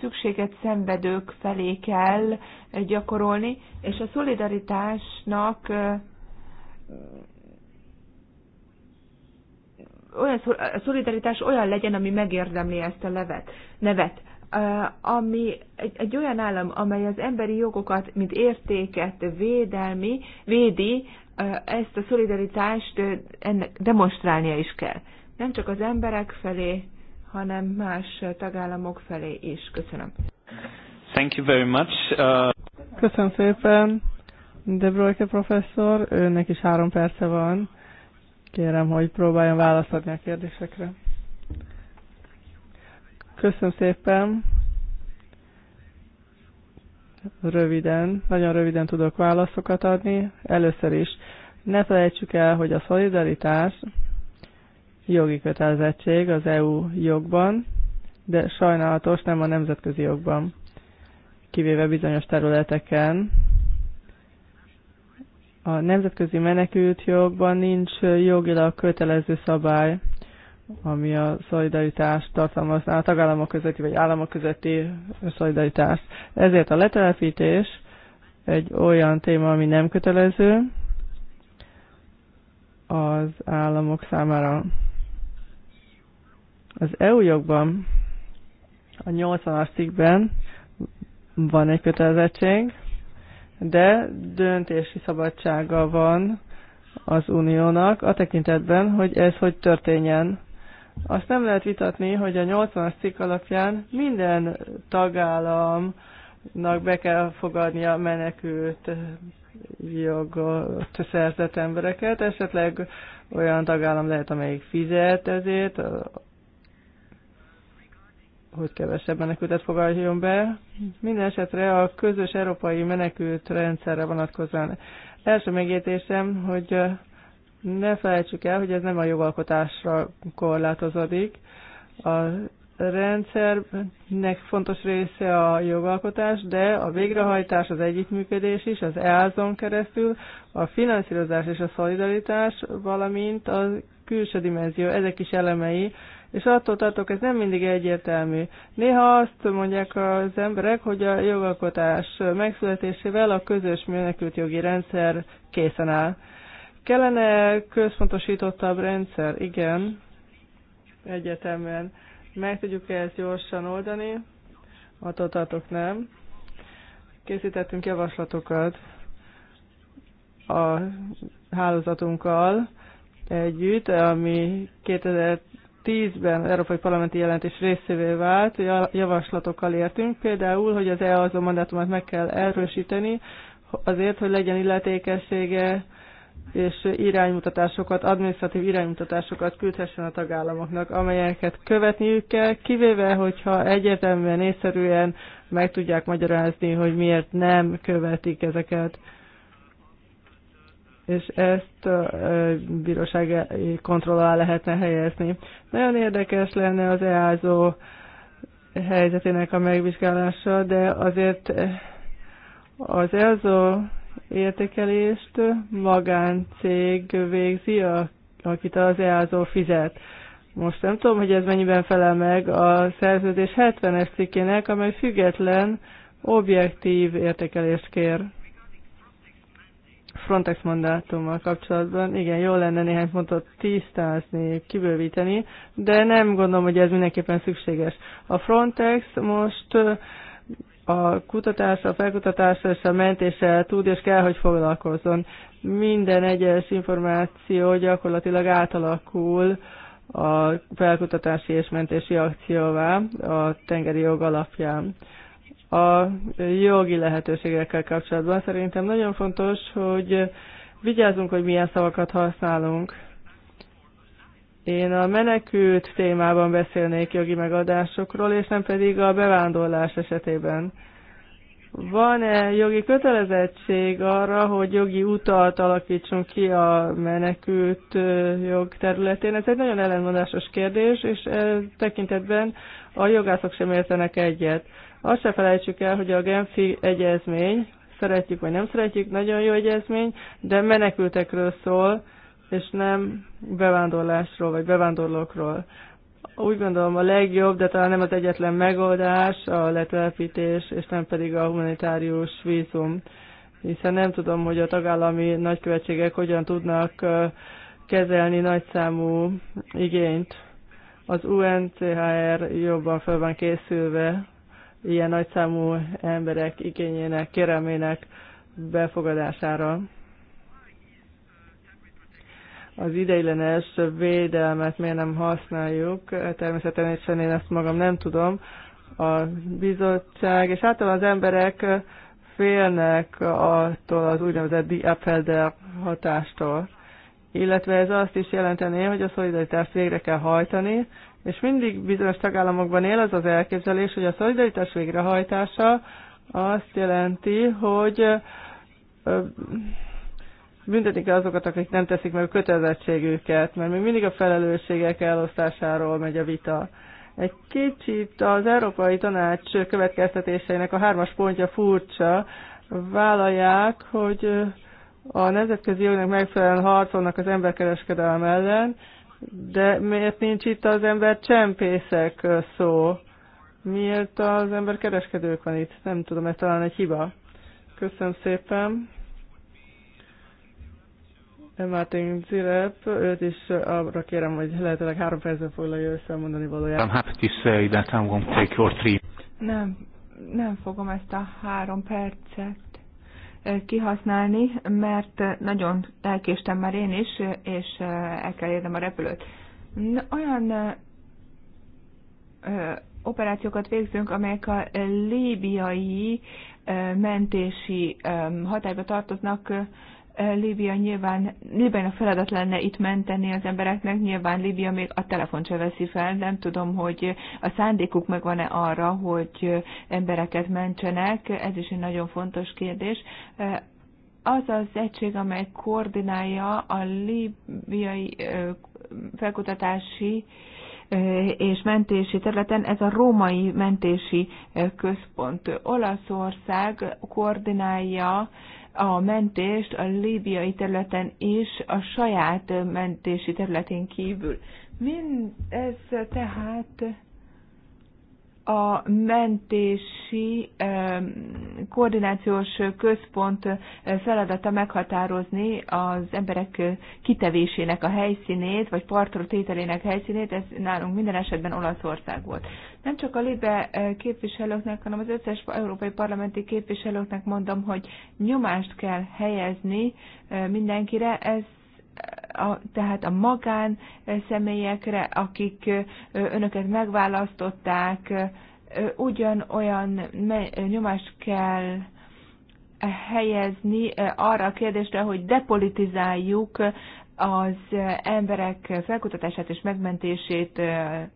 szükséget szenvedők felé kell gyakorolni, és a szolidaritásnak olyan a szolidaritás olyan legyen, ami megérdemli ezt a levet, nevet. Ami egy, egy olyan állam, amely az emberi jogokat, mint értéket védelmi, védi, ezt a szolidaritást ennek demonstrálnia is kell. Nem csak az emberek felé, hanem más tagállamok felé is. Köszönöm. Thank you very much. Uh... Köszönöm szépen. De Broeke professzor, őnek is három perce van. Kérem, hogy próbáljon válaszadni a kérdésekre. Köszönöm szépen. Röviden, nagyon röviden tudok válaszokat adni. Először is ne felejtsük el, hogy a szolidaritás jogi kötelezettség az EU jogban, de sajnálatos nem a nemzetközi jogban, kivéve bizonyos területeken. A nemzetközi menekült jogban nincs jogilag kötelező szabály, ami a szolidaritást tartalmazná, a tagállamok közötti vagy államok közötti szolidaritást. Ezért a letelepítés egy olyan téma, ami nem kötelező az államok számára. Az EU jogban a 80-as cikkben van egy kötelezettség, de döntési szabadsága van az uniónak a tekintetben, hogy ez hogy történjen. Azt nem lehet vitatni, hogy a 80-as cikk alapján minden tagállamnak be kell fogadnia menekült jogot szerzett embereket, esetleg olyan tagállam lehet, amelyik fizet ezért, hogy kevesebb menekültet fogadjon be. Minden esetre a közös európai menekült rendszerre vonatkozóan. Első megjegyzésem, hogy ne felejtsük el, hogy ez nem a jogalkotásra korlátozódik. A rendszernek fontos része a jogalkotás, de a végrehajtás, az együttműködés is, az EASON keresztül, a finanszírozás és a szolidaritás, valamint a külső dimenzió, ezek is elemei és attól tartok, ez nem mindig egyértelmű. Néha azt mondják az emberek, hogy a jogalkotás megszületésével a közös jogi rendszer készen áll. Kellene központosítottabb rendszer? Igen, egyetemen. Meg tudjuk -e ezt gyorsan oldani? Attól tartok nem. Készítettünk javaslatokat a hálózatunkkal együtt, ami 2000 2010-ben Európai Parlamenti jelentés részévé vált, javaslatokkal értünk, például, hogy az EASO mandátumát meg kell erősíteni, azért, hogy legyen illetékessége és iránymutatásokat, adminisztratív iránymutatásokat küldhessen a tagállamoknak, amelyeket követniük kell, kivéve, hogyha egyértelműen észszerűen meg tudják magyarázni, hogy miért nem követik ezeket és ezt bírósági kontroll alá lehetne helyezni. Nagyon érdekes lenne az EASO helyzetének a megvizsgálása, de azért az EASO értékelést magáncég végzi, akit az EASO fizet. Most nem tudom, hogy ez mennyiben felel meg a szerződés 70-es cikkének, amely független, objektív értékelést kér. Frontex mandátummal kapcsolatban. Igen, jó lenne néhány pontot tisztázni, kibővíteni, de nem gondolom, hogy ez mindenképpen szükséges. A Frontex most a kutatásra, a felkutatásra és a mentéssel tud és kell, hogy foglalkozzon. Minden egyes információ gyakorlatilag átalakul a felkutatási és mentési akcióvá a tengeri jog alapján a jogi lehetőségekkel kapcsolatban. Szerintem nagyon fontos, hogy vigyázzunk, hogy milyen szavakat használunk. Én a menekült témában beszélnék jogi megadásokról, és nem pedig a bevándorlás esetében. Van-e jogi kötelezettség arra, hogy jogi utat alakítsunk ki a menekült jog területén? Ez egy nagyon ellenmondásos kérdés, és tekintetben a jogászok sem értenek egyet. Azt se felejtsük el, hogy a Genfi egyezmény, szeretjük vagy nem szeretjük, nagyon jó egyezmény, de menekültekről szól, és nem bevándorlásról vagy bevándorlókról. Úgy gondolom a legjobb, de talán nem az egyetlen megoldás a letelepítés, és nem pedig a humanitárius vízum, hiszen nem tudom, hogy a tagállami nagykövetségek hogyan tudnak kezelni nagyszámú igényt. Az UNCHR jobban fel van készülve ilyen nagyszámú emberek igényének, kérelmének befogadására. Az ideiglenes védelmet miért nem használjuk? Természetesen én ezt magam nem tudom. A bizottság és általában az emberek félnek attól az úgynevezett Die Appelder hatástól. Illetve ez azt is jelenteni, hogy a szolidaritást végre kell hajtani, és mindig bizonyos tagállamokban él az az elképzelés, hogy a szolidaritás végrehajtása azt jelenti, hogy büntetik kell azokat, akik nem teszik meg a kötelezettségüket, mert még mindig a felelősségek elosztásáról megy a vita. Egy kicsit az Európai Tanács következtetéseinek a hármas pontja furcsa. Vállalják, hogy a nemzetközi jognak megfelelően harcolnak az emberkereskedelem ellen, de miért nincs itt az ember csempészek szó? Miért az ember kereskedők van itt? Nem tudom, ez talán egy hiba. Köszönöm szépen. Martin Zirep, őt is arra kérem, hogy lehetőleg három percben foglalja össze mondani valójában. I'm happy to say that I'm going to take your three. Nem, nem fogom ezt a három percet kihasználni, mert nagyon elkéstem már én is, és el kell érnem a repülőt. Olyan operációkat végzünk, amelyek a líbiai mentési hatályba tartoznak, Líbia nyilván, Líbián a feladat lenne itt menteni az embereknek, nyilván Líbia még a telefon se veszi fel, nem tudom, hogy a szándékuk megvan-e arra, hogy embereket mentsenek, ez is egy nagyon fontos kérdés. Az az egység, amely koordinálja a líbiai felkutatási és mentési területen, ez a római mentési központ. Olaszország koordinálja a mentést a líbiai területen is, a saját mentési területén kívül. Mind ez tehát a mentési koordinációs központ feladata meghatározni az emberek kitevésének a helyszínét, vagy partra tételének helyszínét, ez nálunk minden esetben Olaszország volt. Nem csak a Libe képviselőknek, hanem az összes európai parlamenti képviselőknek mondom, hogy nyomást kell helyezni mindenkire, ez a, tehát a magán eh, személyekre, akik eh, önöket megválasztották, eh, ugyanolyan nyomást kell helyezni arra a kérdésre, hogy depolitizáljuk az emberek felkutatását és megmentését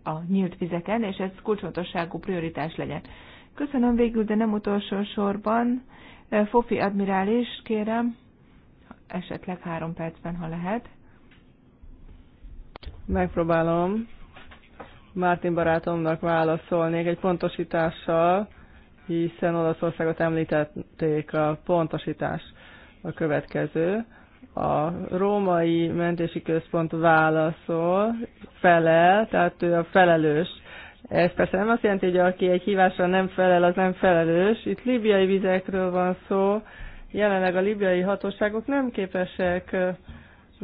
a nyílt vizeken, és ez kulcsfontosságú prioritás legyen. Köszönöm végül, de nem utolsó sorban. Fofi admirális, kérem, esetleg három percben, ha lehet. Megpróbálom Mártin barátomnak válaszolnék egy pontosítással, hiszen Olaszországot említették a pontosítás a következő. A római mentési központ válaszol, felel, tehát ő a felelős. Ez persze nem azt jelenti, hogy aki egy hívásra nem felel, az nem felelős. Itt libiai vizekről van szó. Jelenleg a libiai hatóságok nem képesek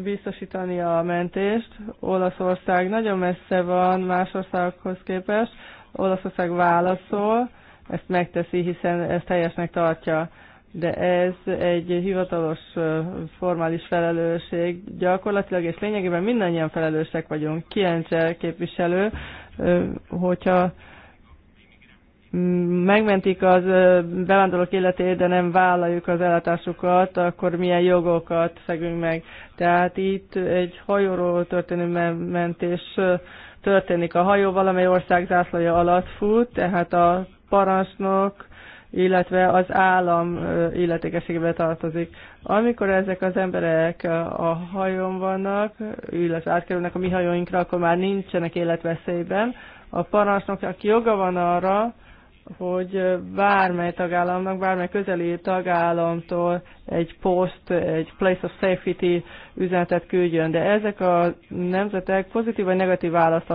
biztosítani a mentést. Olaszország nagyon messze van más országokhoz képest. Olaszország válaszol, ezt megteszi, hiszen ezt helyesnek tartja. De ez egy hivatalos, formális felelősség. Gyakorlatilag és lényegében mindannyian felelősek vagyunk. Kiencse képviselő, hogyha megmentik az bevándorlók életét, de nem vállaljuk az ellátásukat, akkor milyen jogokat szegünk meg. Tehát itt egy hajóról történő mentés történik. A hajó valamely ország zászlaja alatt fut, tehát a parancsnok, illetve az állam illetékességbe tartozik. Amikor ezek az emberek a hajón vannak, illetve átkerülnek a mi hajóinkra, akkor már nincsenek életveszélyben. A parancsnoknak joga van arra, hogy bármely tagállamnak, bármely közeli tagállamtól egy post, egy place of safety üzenetet küldjön, de ezek a nemzetek pozitív vagy negatív választ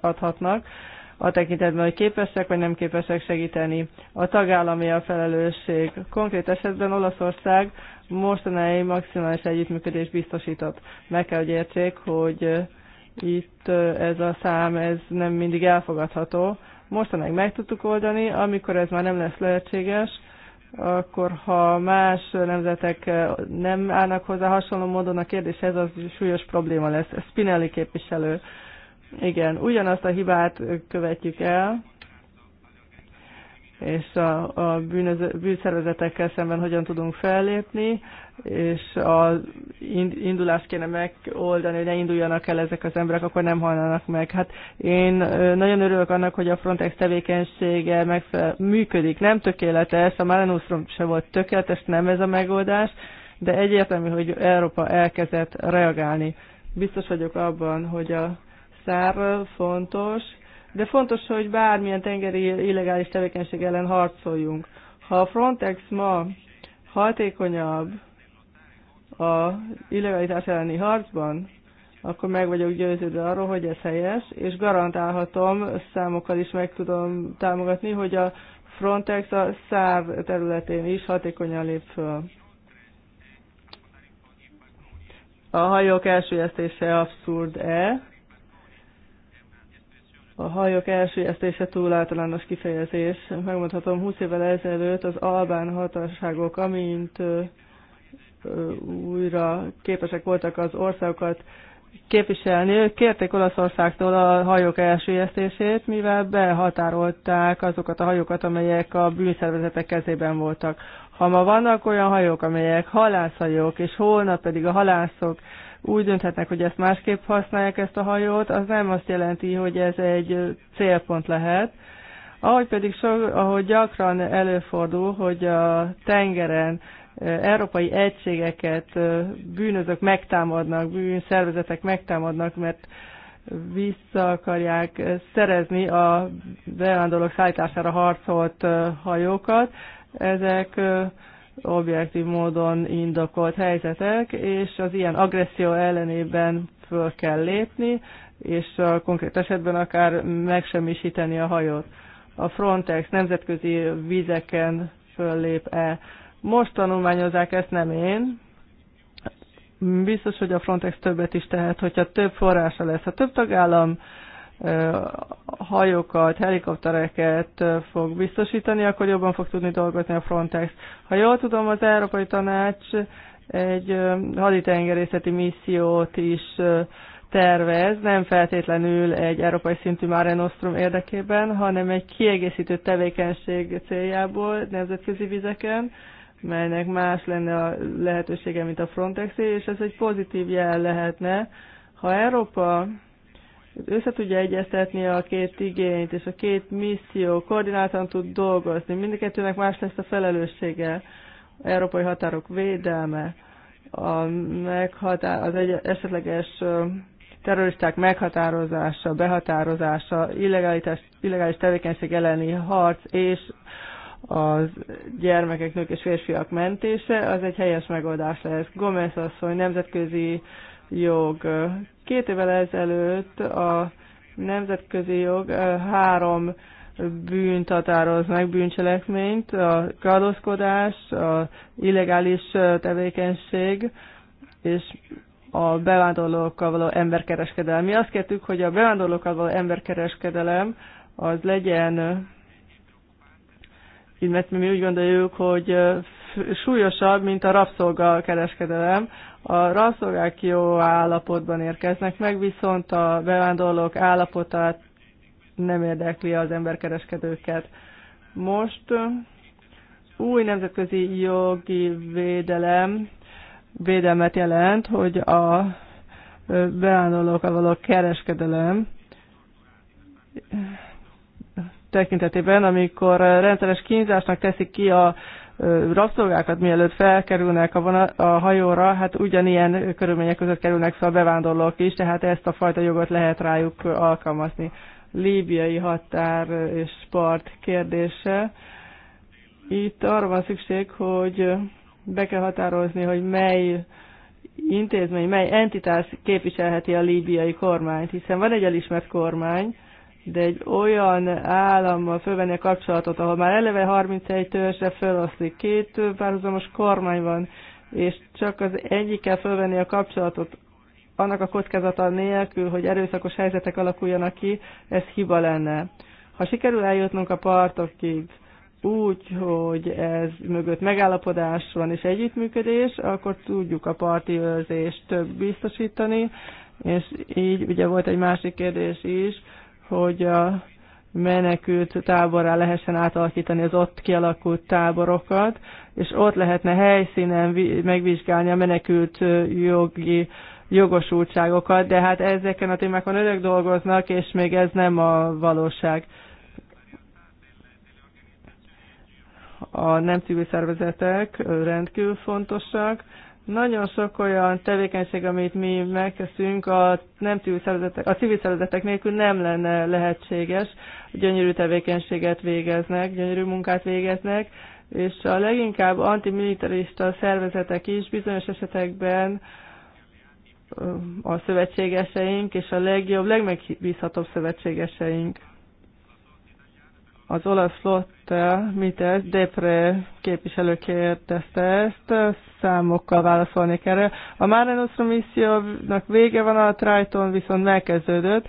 adhatnak a tekintetben, hogy képesek vagy nem képesek segíteni. A tagállami a felelősség. Konkrét esetben Olaszország mostanáig maximális együttműködés biztosított. Meg kell, hogy értsék, hogy itt ez a szám ez nem mindig elfogadható, Mostanáig meg tudtuk oldani, amikor ez már nem lesz lehetséges, akkor ha más nemzetek eh, nem állnak hozzá hasonló módon a kérdéshez, az súlyos probléma lesz. Spinelli képviselő. Igen, ugyanazt a hibát követjük el, és a, a bűnöző, bűnszervezetekkel szemben hogyan tudunk fellépni és az indulást kéne megoldani, hogy ne induljanak el ezek az emberek, akkor nem halnának meg. Hát én nagyon örülök annak, hogy a Frontex tevékenysége megfelel, működik. Nem tökéletes, a Malenustrom se volt tökéletes, nem ez a megoldás, de egyértelmű, hogy Európa elkezdett reagálni. Biztos vagyok abban, hogy a szár fontos, de fontos, hogy bármilyen tengeri illegális tevékenység ellen harcoljunk. Ha a Frontex ma hatékonyabb, a illegalitás elleni harcban, akkor meg vagyok győződve arról, hogy ez helyes, és garantálhatom, számokkal is meg tudom támogatni, hogy a Frontex a száv területén is hatékonyan lép föl. A hajók elsőjeztése abszurd-e? A hajók elsőjeztése túl általános kifejezés. Megmondhatom, 20 évvel ezelőtt az albán hatóságok, amint újra képesek voltak az országokat képviselni. Ők kérték Olaszországtól a hajók elsüllyesztését, mivel behatárolták azokat a hajókat, amelyek a bűnszervezetek kezében voltak. Ha ma vannak olyan hajók, amelyek halászhajók, és holnap pedig a halászok úgy dönthetnek, hogy ezt másképp használják ezt a hajót, az nem azt jelenti, hogy ez egy célpont lehet. Ahogy pedig so, ahogy gyakran előfordul, hogy a tengeren európai egységeket bűnözök megtámadnak, bűnszervezetek megtámadnak, mert vissza akarják szerezni a bevándorlók szállítására harcolt hajókat. Ezek objektív módon indokolt helyzetek, és az ilyen agresszió ellenében föl kell lépni, és a konkrét esetben akár megsemmisíteni a hajót. A Frontex nemzetközi vizeken föllép-e? Most tanulmányozzák ezt, nem én. Biztos, hogy a Frontex többet is tehet, hogyha több forrása lesz. Ha több tagállam hajókat, helikoptereket fog biztosítani, akkor jobban fog tudni dolgozni a Frontex. Ha jól tudom, az Európai Tanács egy haditengerészeti missziót is tervez, nem feltétlenül egy európai szintű Mare Nostrum érdekében, hanem egy kiegészítő tevékenység céljából nemzetközi vizeken, melynek más lenne a lehetősége, mint a frontex és ez egy pozitív jel lehetne. Ha Európa össze tudja egyeztetni a két igényt, és a két misszió koordináltan tud dolgozni, mindkettőnek más lesz a felelőssége, a európai határok védelme, a meghatár, az egy, esetleges terroristák meghatározása, behatározása, illegális, illegális tevékenység elleni harc és a gyermekek, nők és férfiak mentése, az egy helyes megoldás lesz. Gomez asszony, nemzetközi jog. Két évvel ezelőtt a nemzetközi jog három bűnt határoz meg, bűncselekményt, a kalózkodás, a illegális tevékenység, és a bevándorlókkal való emberkereskedelem. Mi azt kértük, hogy a bevándorlókkal való emberkereskedelem az legyen így mert mi úgy gondoljuk, hogy súlyosabb, mint a rabszolga kereskedelem. A rabszolgák jó állapotban érkeznek meg, viszont a bevándorlók állapotát nem érdekli az emberkereskedőket. Most új nemzetközi jogi védelem védelmet jelent, hogy a bevándorlókkal való kereskedelem tekintetében, amikor eh, rendszeres kínzásnak teszik ki a eh, rabszolgákat, mielőtt felkerülnek a, vonat, a hajóra, hát ugyanilyen körülmények között kerülnek fel a bevándorlók is, tehát ezt a fajta jogot lehet rájuk alkalmazni. Líbiai határ eh, és part kérdése. Itt arra van szükség, hogy be kell határozni, hogy mely intézmény, mely entitás képviselheti a líbiai kormányt, hiszen van egy elismert kormány, de egy olyan állammal fölvenni a kapcsolatot, ahol már eleve 31 törzsre feloszlik, két párhuzamos kormány van, és csak az egyikkel fölvenni a kapcsolatot, annak a kockázata nélkül, hogy erőszakos helyzetek alakuljanak ki, ez hiba lenne. Ha sikerül eljutnunk a partokig, úgy, hogy ez mögött megállapodás van és együttműködés, akkor tudjuk a parti őrzést biztosítani, és így ugye volt egy másik kérdés is, hogy a menekült táborra lehessen átalakítani az ott kialakult táborokat, és ott lehetne helyszínen megvizsgálni a menekült jogi jogosultságokat, de hát ezeken a témákon örök dolgoznak, és még ez nem a valóság. A nem civil szervezetek rendkívül fontosak, nagyon sok olyan tevékenység, amit mi megkezdünk, a, nem civil szervezetek, a civil szervezetek nélkül nem lenne lehetséges. Gyönyörű tevékenységet végeznek, gyönyörű munkát végeznek, és a leginkább antimilitarista szervezetek is bizonyos esetekben a szövetségeseink, és a legjobb, legmegbízhatóbb szövetségeseink. Az olasz flott kérdezte, mit ez. Depre képviselő kérdezte ezt, számokkal válaszolnék erre. A Mare Nostrum missziónak vége van, a Triton viszont megkezdődött.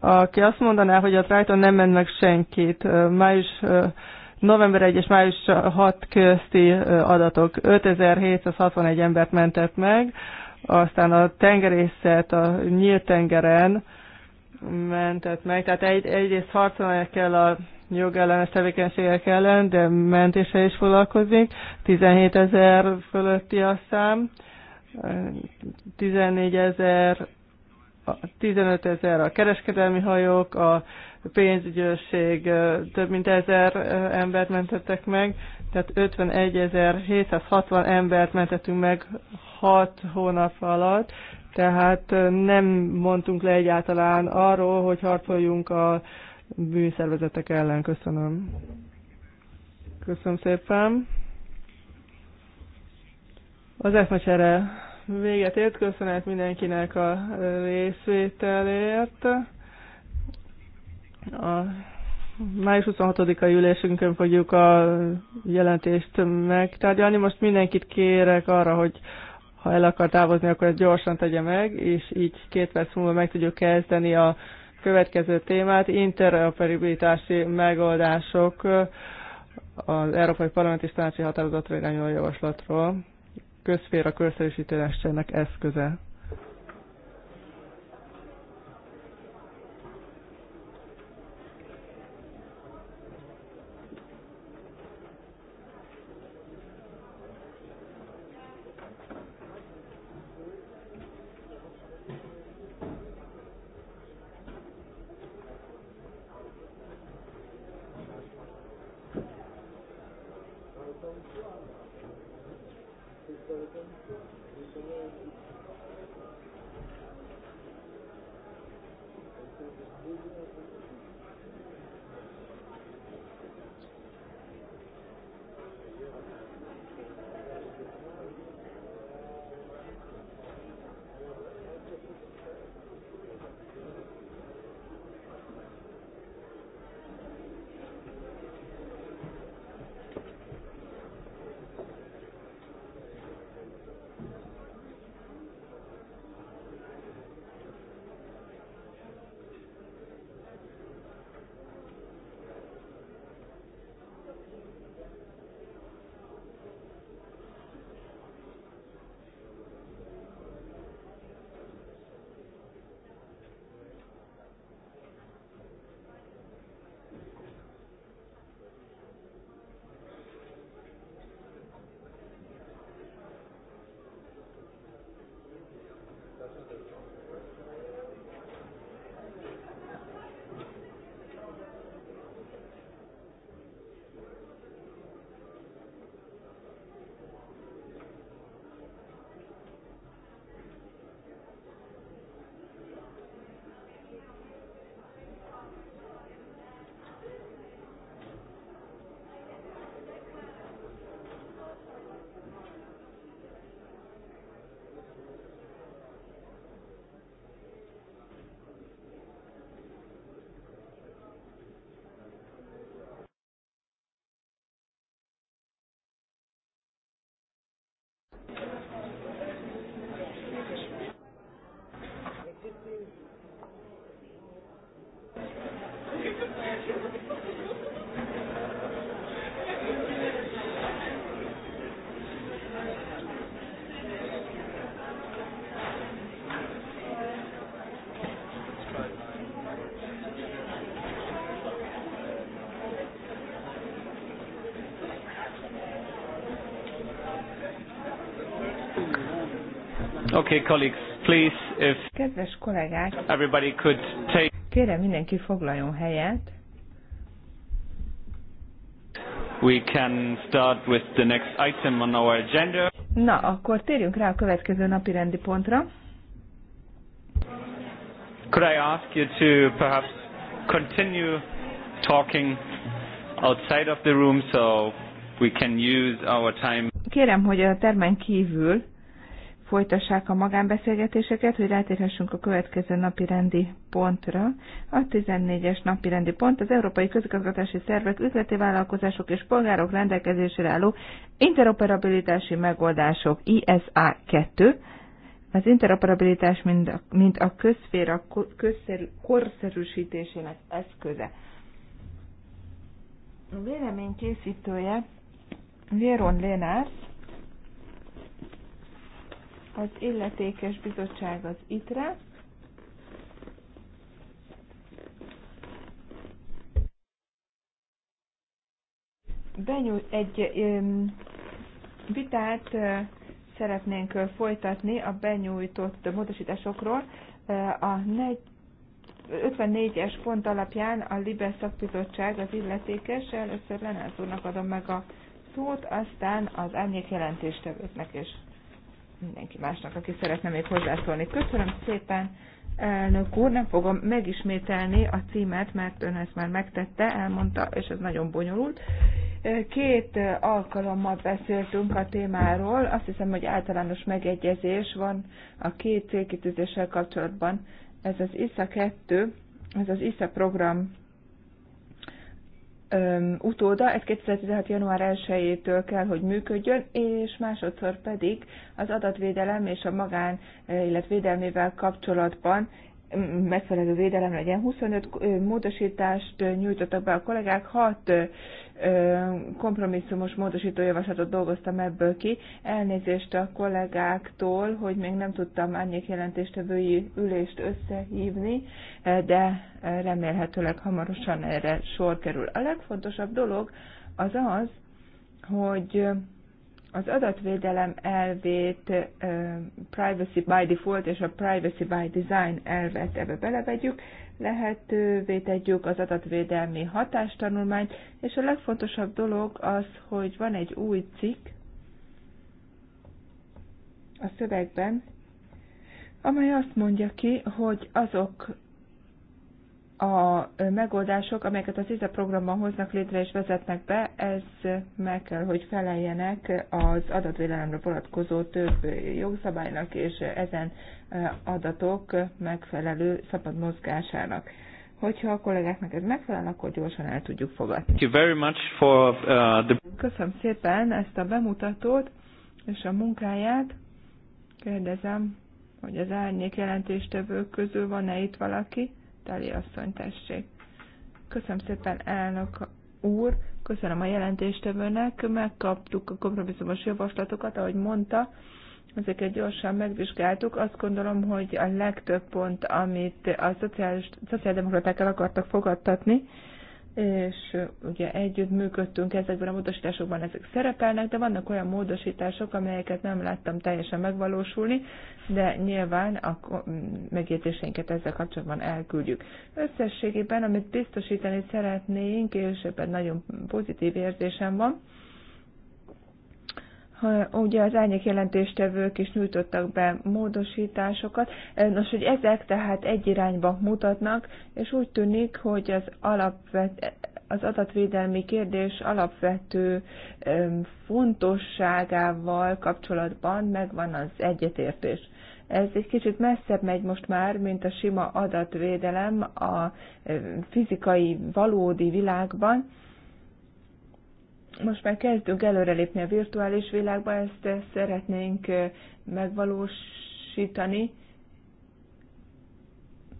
Aki azt mondaná, hogy a Triton nem ment meg senkit, május november 1 és május 6 közti adatok 5761 embert mentett meg, aztán a tengerészet a nyílt tengeren mentett meg, tehát egy, egyrészt harcolni kell a jogellenes tevékenységek ellen, de mentése is foglalkozik. 17 ezer fölötti a szám, 14 ezer, 15 ezer a kereskedelmi hajók, a pénzügyőrség több mint ezer embert mentettek meg, tehát 51.760 embert mentettünk meg 6 hónap alatt, tehát nem mondtunk le egyáltalán arról, hogy harcoljunk a bűnszervezetek ellen. Köszönöm. Köszönöm szépen. Az eszmecsere véget ért. Köszönet mindenkinek a részvételért. A május 26-a ülésünkön fogjuk a jelentést megtárgyalni. Most mindenkit kérek arra, hogy ha el akar távozni, akkor ezt gyorsan tegye meg, és így két perc múlva meg tudjuk kezdeni a következő témát, interoperabilitási megoldások az Európai Parlament és Tanácsi Határozatra irányuló javaslatról, közféra közszerűsítésének eszköze. Thank you. Okay, colleagues, please, if Kedves kollégák, everybody could take... kérem mindenki foglaljon helyet. We can start with the next item on our agenda. Na, akkor térjünk rá a következő napi rendi pontra. Could I ask you to perhaps continue talking outside of the room so we can use our time? Kérem, hogy a termen kívül folytassák a magánbeszélgetéseket, hogy rátérhessünk a következő napi rendi pontra. A 14-es napi rendi pont az Európai Közigazgatási Szervek, üzleti vállalkozások és polgárok rendelkezésére álló interoperabilitási megoldások ISA 2. Az interoperabilitás mind a, mint a közféra közszerű, korszerűsítésének eszköze. A véleménykészítője Véron Lénárt, az illetékes bizottság az ITRE. Benyújt egy vitát szeretnénk folytatni a benyújtott módosításokról. A 54-es pont alapján a Libe szakbizottság az illetékes, először Lenázónak adom meg a szót, aztán az árnyék jelentéstevőknek is mindenki másnak, aki szeretne még hozzászólni. Köszönöm szépen, elnök úr, nem fogom megismételni a címet, mert ön ezt már megtette, elmondta, és ez nagyon bonyolult. Két alkalommal beszéltünk a témáról, azt hiszem, hogy általános megegyezés van a két célkitűzéssel kapcsolatban. Ez az ISA 2, ez az ISA program utóda, ez 2016. január 1-től kell, hogy működjön, és másodszor pedig az adatvédelem és a magán, illetve védelmével kapcsolatban megfelelő védelem legyen. 25 módosítást nyújtottak be a kollégák, 6 kompromisszumos módosítójavaslatot dolgoztam ebből ki. Elnézést a kollégáktól, hogy még nem tudtam árnyék jelentéstevői ülést összehívni, de remélhetőleg hamarosan erre sor kerül. A legfontosabb dolog az az, hogy az adatvédelem elvét, privacy by default és a privacy by design elvet ebbe belevegyük, lehetővé tegyük az adatvédelmi hatástanulmányt, és a legfontosabb dolog az, hogy van egy új cikk a szövegben, amely azt mondja ki, hogy azok a megoldások, amelyeket az ISA programban hoznak létre és vezetnek be, ez meg kell, hogy feleljenek az adatvédelemre vonatkozó több jogszabálynak és ezen adatok megfelelő szabad mozgásának. Hogyha a kollégáknak ez megfelel, akkor gyorsan el tudjuk fogadni. Thank you very much for, uh, the... Köszönöm szépen ezt a bemutatót és a munkáját. Kérdezem, hogy az árnyék jelentéstevők közül van-e itt valaki? Dali asszony, tessék. Köszönöm szépen, elnök úr, köszönöm a jelentéstevőnek, megkaptuk a kompromisszumos javaslatokat, ahogy mondta, ezeket gyorsan megvizsgáltuk. Azt gondolom, hogy a legtöbb pont, amit a szociális, szociáldemokratákkal akartak fogadtatni, és ugye együtt működtünk ezekben a módosításokban, ezek szerepelnek, de vannak olyan módosítások, amelyeket nem láttam teljesen megvalósulni, de nyilván a megértéseinket ezzel kapcsolatban elküldjük. Összességében, amit biztosítani szeretnénk, és ebben nagyon pozitív érzésem van, ha, ugye az árnyék jelentéstevők is nyújtottak be módosításokat, eh, nos, hogy ezek tehát egy irányba mutatnak, és úgy tűnik, hogy az, alapvet, az adatvédelmi kérdés alapvető fontosságával kapcsolatban megvan az egyetértés. Ez egy kicsit messzebb megy most már, mint a sima adatvédelem a fizikai, valódi világban most már kezdünk előrelépni a virtuális világba, ezt szeretnénk megvalósítani,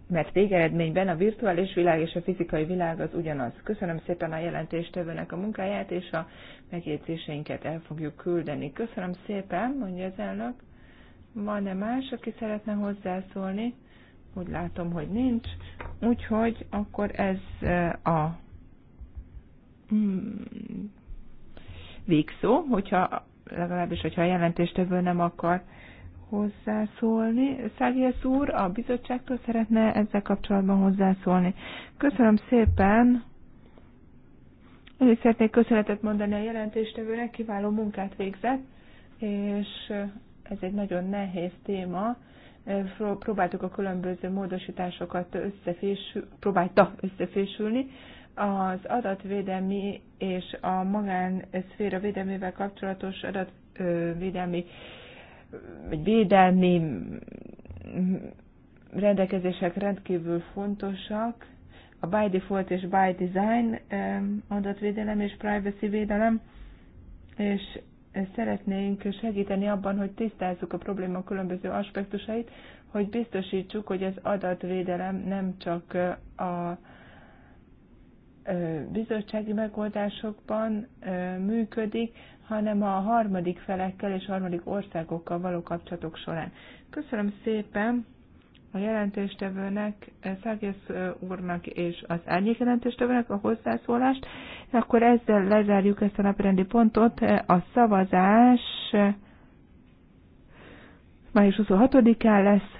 mert végeredményben a virtuális világ és a fizikai világ az ugyanaz. Köszönöm szépen a jelentéstevőnek a munkáját, és a megjegyzéseinket el fogjuk küldeni. Köszönöm szépen, mondja az elnök. Van-e más, aki szeretne hozzászólni? Úgy látom, hogy nincs. Úgyhogy akkor ez a hmm, végszó, hogyha legalábbis, hogyha a jelentéstevő nem akar hozzászólni. Szágyes úr, a bizottságtól szeretne ezzel kapcsolatban hozzászólni. Köszönöm szépen. Én is szeretnék köszönetet mondani a jelentéstevőnek, kiváló munkát végzett, és ez egy nagyon nehéz téma. Próbáltuk a különböző módosításokat összefésülni, próbálta összefésülni, az adatvédelmi és a magánszféra védelmével kapcsolatos adatvédelmi vagy védelmi mm, rendelkezések rendkívül fontosak. A by default és by design adatvédelem és privacy védelem, és szeretnénk segíteni abban, hogy tisztázzuk a probléma különböző aspektusait, hogy biztosítsuk, hogy az adatvédelem nem csak a bizottsági megoldásokban működik, hanem a harmadik felekkel és harmadik országokkal való kapcsolatok során. Köszönöm szépen a jelentéstevőnek, Szágész úrnak és az árnyék jelentéstevőnek a hozzászólást. Akkor ezzel lezárjuk ezt a naprendi pontot. A szavazás május 26-án lesz,